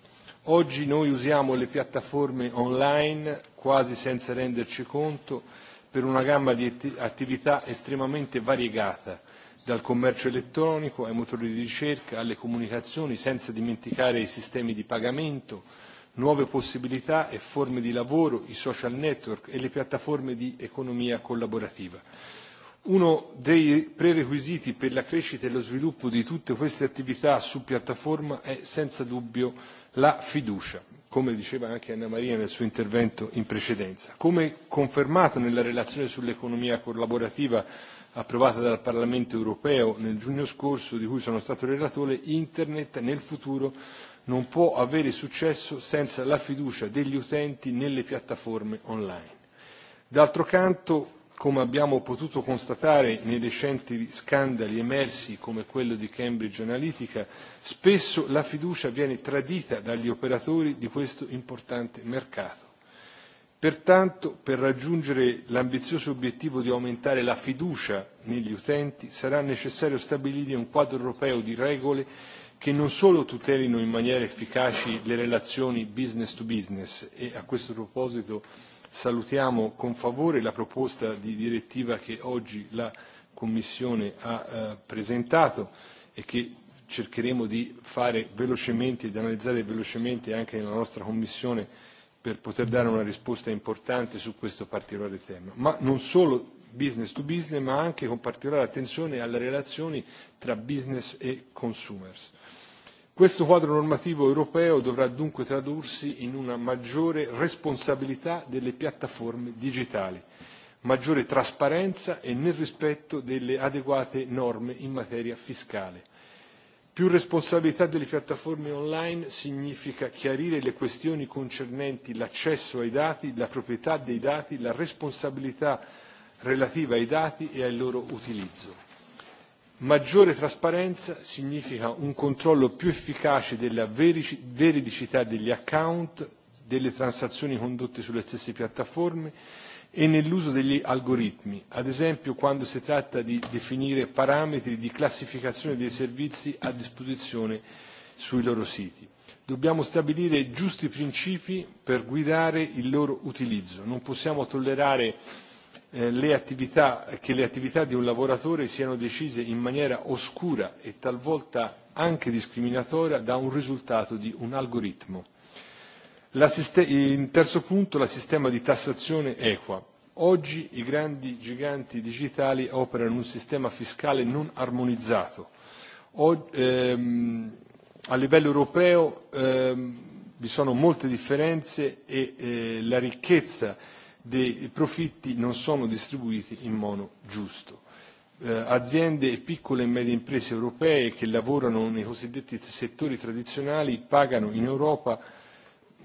Oggi noi usiamo le piattaforme online quasi senza renderci conto per una gamma di attività estremamente variegata dal commercio elettronico ai motori di ricerca alle comunicazioni, senza dimenticare i sistemi di pagamento, nuove possibilità e forme di lavoro, i social network e le piattaforme di economia collaborativa. Uno dei prerequisiti per la crescita e lo sviluppo di tutte queste attività su piattaforma è senza dubbio la fiducia, come diceva anche Anna Maria nel suo intervento in precedenza. Come confermato nella relazione sull'economia collaborativa approvata dal Parlamento europeo nel giugno scorso, di cui sono stato relatore, Internet nel futuro non può avere successo senza la fiducia degli utenti nelle piattaforme online. D'altro canto, come abbiamo potuto constatare nei recenti scandali emersi come quello di Cambridge Analytica, spesso la fiducia viene tradita dagli operatori di questo importante mercato Pertanto, per raggiungere l'ambizioso obiettivo di aumentare la fiducia negli utenti, sarà necessario stabilire un quadro europeo di regole che non solo tutelino in maniera efficace le relazioni business to business e a questo proposito salutiamo con favore la proposta di direttiva che oggi la Commissione ha eh, presentato e che cercheremo di fare velocemente, di analizzare velocemente anche nella nostra Commissione per poter dare una risposta importante su questo particolare tema, ma non solo business to business, ma anche con particolare attenzione alle relazioni tra business e consumers. Questo quadro normativo europeo dovrà dunque tradursi in una maggiore responsabilità delle piattaforme digitali, maggiore trasparenza e nel rispetto delle adeguate norme in materia fiscale Più responsabilità delle piattaforme online significa chiarire le questioni concernenti l'accesso ai dati, la proprietà dei dati, la responsabilità relativa ai dati e al loro utilizzo. Maggiore trasparenza significa un controllo più efficace della veridicità degli account, delle transazioni condotte sulle stesse piattaforme e nell'uso degli algoritmi, ad esempio quando si tratta di definire parametri di classificazione dei servizi a disposizione sui loro siti. Dobbiamo stabilire giusti principi per guidare il loro utilizzo. Non possiamo tollerare eh, le attività, che le attività di un lavoratore siano decise in maniera oscura e talvolta anche discriminatoria da un risultato di un algoritmo in terzo punto il sistema di tassazione equa oggi i grandi giganti digitali operano in un sistema fiscale non armonizzato o, ehm, a livello europeo ehm, vi sono molte differenze e eh, la ricchezza dei profitti non sono distribuiti in modo giusto. Eh, aziende e piccole e medie imprese europee che lavorano nei cosiddetti settori tradizionali pagano in Europa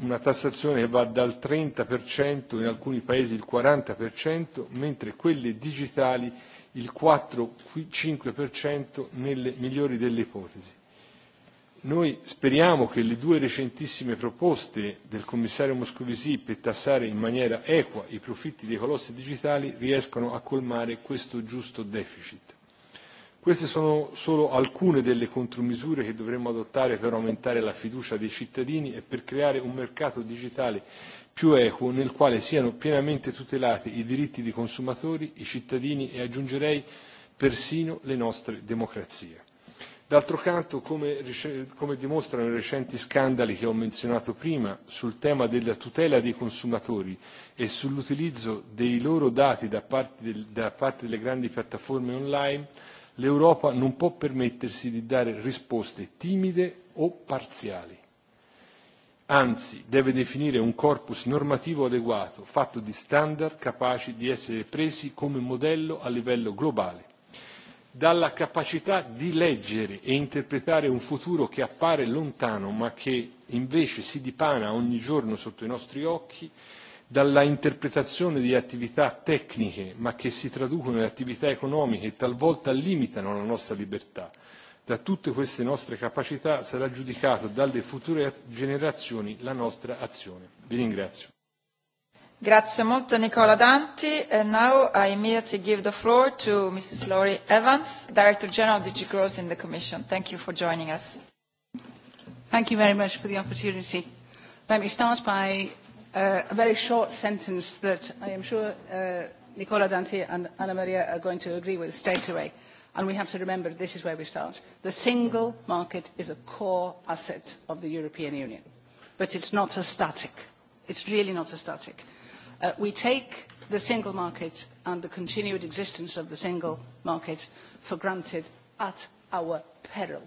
una tassazione che va dal 30%, in alcuni paesi il 40%, mentre quelle digitali il 4-5% nelle migliori delle ipotesi. Noi speriamo che le due recentissime proposte del commissario Moscovici per tassare in maniera equa i profitti dei colossi digitali riescano a colmare questo giusto deficit. Queste sono solo alcune delle contromisure che dovremmo adottare per aumentare la fiducia dei cittadini e per creare un mercato digitale più equo nel quale siano pienamente tutelati i diritti dei consumatori, i cittadini e aggiungerei persino le nostre democrazie. D'altro canto, come, come dimostrano i recenti scandali che ho menzionato prima sul tema della tutela dei consumatori e sull'utilizzo dei loro dati da parte, del, da parte delle grandi piattaforme online, l'Europa non può permettersi di dare risposte timide o parziali. Anzi, deve definire un corpus normativo adeguato, fatto di standard capaci di essere presi come modello a livello globale, dalla capacità di leggere e interpretare un futuro che appare lontano ma che invece si dipana ogni giorno sotto i nostri occhi dalla interpretazione di attività tecniche, ma che si traducono in attività economiche e talvolta limitano la nostra libertà, da tutte queste nostre capacità sarà giudicata dalle future generazioni la nostra azione. Vi ringrazio. Grazie molto Nicola Danti. And now I immediately give the floor to Mrs. Laurie Evans, Director General of DG Growth in the Commission. Thank you for joining us. Thank you very much for the opportunity. Let me start by Uh, a very short sentence that I am sure uh, Nicola Dante and Anna Maria are going to agree with straight away. And we have to remember this is where we start. The single market is a core asset of the European Union. But it's not a static. It's really not a static. Uh, we take the single market and the continued existence of the single market for granted at our peril.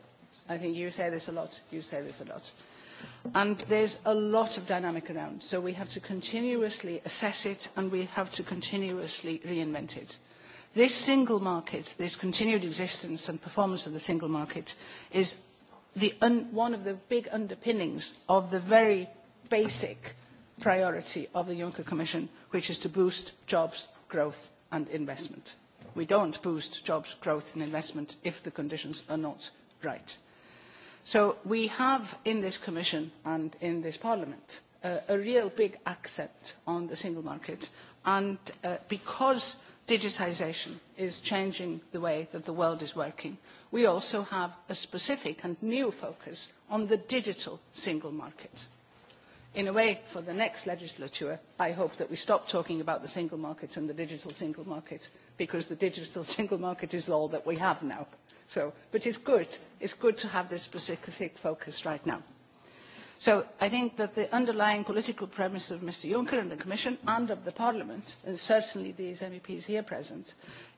I think you say this a lot, you say this a lot. Uh, And there's a lot of dynamic around, so we have to continuously assess it and we have to continuously reinvent it. This single market, this continued existence and performance of the single market is the un one of the big underpinnings of the very basic priority of the Juncker Commission, which is to boost jobs, growth and investment. We don't boost jobs, growth and investment if the conditions are not right. Uh, So we have in this Commission and in this Parliament uh, a real big accent on the single market. And uh, because digitization is changing the way that the world is working, we also have a specific and new focus on the digital single market. In a way, for the next legislature, I hope that we stop talking about the single market and the digital single market, because the digital single market is all that we have now. So, but it's good. It's good to have this specific focus right now. So I think that the underlying political premise of Mr Juncker and the Commission and of the Parliament, and certainly these MEPs here present,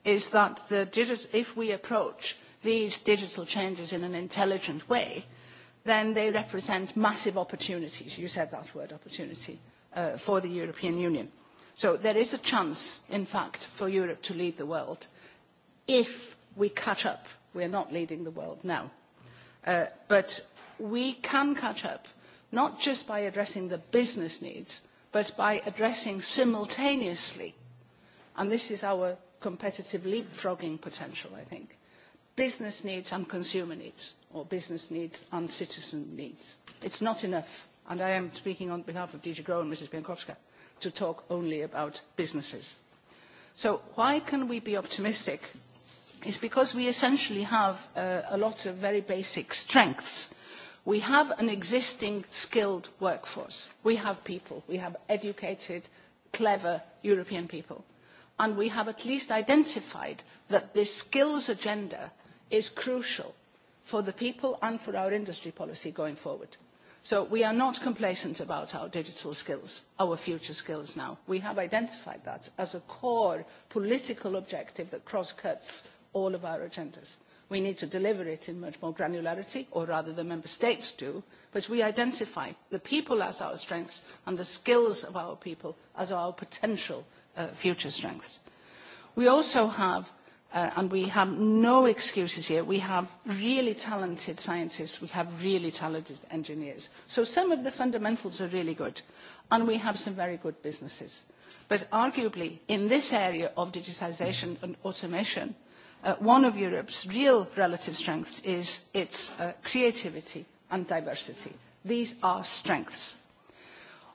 is that the digital, if we approach these digital changes in an intelligent way, then they represent massive opportunities. You said that word, opportunity, uh, for the European Union. So there is a chance, in fact, for Europe to lead the world if we catch up We are not leading the world now. Uh, but we can catch up, not just by addressing the business needs, but by addressing simultaneously, and this is our competitive leapfrogging potential, I think, business needs and consumer needs, or business needs and citizen needs. It's not enough, and I am speaking on behalf of DG Grow and Mrs. Biankowska, to talk only about businesses. So why can we be optimistic is because we essentially have uh, a lot of very basic strengths. We have an existing skilled workforce. We have people. We have educated, clever European people. And we have at least identified that this skills agenda is crucial for the people and for our industry policy going forward. So we are not complacent about our digital skills, our future skills now. We have identified that as a core political objective that cross-cuts all of our agendas. We need to deliver it in much more granularity, or rather the member states do, but we identify the people as our strengths and the skills of our people as our potential uh, future strengths. We also have uh, and we have no excuses here. We have really talented scientists. We have really talented engineers. So some of the fundamentals are really good, and we have some very good businesses. But arguably, in this area of digitization and automation, uh, one of Europe's real relative strengths is its uh, creativity and diversity. These are strengths.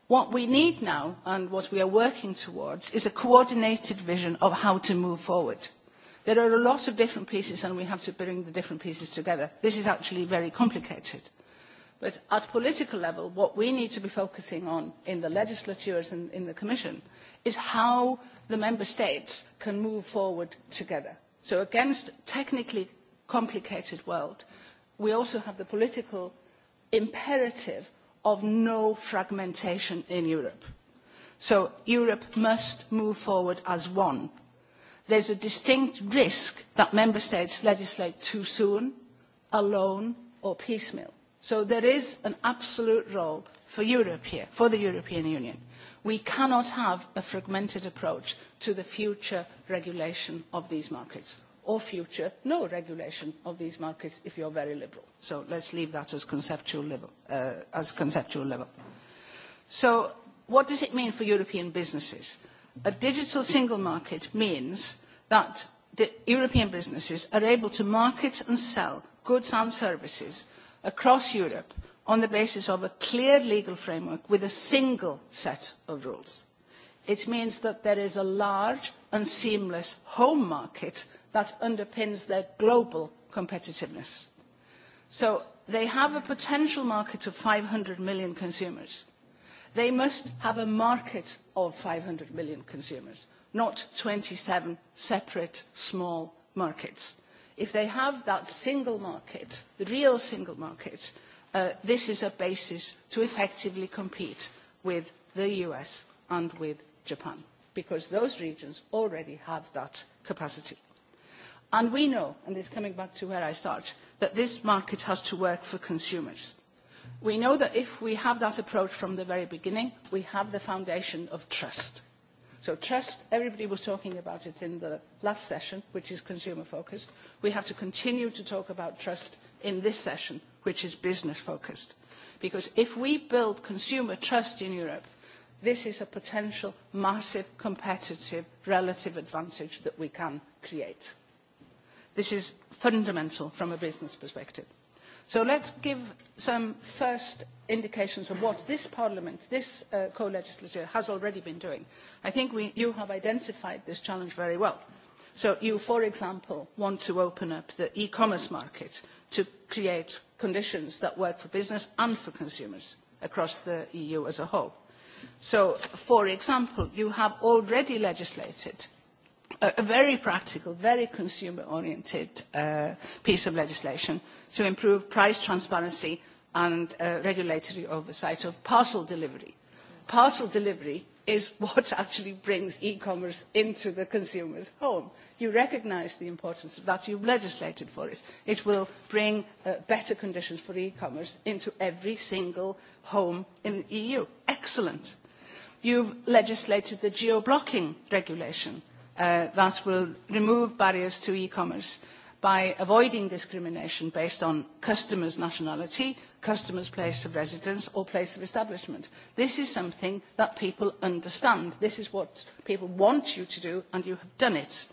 What we need now and what we are working towards is a coordinated vision of how to move forward. There are a lot of different pieces and we have to bring the different pieces together. This is actually very complicated. But at political level, what we need to be focusing on in the legislatures and in the Commission is how the Member States can move forward together So against technically complicated world, we also have the political imperative of no fragmentation in Europe. So Europe must move forward as one. There's a distinct risk that member states legislate too soon, alone or piecemeal. So there is an absolute role for Europe here, for the European Union. We cannot have a fragmented approach to the future regulation of these markets or future no regulation of these markets if you're very liberal. So let's leave that as conceptual level. Uh, as conceptual level. So what does it mean for European businesses? A digital single market means that European businesses are able to market and sell goods and services across Europe on the basis of a clear legal framework with a single set of rules it means that there is a large and seamless home market that underpins their global competitiveness. So they have a potential market of 500 million consumers. They must have a market of 500 million consumers, not 27 separate small markets. If they have that single market, the real single market, uh, this is a basis to effectively compete with the US and with Japan, because those regions already have that capacity. And we know, and this is coming back to where I start, that this market has to work for consumers. We know that if we have that approach from the very beginning, we have the foundation of trust. So trust, everybody was talking about it in the last session, which is consumer focused. We have to continue to talk about trust in this session, which is business focused. Because if we build consumer trust in Europe, this is a potential massive competitive relative advantage that we can create. This is fundamental from a business perspective. So let's give some first indications of what this Parliament, this uh, co-legislature, has already been doing. I think we, you have identified this challenge very well. So you, for example, want to open up the e-commerce market to create conditions that work for business and for consumers across the EU as a whole. So, for example, you have already legislated a, a very practical, very consumer-oriented uh, piece of legislation to improve price transparency and uh, regulatory oversight of parcel delivery. Parcel delivery is what actually brings e-commerce into the consumer's home. You recognize the importance of that. You've legislated for it. It will bring uh, better conditions for e-commerce into every single home in the EU excellent. You've legislated the geo-blocking regulation uh, that will remove barriers to e-commerce by avoiding discrimination based on customers' nationality, customers' place of residence or place of establishment. This is something that people understand. This is what people want you to do and you have done it.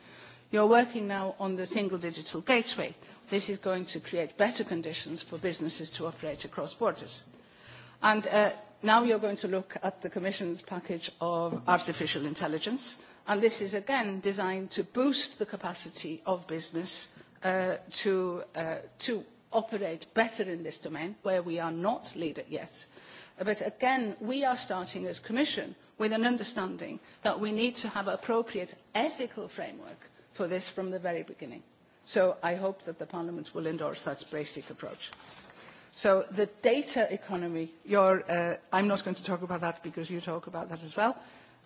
You're working now on the single digital gateway. This is going to create better conditions for businesses to operate across borders. And uh, Now you're going to look at the Commission's package of artificial intelligence, and this is again designed to boost the capacity of business uh, to, uh, to operate better in this domain, where we are not leader yet. But again, we are starting as Commission with an understanding that we need to have appropriate ethical framework for this from the very beginning. So I hope that the Parliament will endorse that basic approach. So the data economy, you're, uh, I'm not going to talk about that because you talk about that as well.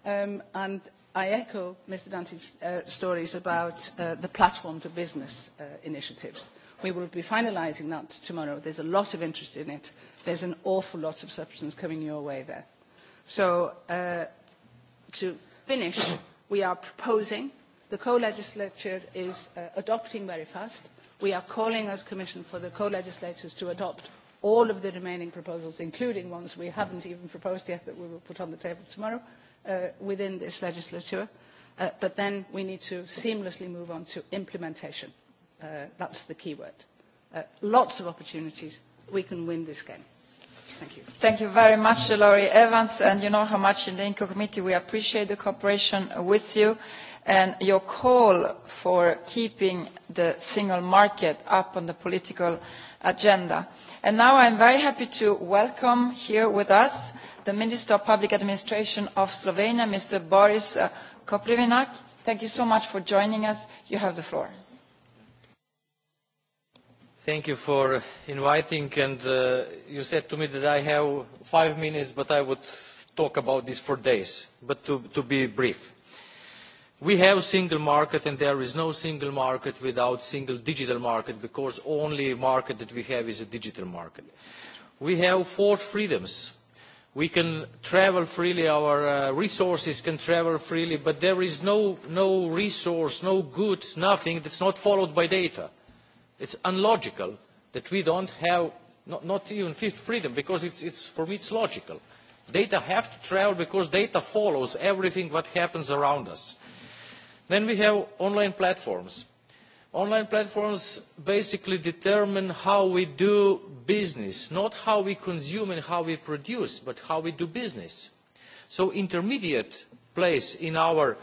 Um, and I echo Mr. Dante's uh, stories about uh, the platform to business uh, initiatives. We will be finalising that tomorrow. There's a lot of interest in it. There's an awful lot of substance coming your way there. So uh, to finish, we are proposing, the co-legislature is uh, adopting very fast. We are calling as Commission for the co-legislators to adopt all of the remaining proposals, including ones we haven't even proposed yet that we will put on the table tomorrow, uh, within this legislature. Uh, but then we need to seamlessly move on to implementation. Uh, that's the key word. Uh, lots of opportunities. We can win this game. Thank you. Thank you very much, Laurie Evans, and you know how much in the INCO committee we appreciate the cooperation with you. Uh, and your call for keeping the single market up on the political agenda. And now i am very happy to welcome here with us the minister of public administration of slovenia mr boris uh, koprivnik. thank you so much for joining us. you have the floor. thank you for inviting and uh, you said to me that i have five minutes but i would talk about this for days but to, to be brief we have a single market and there is no single market without single digital market because only market that we have is a digital market. We have four freedoms. We can travel freely, our uh, resources can travel freely, but there is no, no resource, no good, nothing that's not followed by data. It's unlogical that we don't have, not, not even fifth freedom, because it's, it's, for me it's logical. Data have to travel because data follows everything what happens around us then we have online platforms. online platforms basically determine how we do business not how we consume and how we produce but how we do business. so intermediate place in our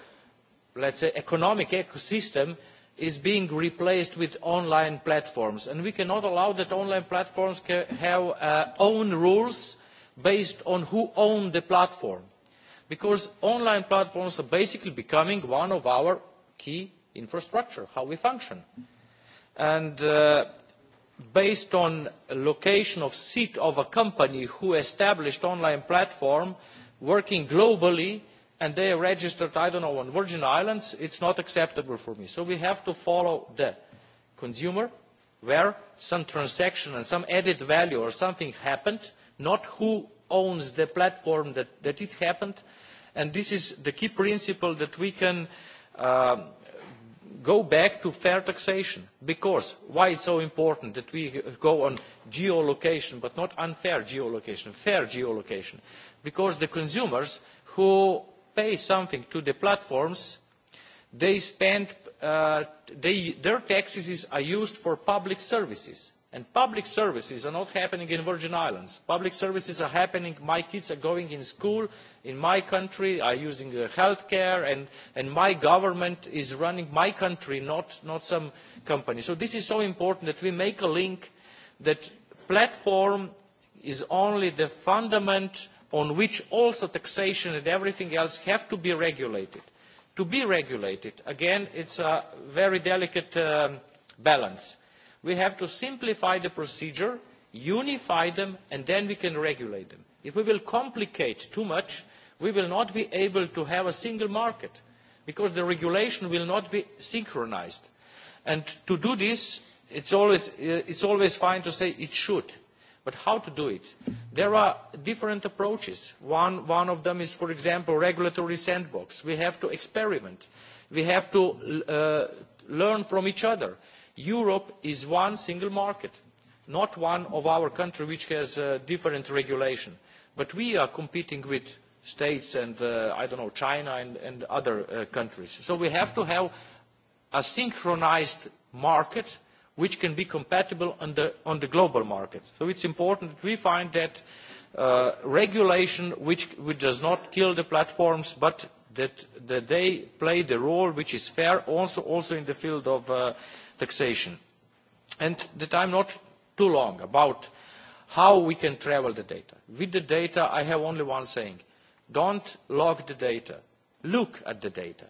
let's say economic ecosystem is being replaced with online platforms and we cannot allow that online platforms can have uh, own rules based on who owns the platform because online platforms are basically becoming one of our key infrastructure, how we function. And uh, based on location of seat of a company who established online platform working globally and they are registered, I don't know, on Virgin Islands, it's not acceptable for me. So we have to follow the consumer where some transaction and some added value or something happened, not who owns the platform that, that it happened. And this is the key principle that we can uh, go back to fair taxation. Because why it's so important that we go on geolocation, but not unfair geolocation, fair geolocation? Because the consumers who pay something to the platforms, they spend, uh, they, their taxes are used for public services and public services are not happening in the virgin islands. public services are happening my kids are going to school in my country are using uh, health care and, and my government is running my country not, not some company. so this is so important that we make a link that platform is only the fundament on which also taxation and everything else have to be regulated. to be regulated again it is a very delicate um, balance we have to simplify the procedure unify them and then we can regulate them. if we complicate too much we will not be able to have a single market because the regulation will not be synchronised. to do this it uh, is always fine to say it should but how to do it? there are different approaches. one, one of them is for example the regulatory sandbox. we have to experiment. we have to uh, learn from each other europe is one single market not one of our countries which has uh, different regulation but we are competing with states and uh, i don't know china and, and other uh, countries so we have to have a synchronized market which can be compatible on the, on the global market. So it's important that we find that uh, regulation which, which does not kill the platforms but that, that they play the role which is fair also, also in the field of uh, taxation. And that I'm not too long about how we can travel the data. With the data, I have only one saying. Don't log the data. Look at the data.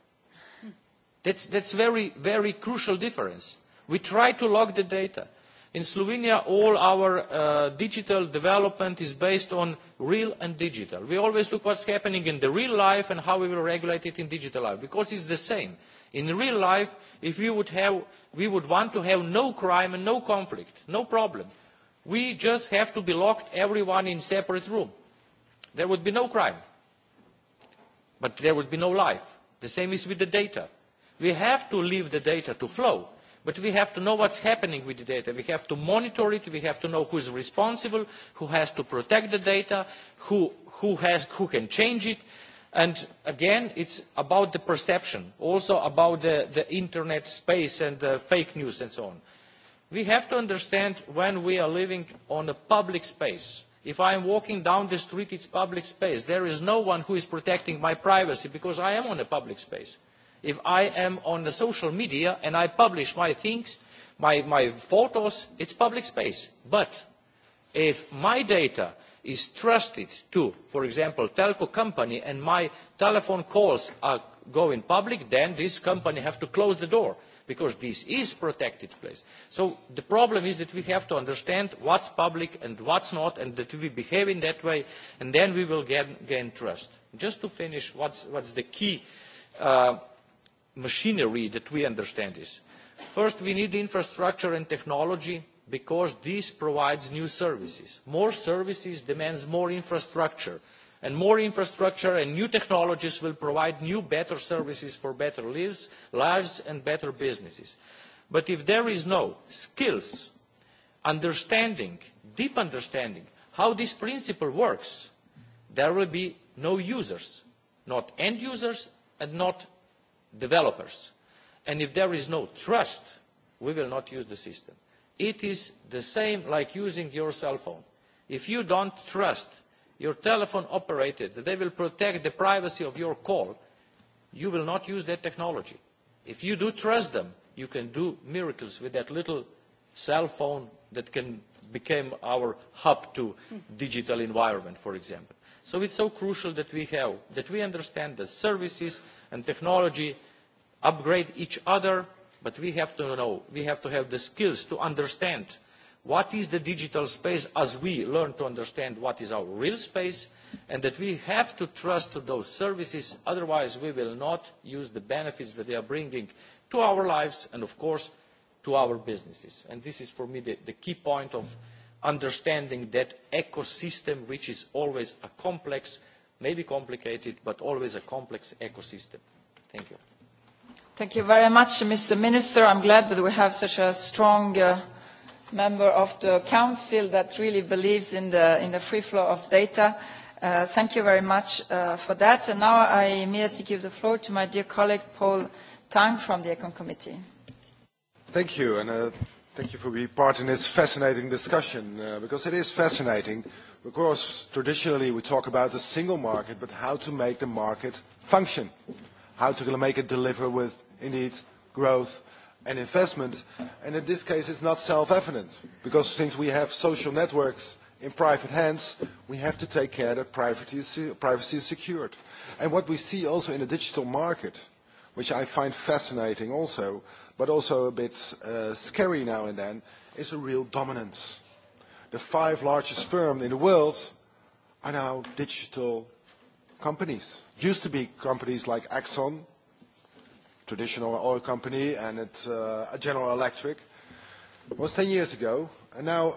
That's, that's very, very crucial difference. We try to log the data In Slovenia, all our uh, digital development is based on real and digital. We always look what's happening in the real life and how we will regulate it in digital life, because it's the same. In real life, if we would, have, we would want to have no crime and no conflict, no problem. We just have to be locked everyone in separate room. There would be no crime, but there would be no life. The same is with the data. We have to leave the data to flow But we have to know what's happening with the data. We have to monitor it. We have to know who's responsible, who has to protect the data, who, who, has, who can change it. And again, it's about the perception, also about the, the internet space and the uh, fake news and so on. We have to understand when we are living on a public space. If I am walking down the street, it's public space. There is no one who is protecting my privacy because I am on a public space if I am on the social media and I publish my things, my, my photos, it's public space. But if my data is trusted to, for example, telco company and my telephone calls are going public, then this company has to close the door because this is protected place. So the problem is that we have to understand what's public and what's not, and that we behave in that way, and then we will gain, gain trust. Just to finish, what's, what's the key uh, machinery that we understand is. First, we need infrastructure and technology because this provides new services. More services demands more infrastructure. And more infrastructure and new technologies will provide new, better services for better lives, lives and better businesses. But if there is no skills, understanding, deep understanding, how this principle works, there will be no users, not end users and not developers and if there is no trust we will not use the system. it is the same like using your cell phone. if you do not trust your telephone operator that they will protect the privacy of your call you will not use that technology. if you do trust them you can do miracles with that little cell phone that can became our hub to digital environment, for example. So it's so crucial that we have, that we understand that services and technology upgrade each other, but we have to know, we have to have the skills to understand what is the digital space as we learn to understand what is our real space, and that we have to trust those services, otherwise we will not use the benefits that they are bringing to our lives and, of course, to our businesses. And this is for me the, the key point of understanding that ecosystem which is always a complex, maybe complicated, but always a complex ecosystem. Thank you. Thank you very much, Mr. Minister. I'm glad that we have such a strong uh, member of the Council that really believes in the, in the free flow of data. Uh, thank you very much uh, for that. And now I immediately give the floor to my dear colleague, Paul Tang from the Econ Committee. Thank you, and uh, thank you for being part in this fascinating discussion, uh, because it is fascinating. Of course, traditionally we talk about the single market, but how to make the market function, how to make it deliver with, indeed, growth and investment. And in this case, it's not self-evident, because since we have social networks in private hands, we have to take care that privacy is, privacy is secured. And what we see also in the digital market, which I find fascinating also, but also a bit uh, scary now and then, is a real dominance. The five largest firms in the world are now digital companies. Used to be companies like Exxon, traditional oil company, and it's uh, General Electric. It was 10 years ago, and now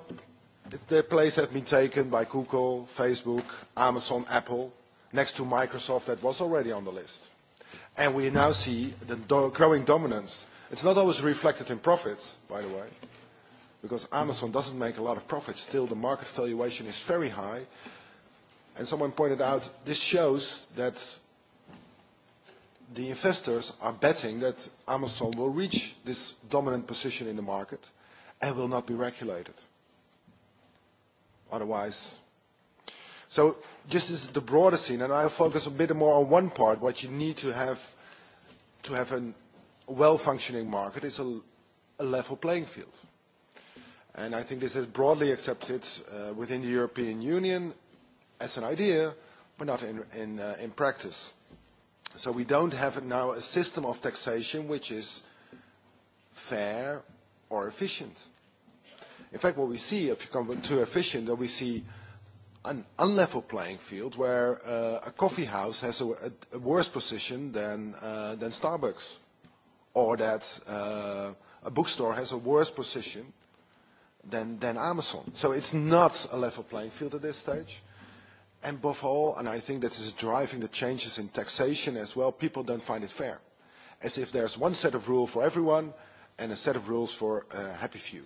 their place has been taken by Google, Facebook, Amazon, Apple, next to Microsoft that was already on the list. And we now see the do growing dominance It's not always reflected in profits, by the way, because Amazon doesn't make a lot of profits. Still, the market valuation is very high. And someone pointed out this shows that the investors are betting that Amazon will reach this dominant position in the market and will not be regulated. Otherwise, so this is the broader scene, and I'll focus a bit more on one part, what you need to have to have an well-functioning market is a, a level playing field. And I think this is broadly accepted uh, within the European Union as an idea, but not in, in, uh, in practice. So we don't have now a system of taxation which is fair or efficient. In fact, what we see, if you come to efficient, then we see an unlevel playing field where uh, a coffee house has a, a, a worse position than, uh, than Starbucks or that uh, a bookstore has a worse position than, than Amazon. So it's not a level playing field at this stage. And above all, and I think this is driving the changes in taxation as well, people don't find it fair. As if there's one set of rules for everyone and a set of rules for a happy few,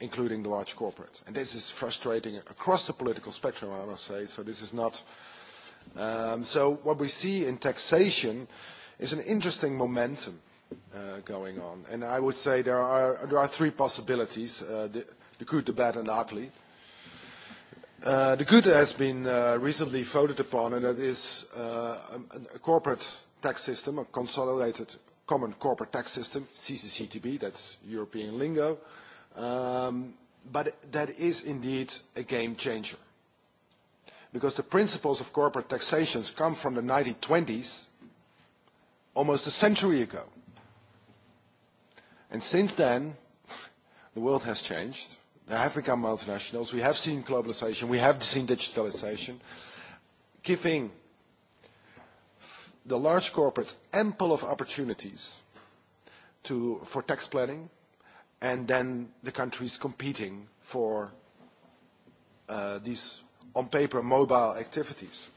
including the large corporates. And this is frustrating across the political spectrum, I must say. So this is not... Um, so what we see in taxation is an interesting momentum uh, going on. And I would say there are, there are three possibilities, uh, the, the good, the bad, and the ugly. Uh, the good has been uh, recently voted upon, and that is uh, um, a, a corporate tax system, a consolidated common corporate tax system, CCCTB, that's European lingo. Um, but that is indeed a game changer. Because the principles of corporate taxations come from the 1920s, almost a century ago. And since then, the world has changed. They have become multinationals. We have seen globalization. We have seen digitalization, giving the large corporates ample of opportunities to, for tax planning, and then the countries competing for uh, these, on paper, mobile activities.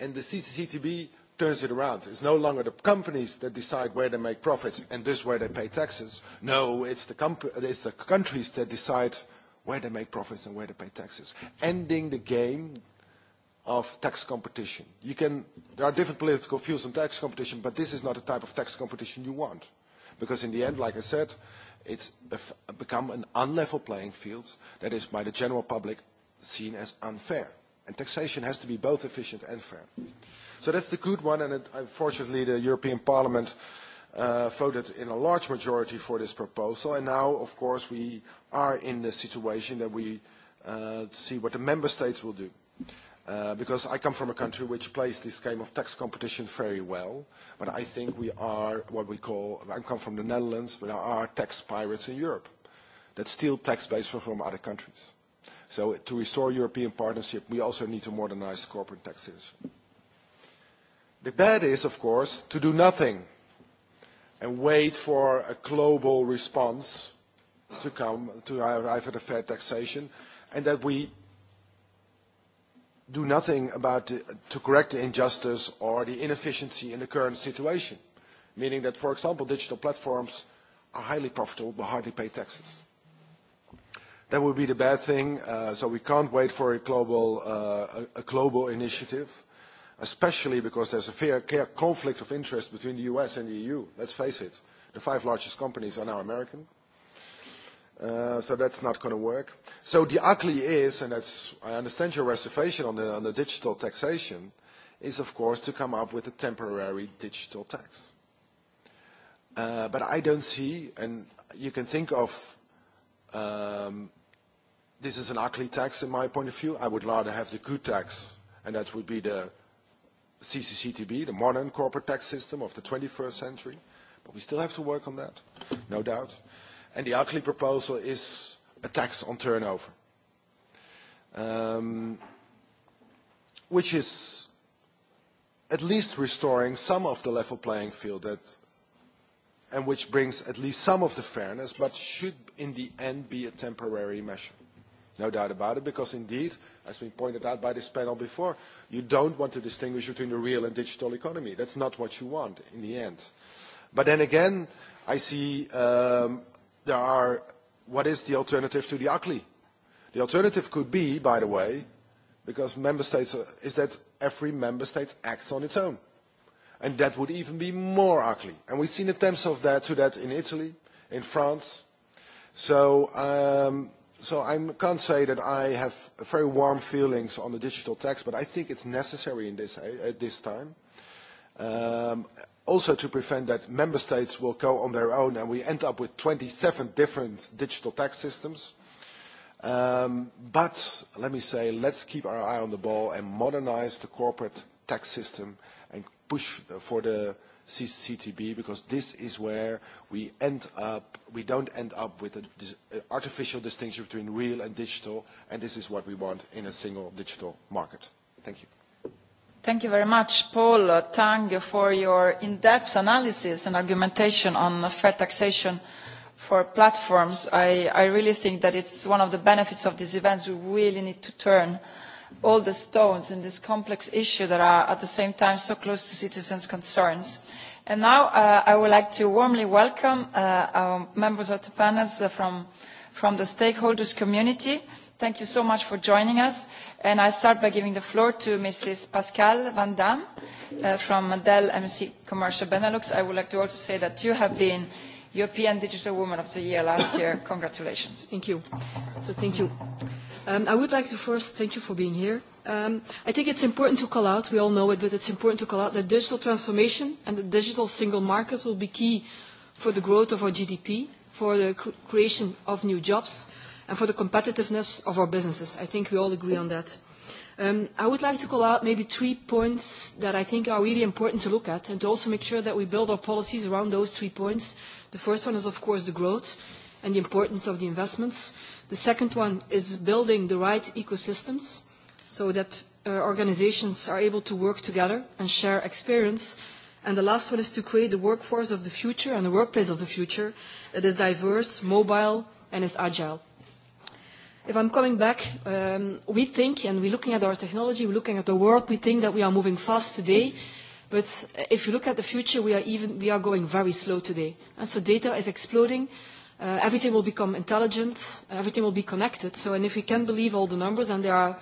And the CCCTB turns it around. It's no longer the companies that decide where they make profits and thus where they pay taxes. No, it's the, comp- it's the countries that decide where they make profits and where they pay taxes. Ending the game of tax competition. You can, there are different political views on tax competition, but this is not the type of tax competition you want. Because in the end, like I said, it's become an unlevel playing field that is by the general public seen as unfair. And taxation has to be both efficient and fair. Mm-hmm. So that's the good one, and it, unfortunately the European Parliament uh, voted in a large majority for this proposal, and now, of course, we are in the situation that we uh, see what the member states will do. Uh, because I come from a country which plays this game of tax competition very well, but I think we are what we call, I come from the Netherlands, but there are tax pirates in Europe that steal tax base from other countries. So to restore European partnership, we also need to modernize corporate tax system. The bad is, of course, to do nothing and wait for a global response to come to arrive at a fair taxation, and that we do nothing about the, to correct the injustice or the inefficiency in the current situation, meaning that, for example, digital platforms are highly profitable but hardly pay taxes. That would be the bad thing, uh, so we can't wait for a global, uh, a, a global initiative especially because there's a fair conflict of interest between the US and the EU. Let's face it, the five largest companies are now American. Uh, so that's not going to work. So the ugly is, and that's, I understand your reservation on the, on the digital taxation, is of course to come up with a temporary digital tax. Uh, but I don't see, and you can think of, um, this is an ugly tax in my point of view. I would rather have the good tax, and that would be the CCCTB, the modern corporate tax system of the 21st century, but we still have to work on that, no doubt. And the Alkali proposal is a tax on turnover, um, which is at least restoring some of the level playing field that, and which brings at least some of the fairness, but should in the end be a temporary measure. No doubt about it, because indeed, as we pointed out by this panel before, you don't want to distinguish between the real and digital economy. That's not what you want in the end. But then again, I see um, there are, what is the alternative to the ugly? The alternative could be, by the way, because member states, are, uh, is that every member state acts on its own. And that would even be more ugly. And we've seen attempts of that to that in Italy, in France. So um, So I can't say that I have very warm feelings on the digital tax, but I think it's necessary in this, uh, at this time. Um, also to prevent that member states will go on their own and we end up with 27 different digital tax systems. Um, but let me say, let's keep our eye on the ball and modernize the corporate tax system and push for the CCTB because this is where we end up, we don't end up with an uh, artificial distinction between real and digital, and this is what we want in a single digital market. Thank you. Thank you very much, Paul uh, Tang, for your in-depth analysis and argumentation on fair taxation for platforms. I, I really think that it's one of the benefits of these events. We really need to turn uh, all the stones in this complex issue that are at the same time so close to citizens' concerns. And now uh, I would like to warmly welcome uh, our members of the panels uh, from, from the stakeholders community. Thank you so much for joining us. And I start by giving the floor to Mrs. Pascal Van Damme uh, from Dell MC Commercial Benelux. I would like to also say that you have been uh, European Digital Woman of the Year last year. Congratulations. Thank you. So thank you. Um, I would like to first thank you for being here. Um, I think it's important to call out, we all know it, but it's important to call out that digital transformation and the digital single market will be key for the growth of our GDP, for the cr creation of new jobs, and for the competitiveness of our businesses. I think we all agree on that. Um, I would like to call out maybe three points that I think are really important to look at and to also make sure that we build our policies around those three points The first one is, of course, the growth and the importance of the investments. The second one is building the right ecosystems so that uh, organizations are able to work together and share experience. And the last one is to create the workforce of the future and the workplace of the future that is diverse, mobile, and is agile. If I'm coming back, um, we think, and we're looking at our technology, we're looking at the world, we think that we are moving fast today. Mm-hmm But if you look at the future, we are, even, we are going very slow today. And so data is exploding. Uh, everything will become intelligent. Everything will be connected. So, and if we can believe all the numbers, and there are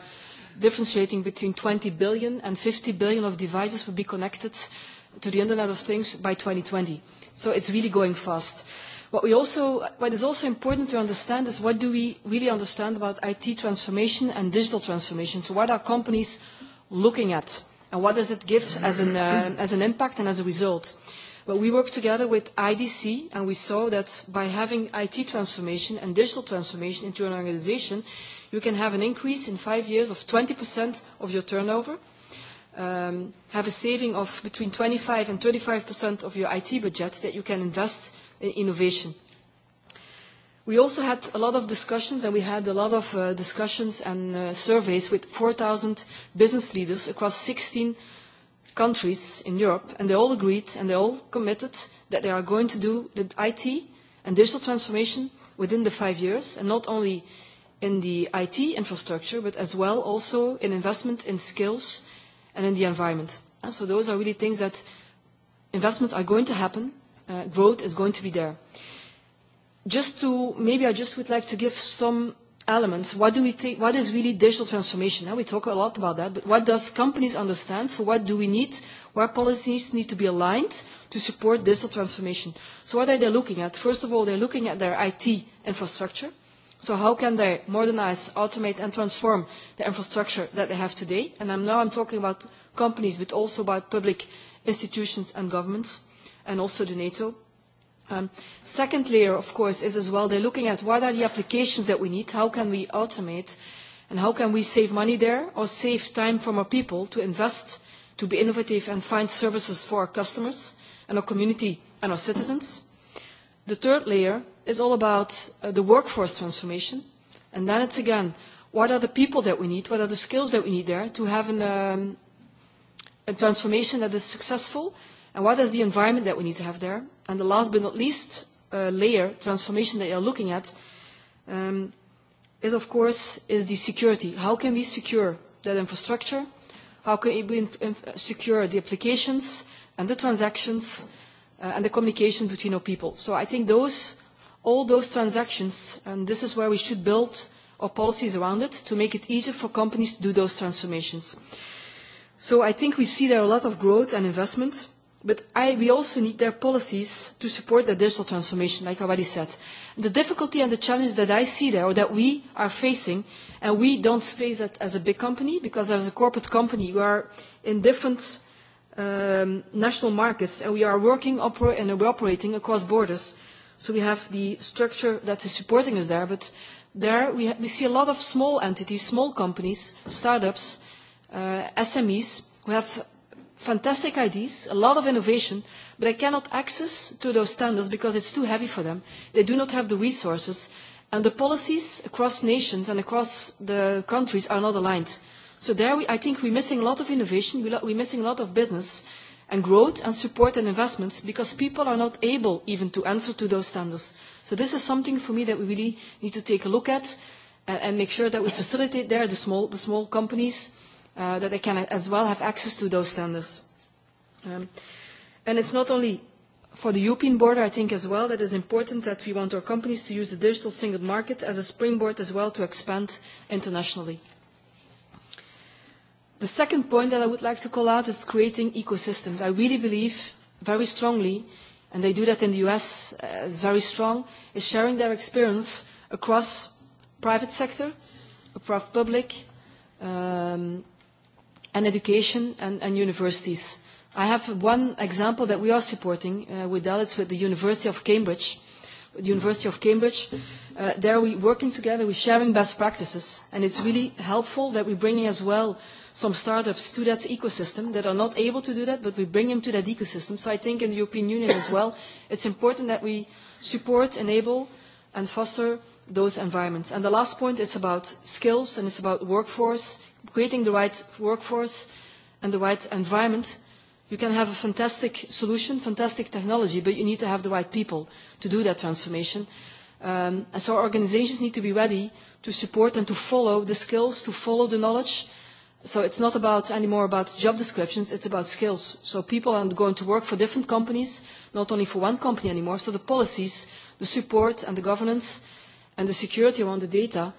differentiating between 20 billion and 50 billion of devices will be connected to the Internet of Things by 2020. So it's really going fast. What, we also, what is also important to understand is what do we really understand about IT transformation and digital transformation. So what are companies looking at? And what does it give as an, uh, as an impact and as a result? Well, we worked together with IDC, and we saw that by having IT transformation and digital transformation into an organization, you can have an increase in five years of 20% of your turnover, um, have a saving of between 25 and 35% of your IT budget that you can invest in innovation. We also had a lot of discussions, and we had a lot of uh, discussions and uh, surveys with 4,000 business leaders across 16 countries in Europe, and they all agreed and they all committed that they are going to do the IT and digital transformation within the five years, and not only in the IT infrastructure, but as well also in investment in skills and in the environment. And so those are really things that investments are going to happen, uh, growth is going to be there. Uh, just to, maybe I just would like to give some elements. What do we take, what is really digital transformation? Now we talk a lot about that, but what does companies understand? So what do we need? Where policies need to be aligned to support digital transformation? So what are they looking at? First of all, they're looking at their IT infrastructure. So how can they modernize, automate, and transform the infrastructure that they have today? And I'm, now I'm talking about companies, but also about public institutions and governments, and also the NATO. Um, second layer, of course, is as well they're looking at what are the applications that we need, how can we automate, and how can we save money there or save time from our people to invest, to be innovative and find services for our customers and our community and our citizens. The third layer is all about uh, the workforce transformation. And then it's again, what are the people that we need, what are the skills that we need there to have an, um, a transformation that is successful And what is the environment that we need to have there? And the last but not least uh, layer, transformation that you're looking at, um, is of course is the security. How can we secure that infrastructure? How can we inf- inf- secure the applications and the transactions uh, and the communication between our people? So I think those, all those transactions, and this is where we should build our policies around it to make it easier for companies to do those transformations. So I think we see there a lot of growth and investment But I, we also need their policies to support the digital transformation, like I already said. The difficulty and the challenge that I see there, or that we are facing, and we don't face that as a big company, because as a corporate company, you are in different um, national markets, and we are working oper and we're operating across borders. So we have the structure that is supporting us there, but there we, ha we see a lot of small entities, small companies, startups, uh, SMEs, who have fantastic ideas, a lot of innovation, but they cannot access to those standards because it's too heavy for them. They do not have the resources, and the policies across nations and across the countries are not aligned. So there, we, I think we're missing a lot of innovation, we're missing a lot of business and growth and support and investments because people are not able even to answer to those standards. So this is something for me that we really need to take a look at and, uh, and make sure that we facilitate there the small, the small companies uh, that they can as well have access to those tenders. Um, and it's not only for the European border, I think as well that is important that we want our companies to use the digital single market as a springboard as well to expand internationally. The second point that I would like to call out is creating ecosystems. I really believe very strongly, and they do that in the US, uh, is very strong, is sharing their experience across private sector, across public, um, and education and, and universities. I have one example that we are supporting uh, with Dalits with the University of Cambridge. The University of Cambridge, uh, there we're working together, we're sharing best practices, and it's really helpful that we're bringing as well some startups to that ecosystem that are not able to do that, but we bring them to that ecosystem. So I think in the European Union as well, it's important that we support, enable, and foster those environments. And the last point is about skills and it's about workforce creating the right workforce and the right environment, you can have a fantastic solution, fantastic technology, but you need to have the right people to do that transformation. Um, and so organizations need to be ready to support and to follow the skills, to follow the knowledge. So it's not about anymore about job descriptions, it's about skills. So people are going to work for different companies, not only for one company anymore. So the policies, the support and the governance and the security around the data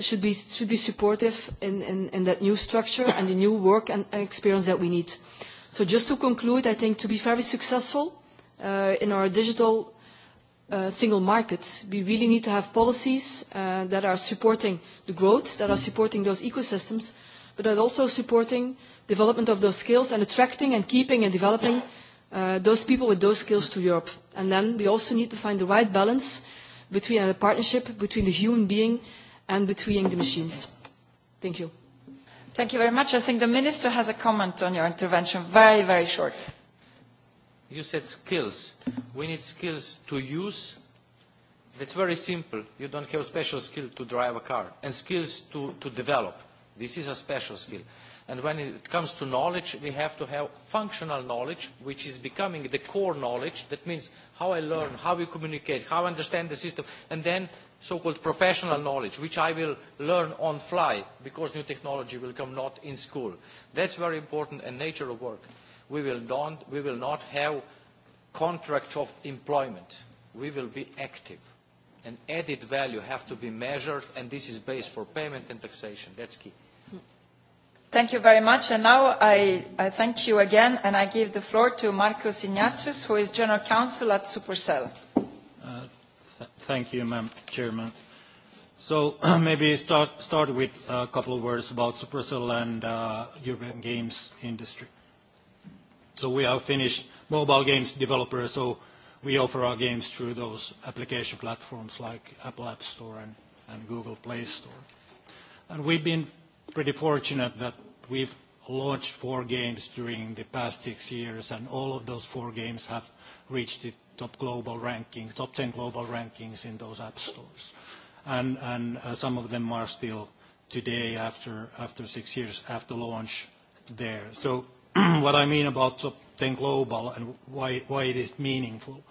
should be, should be supportive in, in, in that new structure and the new work and experience that we need. So just to conclude, I think to be very successful uh, in our digital uh, single market, we really need to have policies uh, that are supporting the growth, that are supporting those ecosystems, but that also supporting development of those skills and attracting and keeping and developing uh, those people with those skills to Europe. And then we also need to find the right balance between a partnership between the human being and between the machines. Thank you. Thank you very much. I think the Minister has a comment on your intervention, very, very short. You said skills. We need skills to use. It's very simple. You don't have a special skill to drive a car, and skills to, to develop. This is a special skill. And when it comes to knowledge, we have to have functional knowledge, which is becoming the core knowledge. That means how I learn, how we communicate, how I understand the system, and then so-called professional knowledge, which I will learn on fly because new technology will come not in school. That's very important and nature of work. We will, don't, we will not have contract of employment. We will be active. And added value have to be measured, and this is based for payment and taxation. That's key. Thank you very much. And now I, I thank you again, and I give the floor to Marcos Ignatius, who is General Counsel at Supercell. Th thank you, Madam Chairman. So maybe start, start with a couple of words about Supercell and uh, European games industry. So we are Finnish mobile games developers, so we offer our games through those application platforms like Apple App Store and, and Google Play Store. And we've been pretty fortunate that we've launched four games during the past six years, and all of those four games have reached top global rankings, top 10 global rankings in those app stores. And, and uh, some of them are still today after, after six years after launch there. So what I mean about top 10 global and why, why it is meaningful.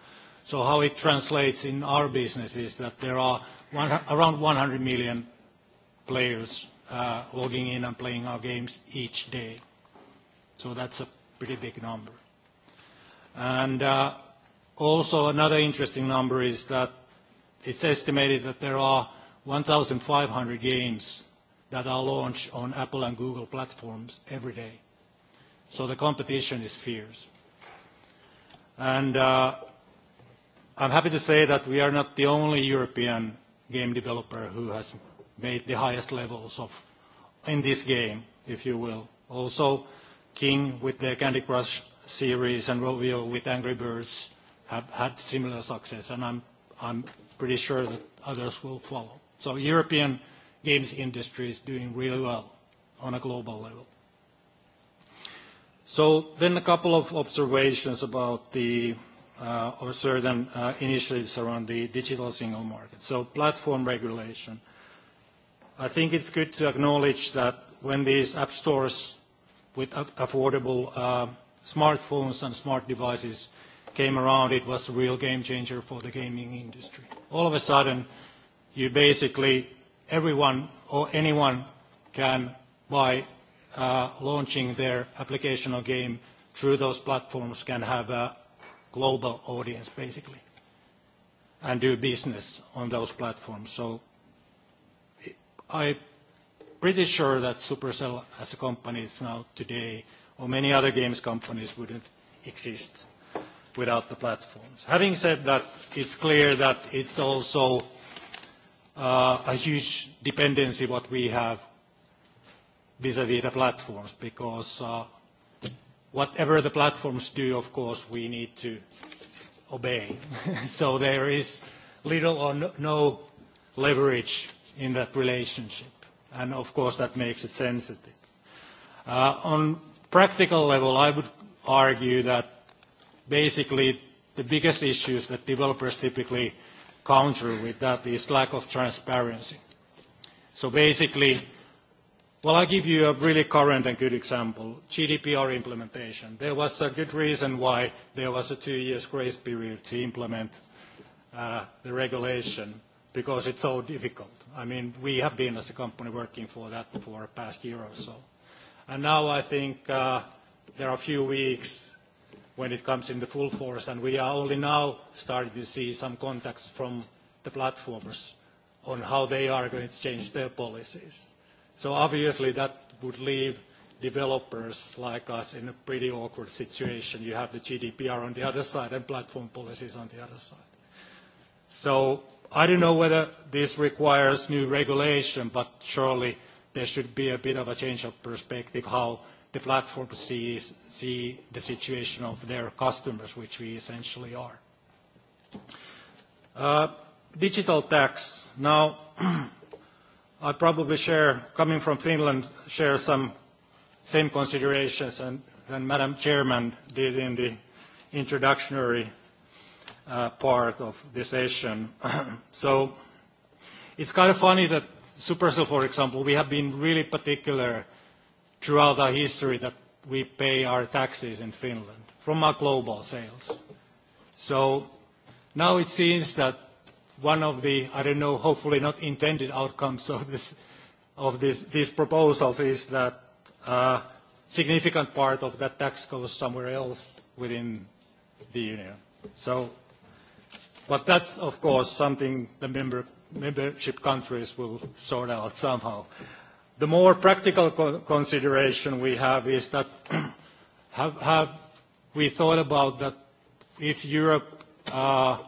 So how it translates in our business is that there are one, around 100 million players uh, logging in and playing our games each day. So that's a pretty big number. And uh, Also, another interesting number is that it's estimated that there are 1,500 games that are launched on Apple and Google platforms every day. So the competition is fierce. And uh, I'm happy to say that we are not the only European game developer who has made the highest levels of in this game, if you will. Also, King with the Candy Crush series and Rovio with Angry Birds have had similar success, and I'm, I'm pretty sure that others will follow. So European games industry is doing really well on a global level. So then a couple of observations about the uh, or certain uh, initiatives around the digital single market. So platform regulation. I think it's good to acknowledge that when these app stores with affordable uh, smartphones and smart devices came around, it was a real game changer for the gaming industry. All of a sudden, you basically, everyone or anyone can, by uh, launching their application or game through those platforms, can have a global audience, basically, and do business on those platforms. So I'm pretty sure that Supercell as a company is now today, or many other games companies wouldn't exist without the platforms. Having said that, it's clear that it's also uh, a huge dependency what we have vis-à-vis -vis the platforms, because uh, whatever the platforms do, of course, we need to obey. so there is little or no leverage in that relationship, and of course, that makes it sensitive. Uh, on practical level, I would argue that basically the biggest issues that developers typically counter with that is lack of transparency. So basically, well, I'll give you a really current and good example, GDPR implementation. There was a good reason why there was a two years grace period to implement uh, the regulation because it's so difficult. I mean, we have been as a company working for that for the past year or so. And now I think uh, there are a few weeks when it comes in the full force, and we are only now starting to see some contacts from the platformers on how they are going to change their policies. So obviously, that would leave developers like us in a pretty awkward situation. You have the GDPR on the other side and platform policies on the other side. So I don't know whether this requires new regulation, but surely there should be a bit of a change of perspective how the platform to see, see the situation of their customers, which we essentially are. Uh, digital tax. Now, I probably share, coming from Finland, share some same considerations and, than Madam Chairman did in the introductory uh, part of the session. so it's kind of funny that Supercell, for example, we have been really particular throughout our history that we pay our taxes in Finland from our global sales. So now it seems that one of the, I don't know, hopefully not intended outcomes of, this, of this, these proposals is that a uh, significant part of that tax goes somewhere else within the union. So, but that's, of course, something the member, membership countries will sort out somehow. The more practical co consideration we have is that have, have we thought about that if Europe uh,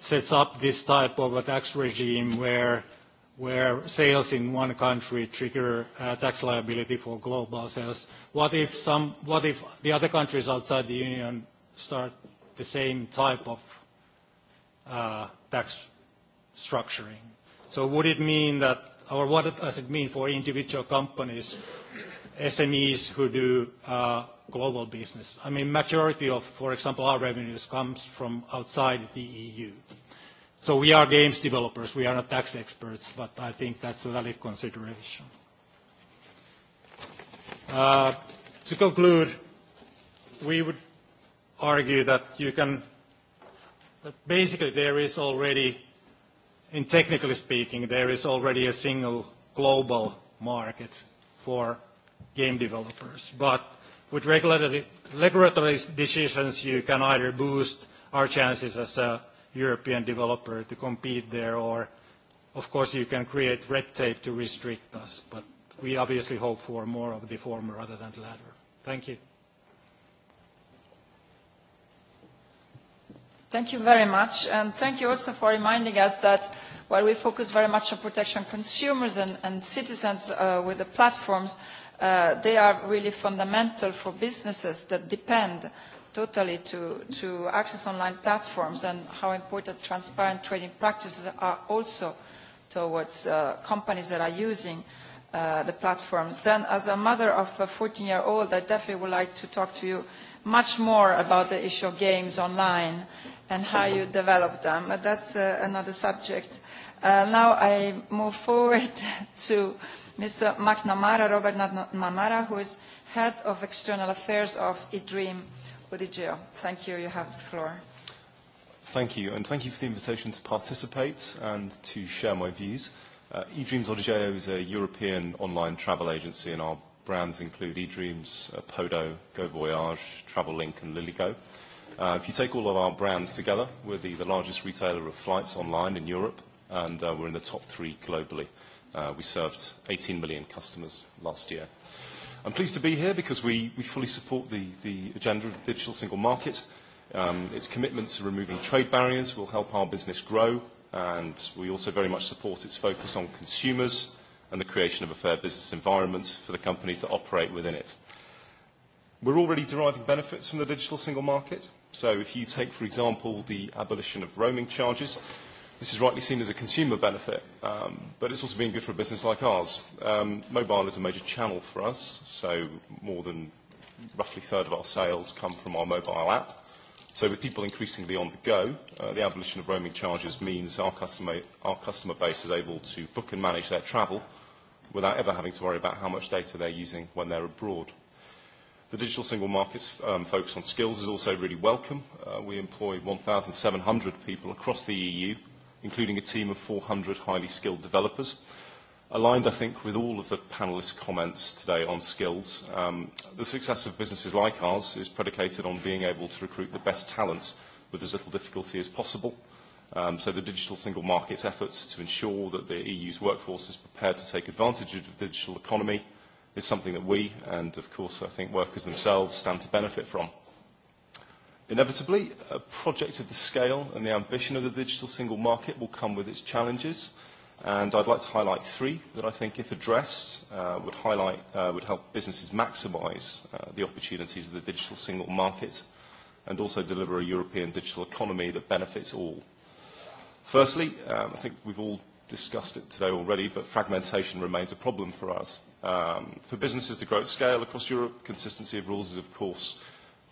sets up this type of a tax regime where where sales in one country trigger uh, tax liability for global sales. What if, some, what if the other countries outside the Union start the same type of uh, tax structuring? So would it mean that or what does it mean for individual companies, SMEs who do uh, global business? I mean, majority of, for example, our revenues comes from outside the EU. So we are games developers, we are not tax experts, but I think that's a valid consideration. Uh, to conclude, we would argue that you can that basically there is already in technically speaking, there is already a single global market for game developers. But with regulatory, regulatory decisions, you can either boost our chances as a European developer to compete there, or of course you can create red tape to restrict us. But we obviously hope for more of the former rather than the latter. Thank you. Thank you very much, and thank you also for reminding us that while we focus very much on protection consumers and, and citizens uh, with the platforms, uh, they are really fundamental for businesses that depend totally to, to access online platforms and how important transparent trading practices are also towards uh, companies that are using uh, the platforms. Then, as a mother of a 14-year-old, I definitely would like to talk to you much more about the issue of games online and how you develop them. But that's uh, another subject. Uh, now I move forward to Mr. McNamara, Robert McNamara, who is Head of External Affairs of eDream Udigeo. Thank you. You have the floor. Thank you, and thank you for the invitation to participate and to share my views. Uh, eDreams Odigeo is a European online travel agency, and our brands include eDreams, uh, Podo, Go Voyage, Travel Link, and Liligo. Uh, Uh, if you take all of our brands together, we're the, the largest retailer of flights online in Europe, and uh, we're in the top three globally. Uh, we served 18 million customers last year. I'm pleased to be here because we, we fully support the, the agenda of the digital single market. Um, its commitment to removing trade barriers will help our business grow, and we also very much support its focus on consumers and the creation of a fair business environment for the companies that operate within it. We're already deriving benefits from the digital single market. So if you take, for example, the abolition of roaming charges, this is rightly seen as a consumer benefit, um, but it's also been good for a business like ours. Um, mobile is a major channel for us, so more than roughly a third of our sales come from our mobile app. So with people increasingly on the go, uh, the abolition of roaming charges means our customer, our customer base is able to book and manage their travel without ever having to worry about how much data they're using when they're abroad. The digital single market's um, focus on skills is also really welcome. Uh, we employ 1,700 people across the EU, including a team of 400 highly skilled developers. Aligned, I think, with all of the panelists' comments today on skills, um, the success of businesses like ours is predicated on being able to recruit the best talents with as little difficulty as possible. Um, so the digital single market's efforts to ensure that the EU's workforce is prepared to take advantage of the digital economy – is something that we, and of course I think workers themselves, stand to benefit from. Inevitably, a project of the scale and the ambition of the digital single market will come with its challenges, and I'd like to highlight three that I think, if addressed, uh, would, highlight, uh, would help businesses maximise uh, the opportunities of the digital single market and also deliver a European digital economy that benefits all. Firstly, um, I think we've all discussed it today already, but fragmentation remains a problem for us. Um, for businesses to grow at scale across Europe, consistency of rules is, of course,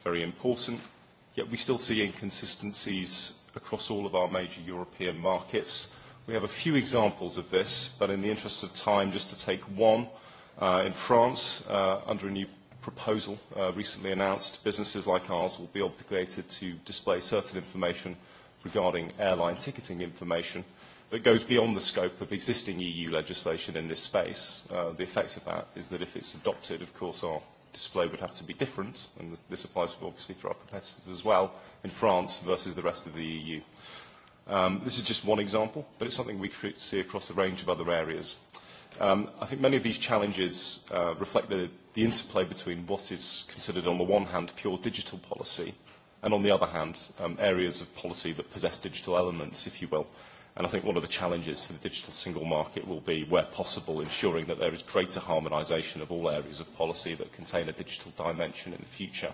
very important. Yet we still see inconsistencies across all of our major European markets. We have a few examples of this, but in the interest of time, just to take one, uh, in France, uh, under a new proposal uh, recently announced, businesses like ours will be obligated to display certain information regarding airline ticketing information that goes beyond the scope of existing EU legislation in this space. Uh, the effect of that is that if it's adopted, of course, our display would have to be different, and this applies obviously for our competitors as well, in France versus the rest of the EU. Um, this is just one example, but it's something we see across a range of other areas. Um, I think many of these challenges uh, reflect the, the interplay between what is considered, on the one hand, pure digital policy, and on the other hand, um, areas of policy that possess digital elements, if you will, And I think one of the challenges for the digital single market will be, where possible, ensuring that there is greater harmonisation of all areas of policy that contain a digital dimension in the future.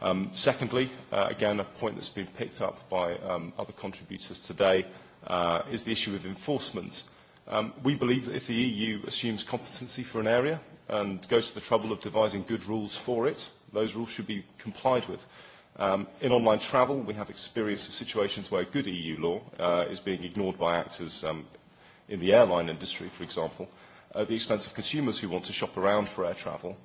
Um, secondly, uh, again, a point that's been picked up by um, other contributors today uh, is the issue of enforcement. Um, we believe that if the EU assumes competency for an area and goes to the trouble of devising good rules for it, those rules should be complied with. Um, in online travel, we have experience of situations where good EU law uh, is being ignored by actors um, in the airline industry, for example, at the expense of consumers who want to shop around for air travel,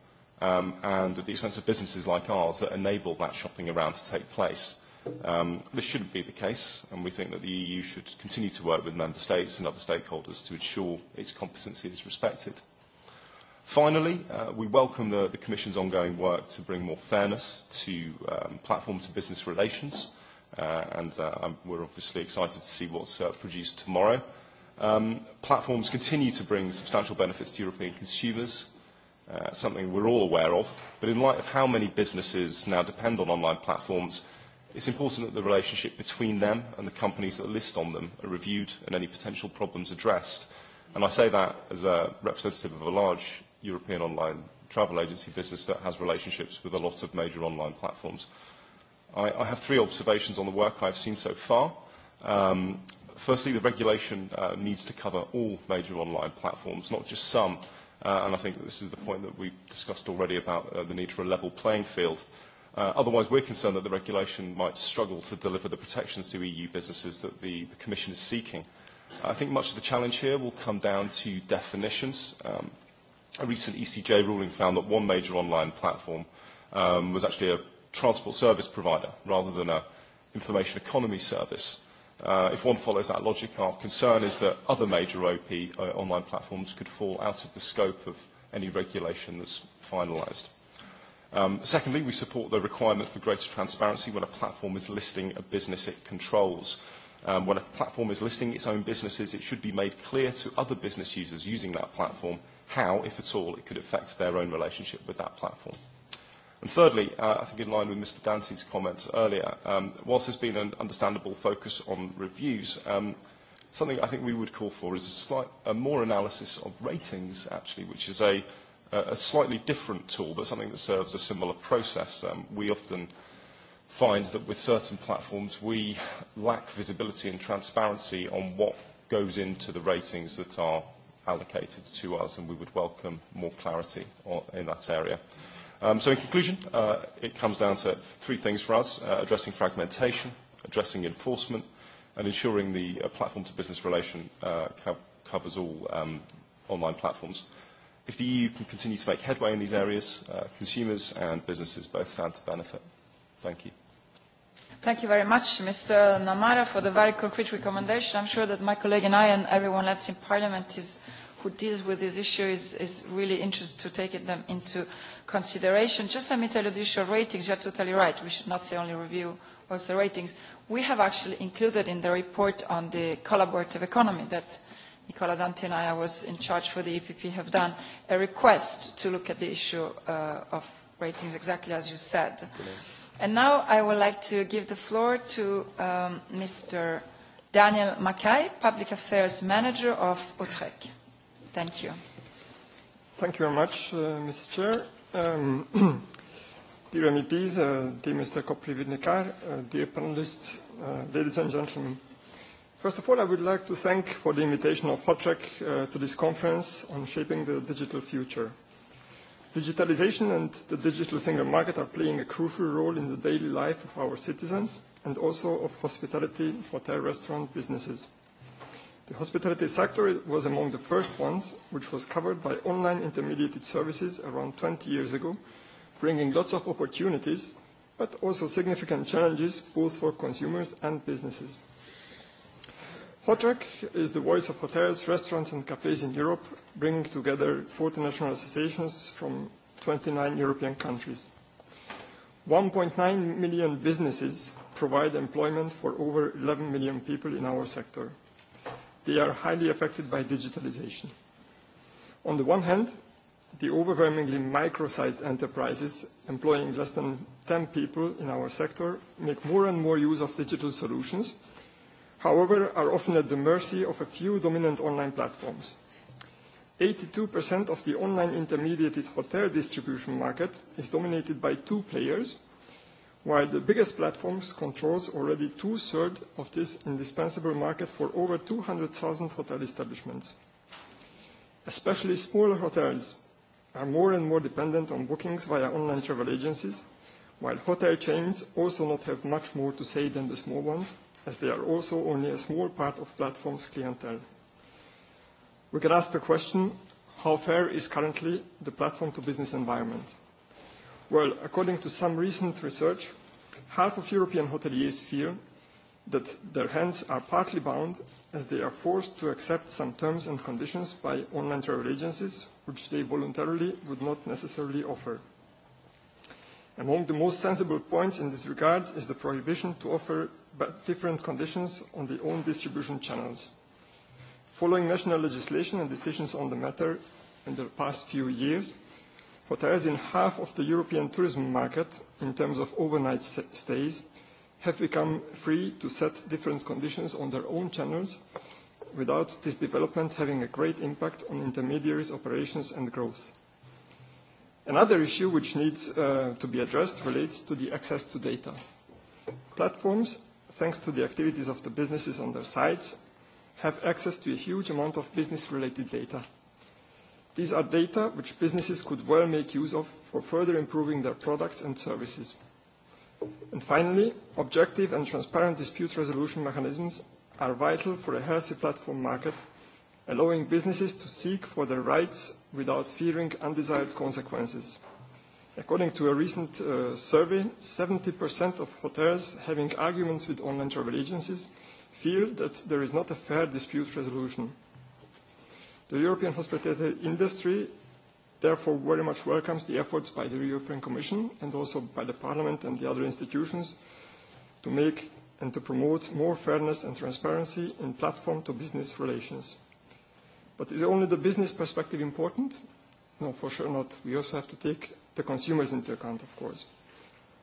um, and at the expense of businesses like ours that enable that shopping around to take place. Um, this shouldn't be the case, and we think that the EU should continue to work with member states and other stakeholders to ensure its competency is respected. Finally, uh, we welcome the, the Commission's ongoing work to bring more fairness to um, platforms and business relations, uh, and uh, I'm, we're obviously excited to see what's uh, produced tomorrow. Um, platforms continue to bring substantial benefits to European consumers, uh, something we're all aware of, but in light of how many businesses now depend on online platforms, It's important that the relationship between them and the companies that list on them are reviewed and any potential problems addressed. And I say that as a representative of a large European online travel agency business that has relationships with a lot of major online platforms. I, I have three observations on the work I've seen so far. Um, firstly, the regulation uh, needs to cover all major online platforms, not just some. Uh, and I think that this is the point that we've discussed already about uh, the need for a level playing field. Uh, otherwise, we're concerned that the regulation might struggle to deliver the protections to EU businesses that the, the Commission is seeking. I think much of the challenge here will come down to definitions. Um, a recent ECJ ruling found that one major online platform um, was actually a transport service provider rather than an information economy service. Uh, if one follows that logic, our concern is that other major OP uh, online platforms could fall out of the scope of any regulation that's finalised. Um, secondly, we support the requirement for greater transparency when a platform is listing a business it controls. Um, when a platform is listing its own businesses, it should be made clear to other business users using that platform how, if at all, it could affect their own relationship with that platform. And thirdly, uh, I think in line with Mr. Dancy's comments earlier, um, whilst there's been an understandable focus on reviews, um, something I think we would call for is a slight a more analysis of ratings, actually, which is a, a slightly different tool, but something that serves a similar process. Um, we often find that with certain platforms, we lack visibility and transparency on what goes into the ratings that are allocated to us, and we would welcome more clarity on, in that area. Um, so in conclusion, uh, it comes down to three things for us, uh, addressing fragmentation, addressing enforcement, and ensuring the uh, platform-to-business relation uh, co covers all um, online platforms. If the EU can continue to make headway in these areas, uh, consumers and businesses both stand to benefit. Thank you. Thank you very much, Mr. Namara, for the very concrete recommendation. I'm sure that my colleague and I and everyone else in Parliament is, who deals with this issue is, is really interested to take them into consideration. Just let me tell you, the issue of ratings, you're totally right. We should not say only review, also ratings. We have actually included in the report on the collaborative economy that Nicola Dante and I, I was in charge for the EPP, have done a request to look at the issue uh, of ratings, exactly as you said. Brilliant And now I would like to give the floor to um, Mr. Daniel Mackay, Public Affairs Manager of Utrecht. Thank you. Thank you very much, uh, Mrs. Chair. Um, dear MEPs, uh, dear Mr. Kopri-Vidnikar, uh, dear panelists, uh, ladies and gentlemen. First of all, I would like to thank for the invitation of HOTREC uh, to this conference on shaping the digital future. Digitalization and the digital single market are playing a crucial role in the daily life of our citizens and also of hospitality, hotel, restaurant businesses. The hospitality sector was among the first ones which was covered by online intermediated services around 20 years ago, bringing lots of opportunities, but also significant challenges both for consumers and businesses. Hotrec is the voice of hotels, restaurants, and cafes in Europe, bringing together 40 national associations from 29 European countries. 1.9 million businesses provide employment for over 11 million people in our sector. They are highly affected by digitalization. On the one hand, the overwhelmingly micro-sized enterprises employing less than 10 people in our sector make more and more use of digital solutions – however, are often at the mercy of a few dominant online platforms. 82% of the online intermediated hotel distribution market is dominated by two players, while the biggest platforms controls already two-thirds of this indispensable market for over 200,000 hotel establishments. Especially smaller hotels are more and more dependent on bookings via online travel agencies, while hotel chains also not have much more to say than the small ones, as they are also only a small part of platform's clientele. We can ask the question, how fair is currently the platform-to-business environment? Well, according to some recent research, half of European hoteliers feel that their hands are partly bound as they are forced to accept some terms and conditions by online travel agencies which they voluntarily would not necessarily offer. Among the most sensible points in this regard is the prohibition to offer but different conditions on their own distribution channels. Following national legislation and decisions on the matter in the past few years, hotels in half of the European tourism market, in terms of overnight stays, have become free to set different conditions on their own channels without this development having a great impact on intermediaries' operations and growth. Another issue which needs uh, to be addressed relates to the access to data. Platforms thanks to the activities of the businesses on their sites, have access to a huge amount of business-related data. These are data which businesses could well make use of for further improving their products and services. And finally, objective and transparent dispute resolution mechanisms are vital for a healthy platform market, allowing businesses to seek for their rights without fearing undesired consequences. According to a recent uh, survey, 70% of hotels having arguments with online travel agencies feel that there is not a fair dispute resolution. The European hospitality industry therefore very much welcomes the efforts by the European Commission and also by the Parliament and the other institutions to make and to promote more fairness and transparency in platform-to-business relations. But is only the business perspective important? No, for sure not. We also have to take the consumers into account, of course.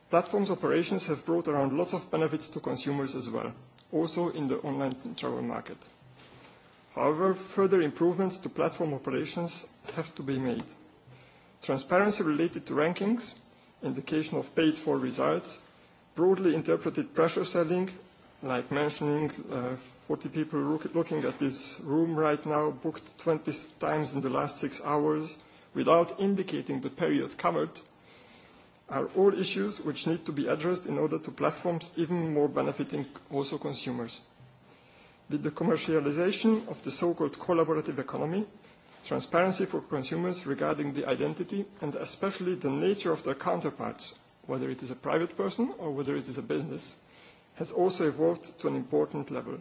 Platforms operations have brought around lots of benefits to consumers as well, also in the online travel market. However, further improvements to platform operations have to be made. Transparency related to rankings, indication of paid-for results, broadly interpreted pressure selling, like mentioning uh, 40 people look, looking at this room right now, booked 20 times in the last six hours, without indicating the period covered are all issues which need to be addressed in order to platforms even more benefiting also consumers. With the commercialization of the so-called collaborative economy, transparency for consumers regarding the identity and especially the nature of their counterparts, whether it is a private person or whether it is a business, has also evolved to an important level.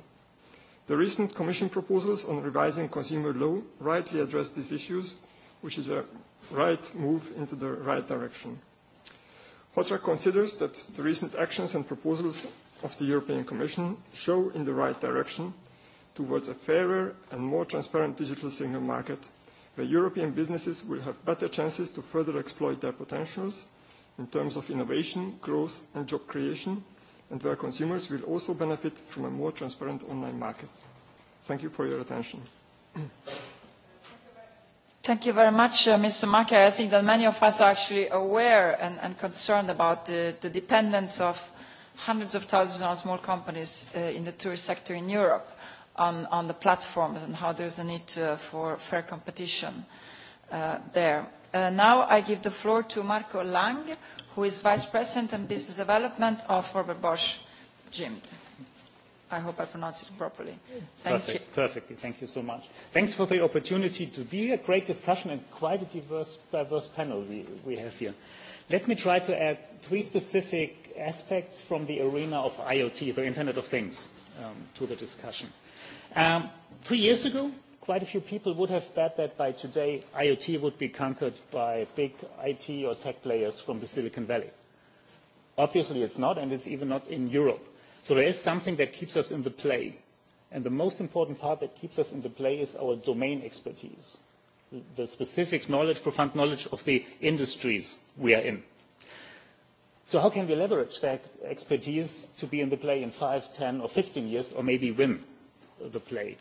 The recent Commission proposals on revising consumer law rightly address these issues which is a right move into the right direction. HOTRAC considers that the recent actions and proposals of the European Commission show in the right direction towards a fairer and more transparent digital single market, where European businesses will have better chances to further exploit their potentials in terms of innovation, growth, and job creation, and where consumers will also benefit from a more transparent online market. Thank you for your attention. Thank you very much, uh, Mr. Mackey. I think that many of us are actually aware and, and concerned about the, the dependence of hundreds of thousands of small companies uh, in the tourist sector in Europe on, on the platforms and how there's a need uh, for fair competition uh, there. Uh, now I give the floor to Marco Lang, who is Vice President and Business Development of Robert Bosch GIMD. I hope I pronounced it properly. Thank Perfect, you. Perfectly. Thank you so much. Thanks for the opportunity to be here. Great discussion and quite a diverse, diverse panel we, we have here. Let me try to add three specific aspects from the arena of IoT, the Internet of Things, um, to the discussion. Um, three years ago, quite a few people would have bet that by today IoT would be conquered by big IT or tech players from the Silicon Valley. Obviously, it's not, and it's even not in Europe. So there is something that keeps us in the play. And the most important part that keeps us in the play is our domain expertise, the specific knowledge, profound knowledge of the industries we are in. So how can we leverage that expertise to be in the play in 5, 10, or 15 years, or maybe win the play?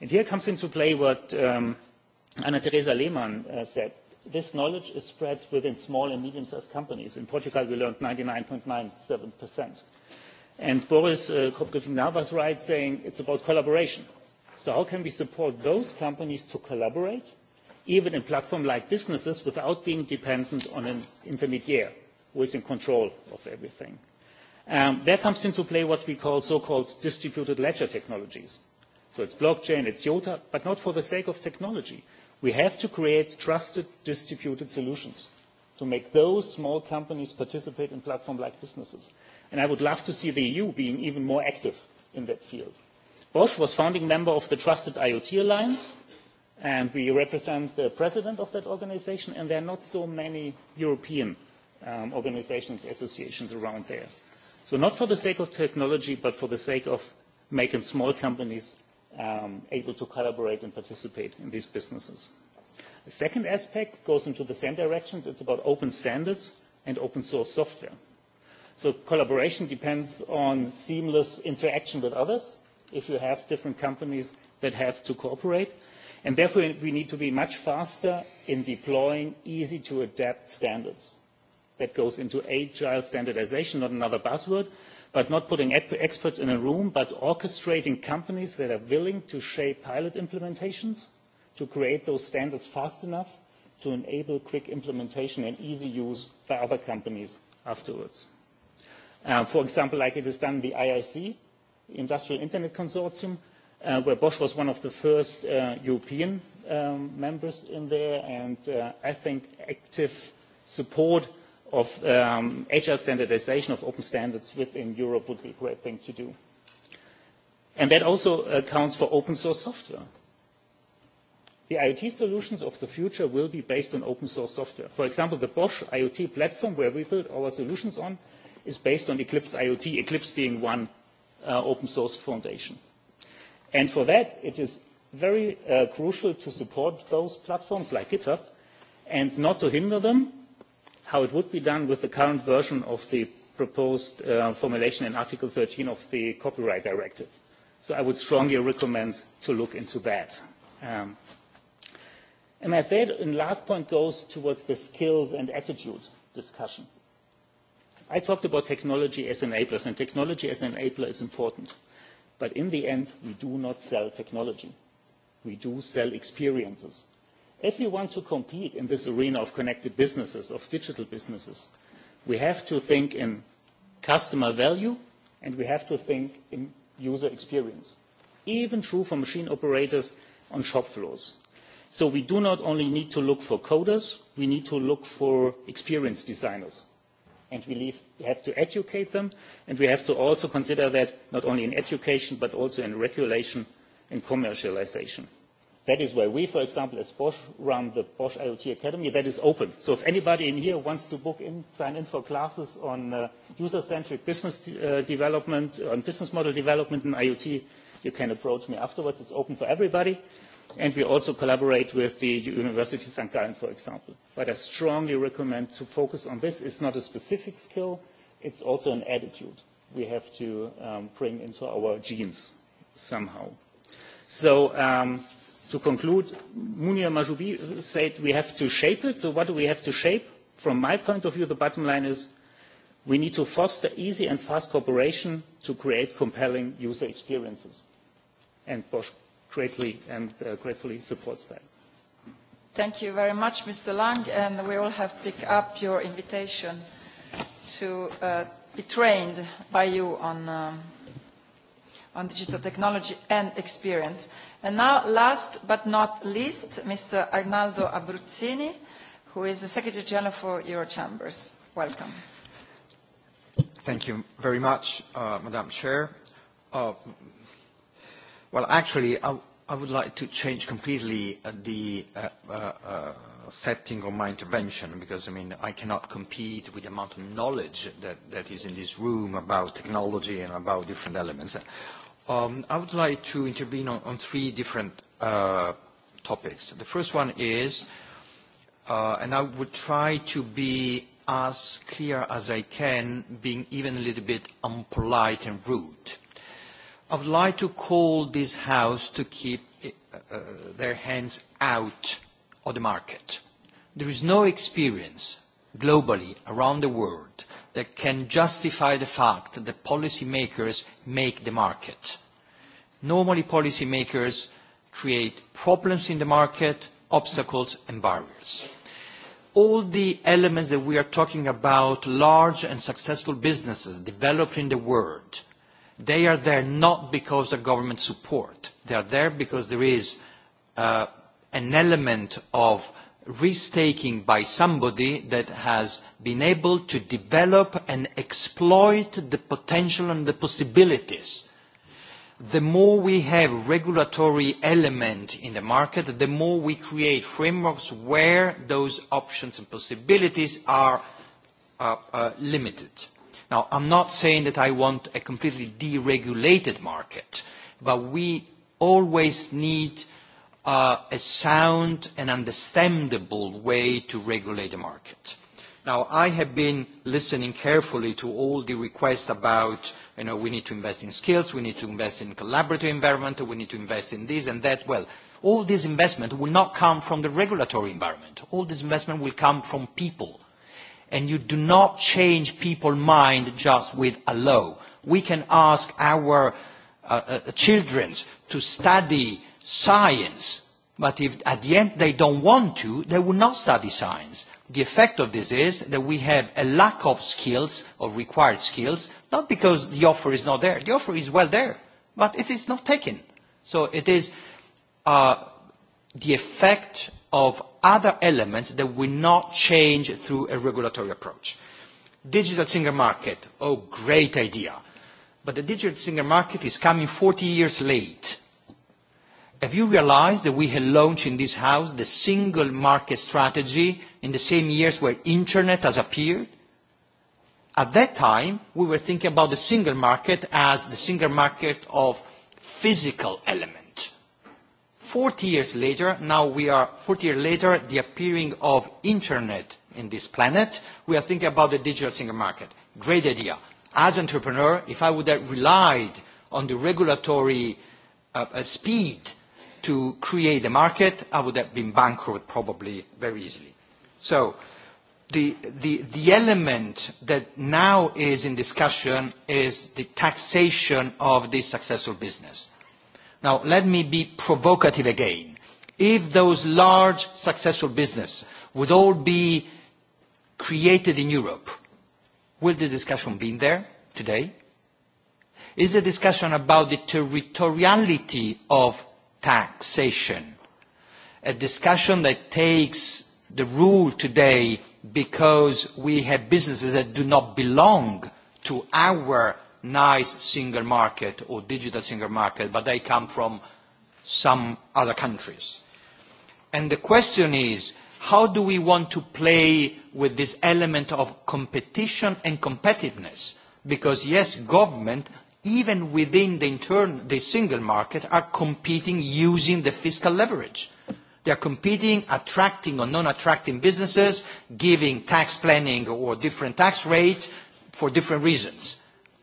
And here comes into play what um, Anna-Teresa Lehmann uh, said. This knowledge is spread within small and medium-sized companies. In Portugal, we learned 99.97%. And Boris uh, Kopka-Finnar was right saying it's about collaboration. So how can we support those companies to collaborate, even in platform-like businesses, without being dependent on an intermediary who is in control of everything? Um, there comes into play what we call so-called distributed ledger technologies. So it's blockchain, it's IOTA, but not for the sake of technology. We have to create trusted distributed solutions to make those small companies participate in platform-like businesses and I would love to see the EU being even more active in that field. Bosch was founding member of the Trusted IoT Alliance, and we represent the president of that organization, and there are not so many European um, organizations, associations around there. So not for the sake of technology, but for the sake of making small companies um, able to collaborate and participate in these businesses. The second aspect goes into the same directions. It's about open standards and open source software. So collaboration depends on seamless interaction with others if you have different companies that have to cooperate. And therefore, we need to be much faster in deploying easy-to-adapt standards. That goes into agile standardization, not another buzzword, but not putting experts in a room, but orchestrating companies that are willing to shape pilot implementations to create those standards fast enough to enable quick implementation and easy use by other companies afterwards. Uh, for example, like it is done the IIC, Industrial Internet Consortium, uh, where Bosch was one of the first uh, European um, members in there, and uh, I think active support of um, agile standardization of open standards within Europe would be a great thing to do. And that also accounts for open source software. The IoT solutions of the future will be based on open source software. For example, the Bosch IoT platform where we build our solutions on is based on Eclipse IoT, Eclipse being one uh, open source foundation. And for that, it is very uh, crucial to support those platforms like GitHub and not to hinder them, how it would be done with the current version of the proposed uh, formulation in Article 13 of the Copyright Directive. So I would strongly recommend to look into that. Um, and my third and last point goes towards the skills and attitude discussion. I talked about technology as enablers, and technology as an enabler is important. But in the end, we do not sell technology. We do sell experiences. If we want to compete in this arena of connected businesses, of digital businesses, we have to think in customer value and we have to think in user experience. Even true for machine operators on shop floors. So we do not only need to look for coders, we need to look for experience designers and we, leave, we have to educate them and we have to also consider that not only in education but also in regulation and commercialization. That is where we, for example, as Bosch, run the Bosch IoT Academy. That is open. So if anybody in here wants to book in, sign in for classes on uh, user-centric business de uh, development, on business model development in IoT, you can approach me afterwards. It's open for everybody and we also collaborate with the University of St. Gallen, for example. But I strongly recommend to focus on this. It's not a specific skill, it's also an attitude we have to um, bring into our genes somehow. So um, to conclude, Munir Majoubi said we have to shape it. So what do we have to shape? From my point of view, the bottom line is we need to foster easy and fast cooperation to create compelling user experiences. And Bosch greatly and uh, gratefully supports that. Thank you very much, Mr. Lang, and we all have picked up your invitation to uh, be trained by you on, um, on digital technology and experience. And now, last but not least, Mr. Arnaldo Abruzzini, who is the Secretary General for Eurochambers. Welcome. Thank you very much, uh, Madam Chair. Uh, Well, actually, I, I would like to change completely uh, the uh, uh, uh, setting of my intervention because, I mean, I cannot compete with the amount of knowledge that, that is in this room about technology and about different elements. Um, I would like to intervene on, on three different uh, topics. The first one is, uh, and I would try to be as clear as I can, being even a little bit unpolite and rude. I would like to call this house to keep uh, uh, their hands out of the market. There is no experience globally around the world that can justify the fact that policymakers make the market. Normally policymakers create problems in the market, obstacles and barriers. All the elements that we are talking about, large and successful businesses developed in the world, They are there not because of government support. They are there because there is uh, an element of risk-taking by somebody that has been able to develop and exploit the potential and the possibilities. The more we have regulatory element in the market, the more we create frameworks where those options and possibilities are uh, uh, limited. Now, I'm not saying that I want a completely deregulated market, but we always need uh, a sound and understandable way to regulate the market. Now, I have been listening carefully to all the requests about, you know, we need to invest in skills, we need to invest in collaborative environment, we need to invest in this and that. Well, all this investment will not come from the regulatory environment. All this investment will come from people and you do not change people's mind just with a law. We can ask our uh, uh, children to study science, but if at the end they don't want to, they will not study science. The effect of this is that we have a lack of skills, of required skills, not because the offer is not there. The offer is well there, but it is not taken. So it is uh, the effect of other elements that will not change through a regulatory approach. Digital single market, oh, great idea. But the digital single market is coming 40 years late. Have you realized that we had launched in this house the single market strategy in the same years where internet has appeared? At that time, we were thinking about the single market as the single market of physical elements 40 years later, now we are 40 years later, the appearing of internet in this planet, we are thinking about the digital single market. Great idea. As entrepreneur, if I would have relied on the regulatory uh, uh, speed to create a market, I would have been bankrupt probably very easily. So the, the, the element that now is in discussion is the taxation of this successful business Now, let me be provocative again. If those large, successful businesses would all be created in Europe, will the discussion be there today? Is the discussion about the territoriality of taxation a discussion that takes the rule today because we have businesses that do not belong to our nice single market or digital single market, but they come from some other countries. And the question is, how do we want to play with this element of competition and competitiveness? Because yes, government, even within the, intern, the single market, are competing using the fiscal leverage. They are competing, attracting or non-attracting businesses, giving tax planning or different tax rates for different reasons.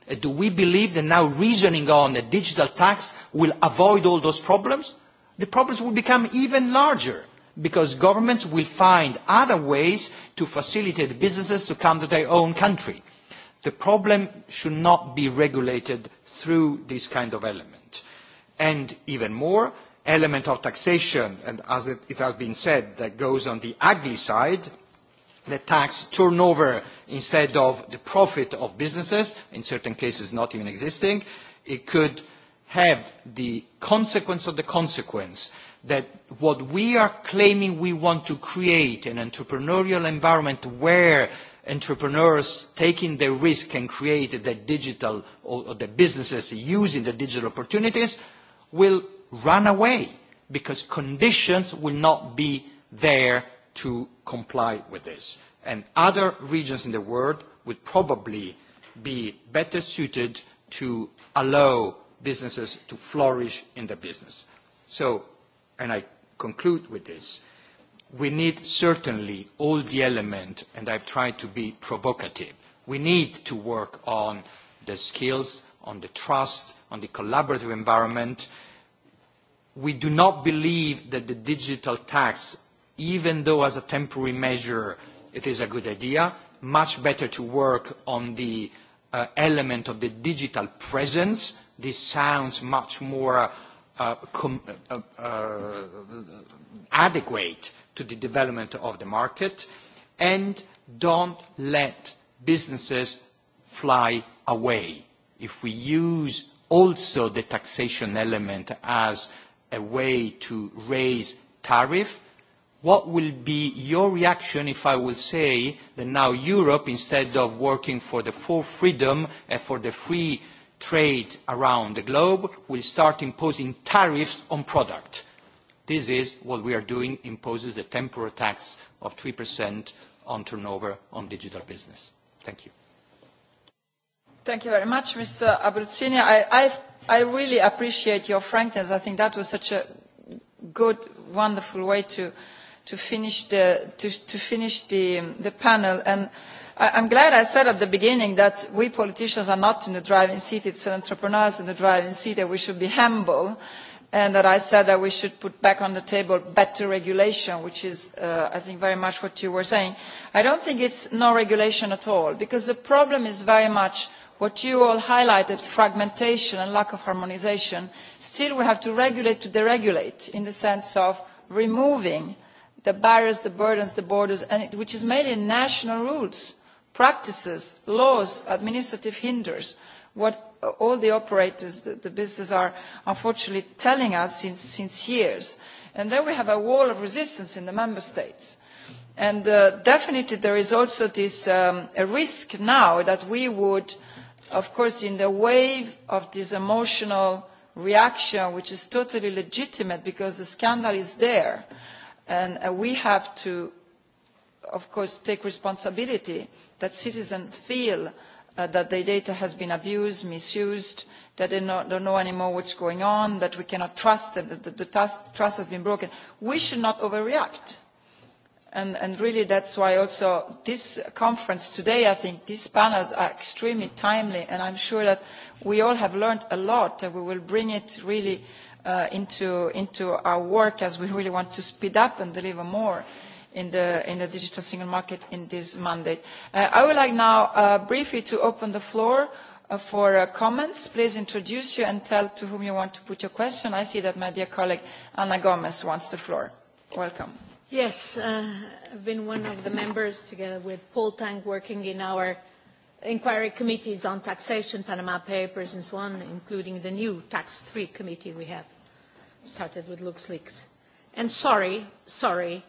Uh, do we believe that now reasoning on a digital tax will avoid all those problems? The problems will become even larger because governments will find other ways to facilitate businesses to come to their own country. The problem should not be regulated through this kind of element. And even more, element of taxation, and as it, it has been said, that goes on the ugly side – the tax turnover instead of the profit of businesses, in certain cases not even existing. It could have the consequence of the consequence that what we are claiming we want to create, an entrepreneurial environment where entrepreneurs taking the risk can create the digital or the businesses using the digital opportunities will run away because conditions will not be there to comply with this. And other regions in the world would probably be better suited to allow businesses to flourish in their business. So, and I conclude with this, we need certainly all the element, and I've tried to be provocative. We need to work on the skills, on the trust, on the collaborative environment. We do not believe that the digital tax even though as a temporary measure it is a good idea, much better to work on the uh, element of the digital presence. This sounds much more uh, com uh, uh, adequate to the development of the market. And don't let businesses fly away. If we use also the taxation element as a way to raise tariff, what will be your reaction if I will say that now Europe, instead of working for the full freedom and for the free trade around the globe, will start imposing tariffs on product? This is what we are doing, imposes the temporary tax of 3% on turnover on digital business. Thank you. Thank you very much, Mr. Abruzzini. I, I've, I really appreciate your frankness. I think that was such a good, wonderful way to uh, to finish the, to, to finish the, the panel. And I, I'm glad I said at the beginning that we politicians are not in the driving seat, it's entrepreneurs in the driving seat, and we should be humble and that i said that we should put back on the table better regulation which is uh, i think very much what you were saying. i do not think it is no regulation at all because the problem is very much what you all highlighted fragmentation and lack of harmonisation. still we have to regulate to deregulate in the sense of removing the barriers the burdens the borders and which is mainly national rules practices laws administrative hindrances what all the operators the, the businesses are unfortunately telling us for years and then we have a wall of resistance in the member states. And, uh, definitely there is also this um, risk now that we would of course in the wave of this emotional reaction which is totally legitimate because the scandal is there and uh, we have to of course take responsibility that citizens feel uh, that their data has been abused misused that they no, don't know anymore what's going on that we cannot trust them that the, the trust, trust has been broken. we should not overreact and, and really that's why also this conference today i think these panels are extremely timely and i'm sure that we all have learned a lot and we will bring it really uh, uh, into, into our work as we really want to speed up and deliver more in the, in the digital single market in this mandate. Uh, I would like now uh, briefly to open the floor uh, for uh, comments. Please introduce you and tell to whom you want to put your question. I see that my dear colleague Ana Gomez wants the floor. Welcome. Yes, uh, I've been one of the members together with Paul Tang working in our inquiry committees on taxation, Panama Papers and so on, including the new Tax 3 committee we have started with LuxLeaks. And sorry, sorry,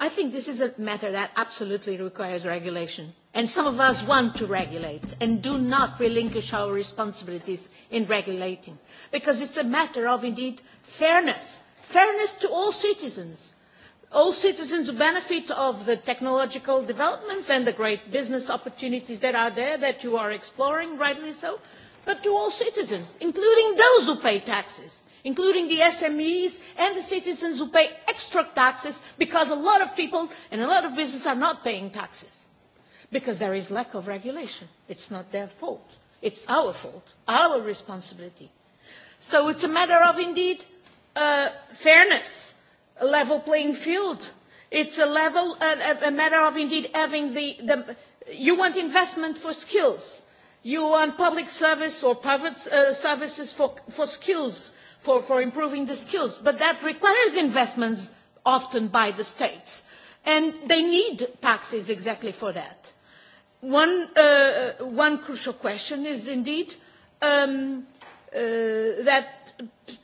I think this is a matter that absolutely requires regulation. And some of us want to regulate and do not relinquish our responsibilities in regulating. Because it's a matter of, indeed, fairness. Fairness to all citizens. All citizens who benefit of the technological developments and the great business opportunities that are there that you are exploring, rightly so, but to all citizens, including those who pay taxes including the SMEs and the citizens who pay extra taxes because a lot of people and a lot of businesses are not paying taxes because there is lack of regulation. It's not their fault. It's our fault, our responsibility. So it's a matter of, indeed, uh, fairness, a level playing field. It's a, level, a, a matter of, indeed, having the, the... You want investment for skills. You want public service or private uh, services for, for skills for, for improving the skills, but that requires investments often by the states. And they need taxes exactly for that. One, uh, uh one crucial question is indeed um, uh, that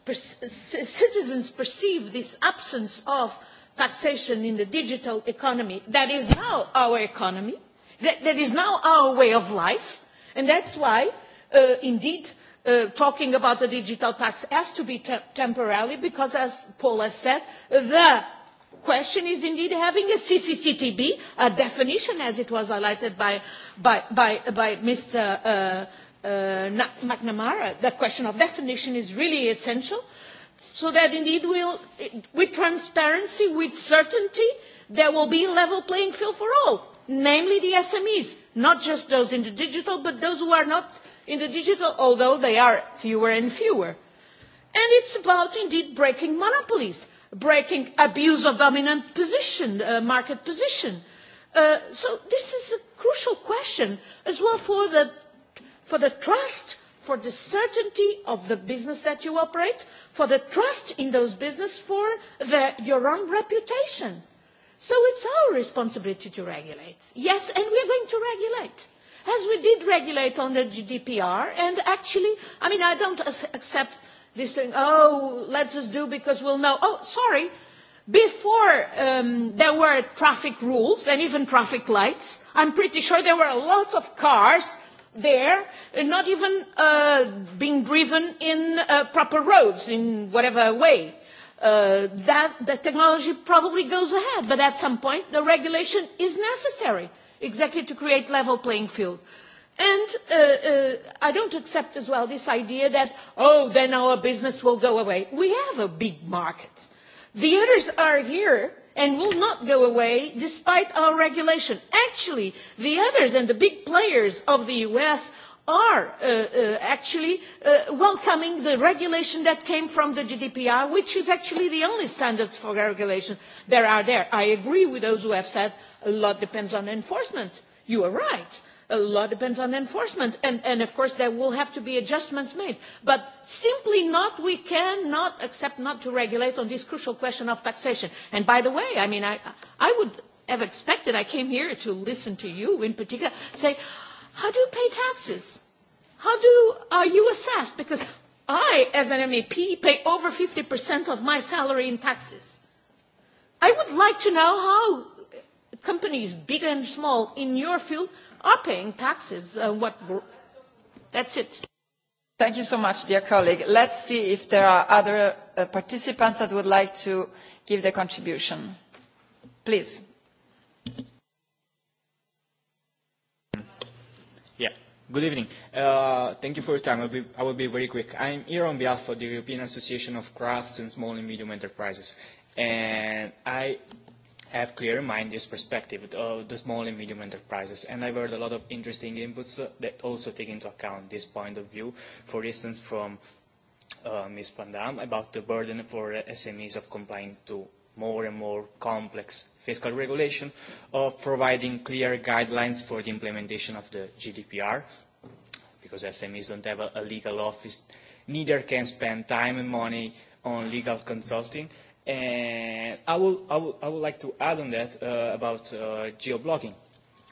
per- citizens perceive this absence of taxation in the digital economy that is now our economy, that, that is now our way of life, and that's why, uh, indeed, Uh, talking about the digital tax has to be te temporary because, as Paul has said, the question is indeed having a CCCTB, a definition as it was highlighted by, by, by, by Mr. Uh, uh, McNamara. The question of definition is really essential so that indeed we'll, with transparency, with certainty, there will be a level playing field for all, namely the SMEs, not just those in the digital, but those who are not uh, in the digital, although they are fewer and fewer. And it's about, indeed, breaking monopolies, breaking abuse of dominant position, uh, market position. Uh, so this is a crucial question as well for the, for the trust for the certainty of the business that you operate, for the trust in those business, for the, your own reputation. So it's our responsibility to regulate. Yes, and we're going to regulate as we did regulate under GDPR, and actually, I mean, I don't accept this thing, oh, let's just do because we'll know. Oh, sorry, before um, there were traffic rules and even traffic lights, I'm pretty sure there were a lot of cars there, not even uh, being driven in uh, proper roads, in whatever way. Uh, that the technology probably goes ahead, but at some point the regulation is necessary exactly to create a level playing field. And uh, uh, I don't accept as well this idea that, oh, then our business will go away. We have a big market. The others are here and will not go away despite our regulation. Actually, the others and the big players of the US are uh, uh, actually uh, welcoming the regulation that came from the GDPR, which is actually the only standards for regulation there are there. I agree with those who have said a lot depends on enforcement. You are right. A lot depends on enforcement. And, and of course, there will have to be adjustments made. But simply not, we cannot accept not to regulate on this crucial question of taxation. And by the way, I mean, I, I would have expected, I came here to listen to you in particular, say, how do you pay taxes? How do, are you assessed? Because I, as an MEP, pay over 50% of my salary in taxes. I would like to know how companies, big and small, in your field are paying taxes. Uh, what, that's it. Thank you so much, dear colleague. Let's see if there are other uh, participants that would like to give their contribution. Please. Good evening. Uh, thank you for your time. I'll be, I will be very quick. I'm here on behalf of the European Association of Crafts and Small and Medium Enterprises. And I have clear in mind this perspective of uh, the small and medium enterprises. And I've heard a lot of interesting inputs uh, that also take into account this point of view, for instance, from uh, Ms. Van Dam about the burden for uh, SMEs of complying to more and more complex fiscal regulation, of providing clear guidelines for the implementation of the GDPR, because SMEs don't have a, a legal office, neither can spend time and money on legal consulting, And uh, I will, I will, I would like to add on that uh, about uh, geo-blocking,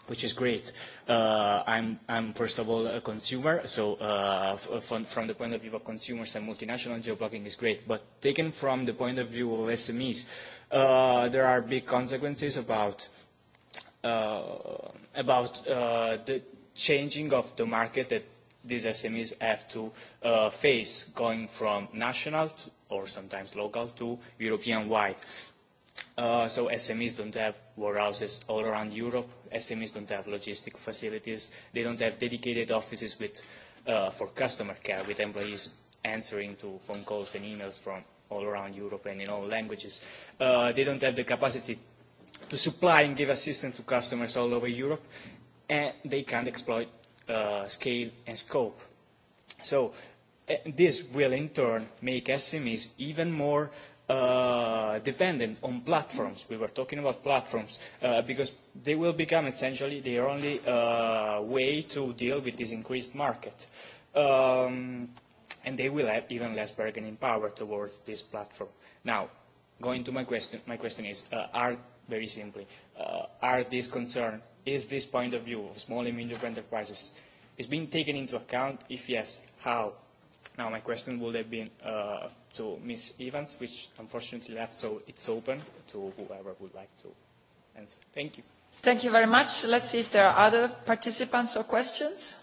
which is great. Uh, I'm, I'm first of all a consumer, so uh, from, from the point of view of consumers and multinational, geo-blocking is great. But taken from the point of view of SMEs, uh, there are big consequences about uh, about uh, the changing of the market that these SMEs have to uh, face going from national to, or sometimes local to European-wide. Uh, so SMEs don't have warehouses all around Europe. SMEs don't have logistic facilities. They don't have dedicated offices with, uh, for customer care with employees answering to phone calls and emails from all around Europe and in all languages. Uh, they don't have the capacity to supply and give assistance to customers all over Europe, and they can't exploit uh, scale and scope. So uh, this will in turn make SMEs even more uh, dependent on platforms. We were talking about platforms uh, because they will become essentially their only uh, way to deal with this increased market. Um, and they will have even less bargaining power towards this platform. Now, going to my question, my question is, uh, are, very simply, uh, are these concerns is this point of view of small and medium enterprises is being taken into account? If yes, how? Now, my question would have been uh, to Ms. Evans, which unfortunately left, so it's open to whoever would like to answer. Thank you. Thank you very much. Let's see if there are other participants or questions.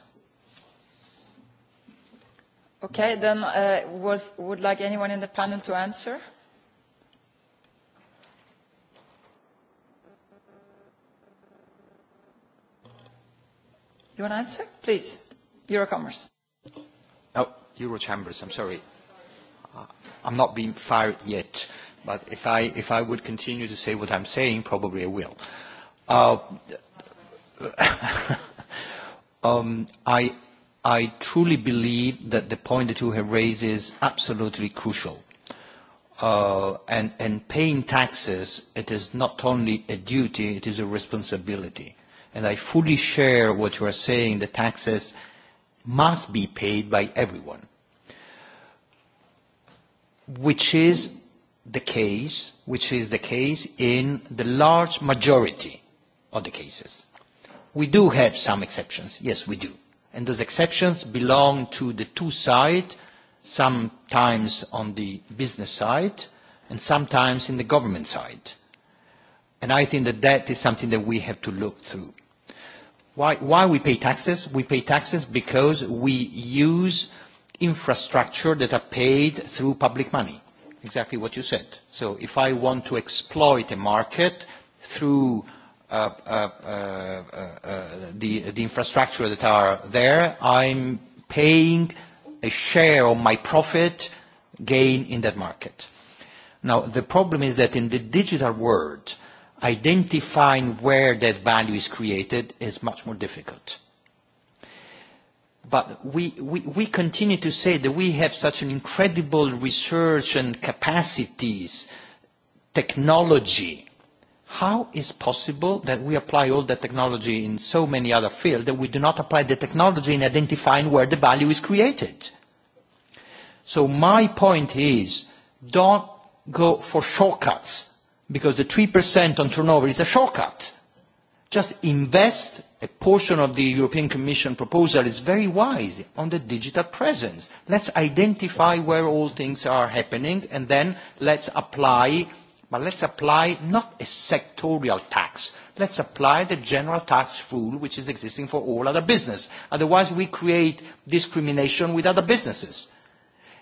Okay, then uh, was, would like anyone in the panel to answer? You want to answer? Please. Eurocommerce. Oh, Eurochambers, I'm sorry. Uh, I'm not being fired yet, but if I, if I would continue to say what I'm saying, probably I will. Uh, um, I, I truly believe that the point that you have raised is absolutely crucial. Uh, and, and paying taxes, it is not only a duty, it is a responsibility. Uh, and I fully share what you are saying, the taxes must be paid by everyone, which is the case, which is the case in the large majority of the cases. We do have some exceptions. Yes, we do. And those exceptions belong to the two side, sometimes on the business side and sometimes in the government side. And I think that that is something that we have to look through. Why, why we pay taxes? We pay taxes because we use infrastructure that are paid through public money. Exactly what you said. So if I want to exploit a market through uh, uh, uh, uh, uh the, the infrastructure that are there, I'm paying a share of my profit gain in that market. Now, the problem is that in the digital world, identifying where that value is created is much more difficult. But we, we, we continue to say that we have such an incredible research and capacities, technology. How is possible that we apply all that technology in so many other fields that we do not apply the technology in identifying where the value is created? So my point is, don't go for shortcuts because the 3% on turnover is a shortcut. Just invest a portion of the European Commission proposal is very wise on the digital presence. Let's identify where all things are happening and then let's apply, but let's apply not a sectorial tax. Let's apply the general tax rule which is existing for all other business. Otherwise we create discrimination with other businesses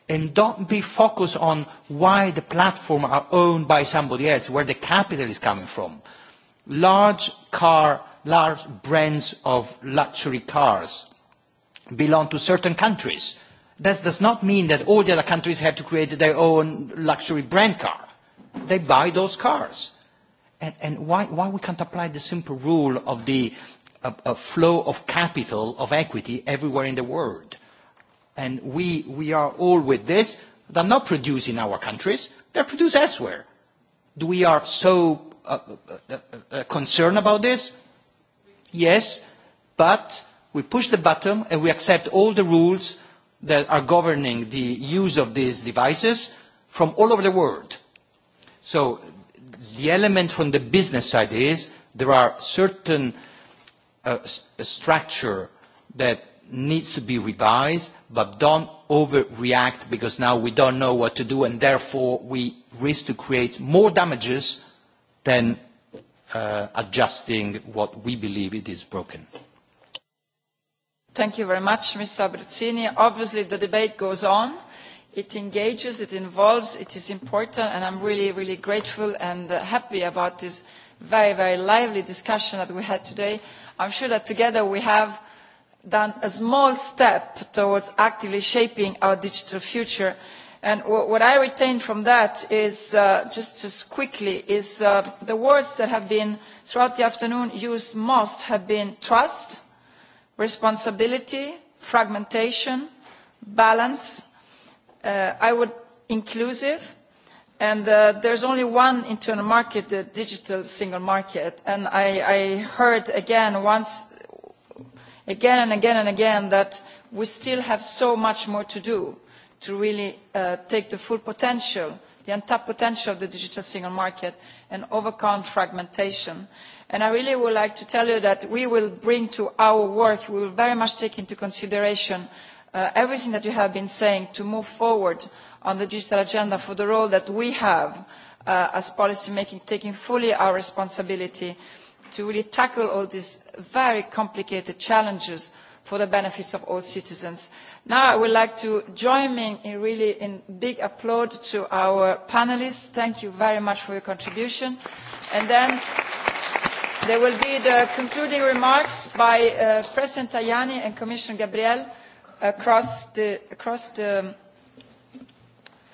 and don't be focused on why the platform are owned by somebody else, where the capital is coming from. Large car, large brands of luxury cars belong to certain countries. That does not mean that all the other countries have to create their own luxury brand car. They buy those cars. And, and why, why we can't apply the simple rule of the uh, uh, flow of capital, of equity, everywhere in the world? and we, we are all with this, they're not produced in our countries, they're produced elsewhere. Do we are so uh uh, uh, uh, uh, concerned about this? Yes, but we push the button and we accept all the rules that are governing the use of these devices from all over the world. So the element from the business side is there are certain uh, st structure that needs to be revised, but don't overreact because now we don't know what to do and therefore we risk to create more damages than uh, adjusting what we believe it is broken. Thank you very much, Mr. Abruzzini. Obviously, the debate goes on. It engages, it involves, it is important, and I'm really, really grateful and uh, happy about this very, very lively discussion that we had today. I'm sure that together we have – done a small step towards actively shaping our digital future and what i retain from that is uh, just, just quickly is uh, the words that have been throughout the afternoon used most have been trust responsibility fragmentation balance uh, i would inclusive and uh, there's only one internal market the digital single market and i, I heard again once again and again and again that we still have so much more to do to really uh, take the full potential the untapped potential of the digital single market and overcome fragmentation. And i really would like to tell you that we will bring to our work we will very much take into consideration uh, everything that you have been saying to move forward on the digital agenda for the role that we have uh, as policymakers taking fully our responsibility uh, to really tackle all these very complicated challenges for the benefit of all citizens. Now I would like to join me in really in big applaud to our panelists. Thank you very much for your contribution. And then there will be the concluding remarks by uh, President Tajani and Commissioner Gabriel across the, across the,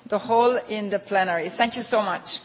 the hall in the plenary. Thank you so much.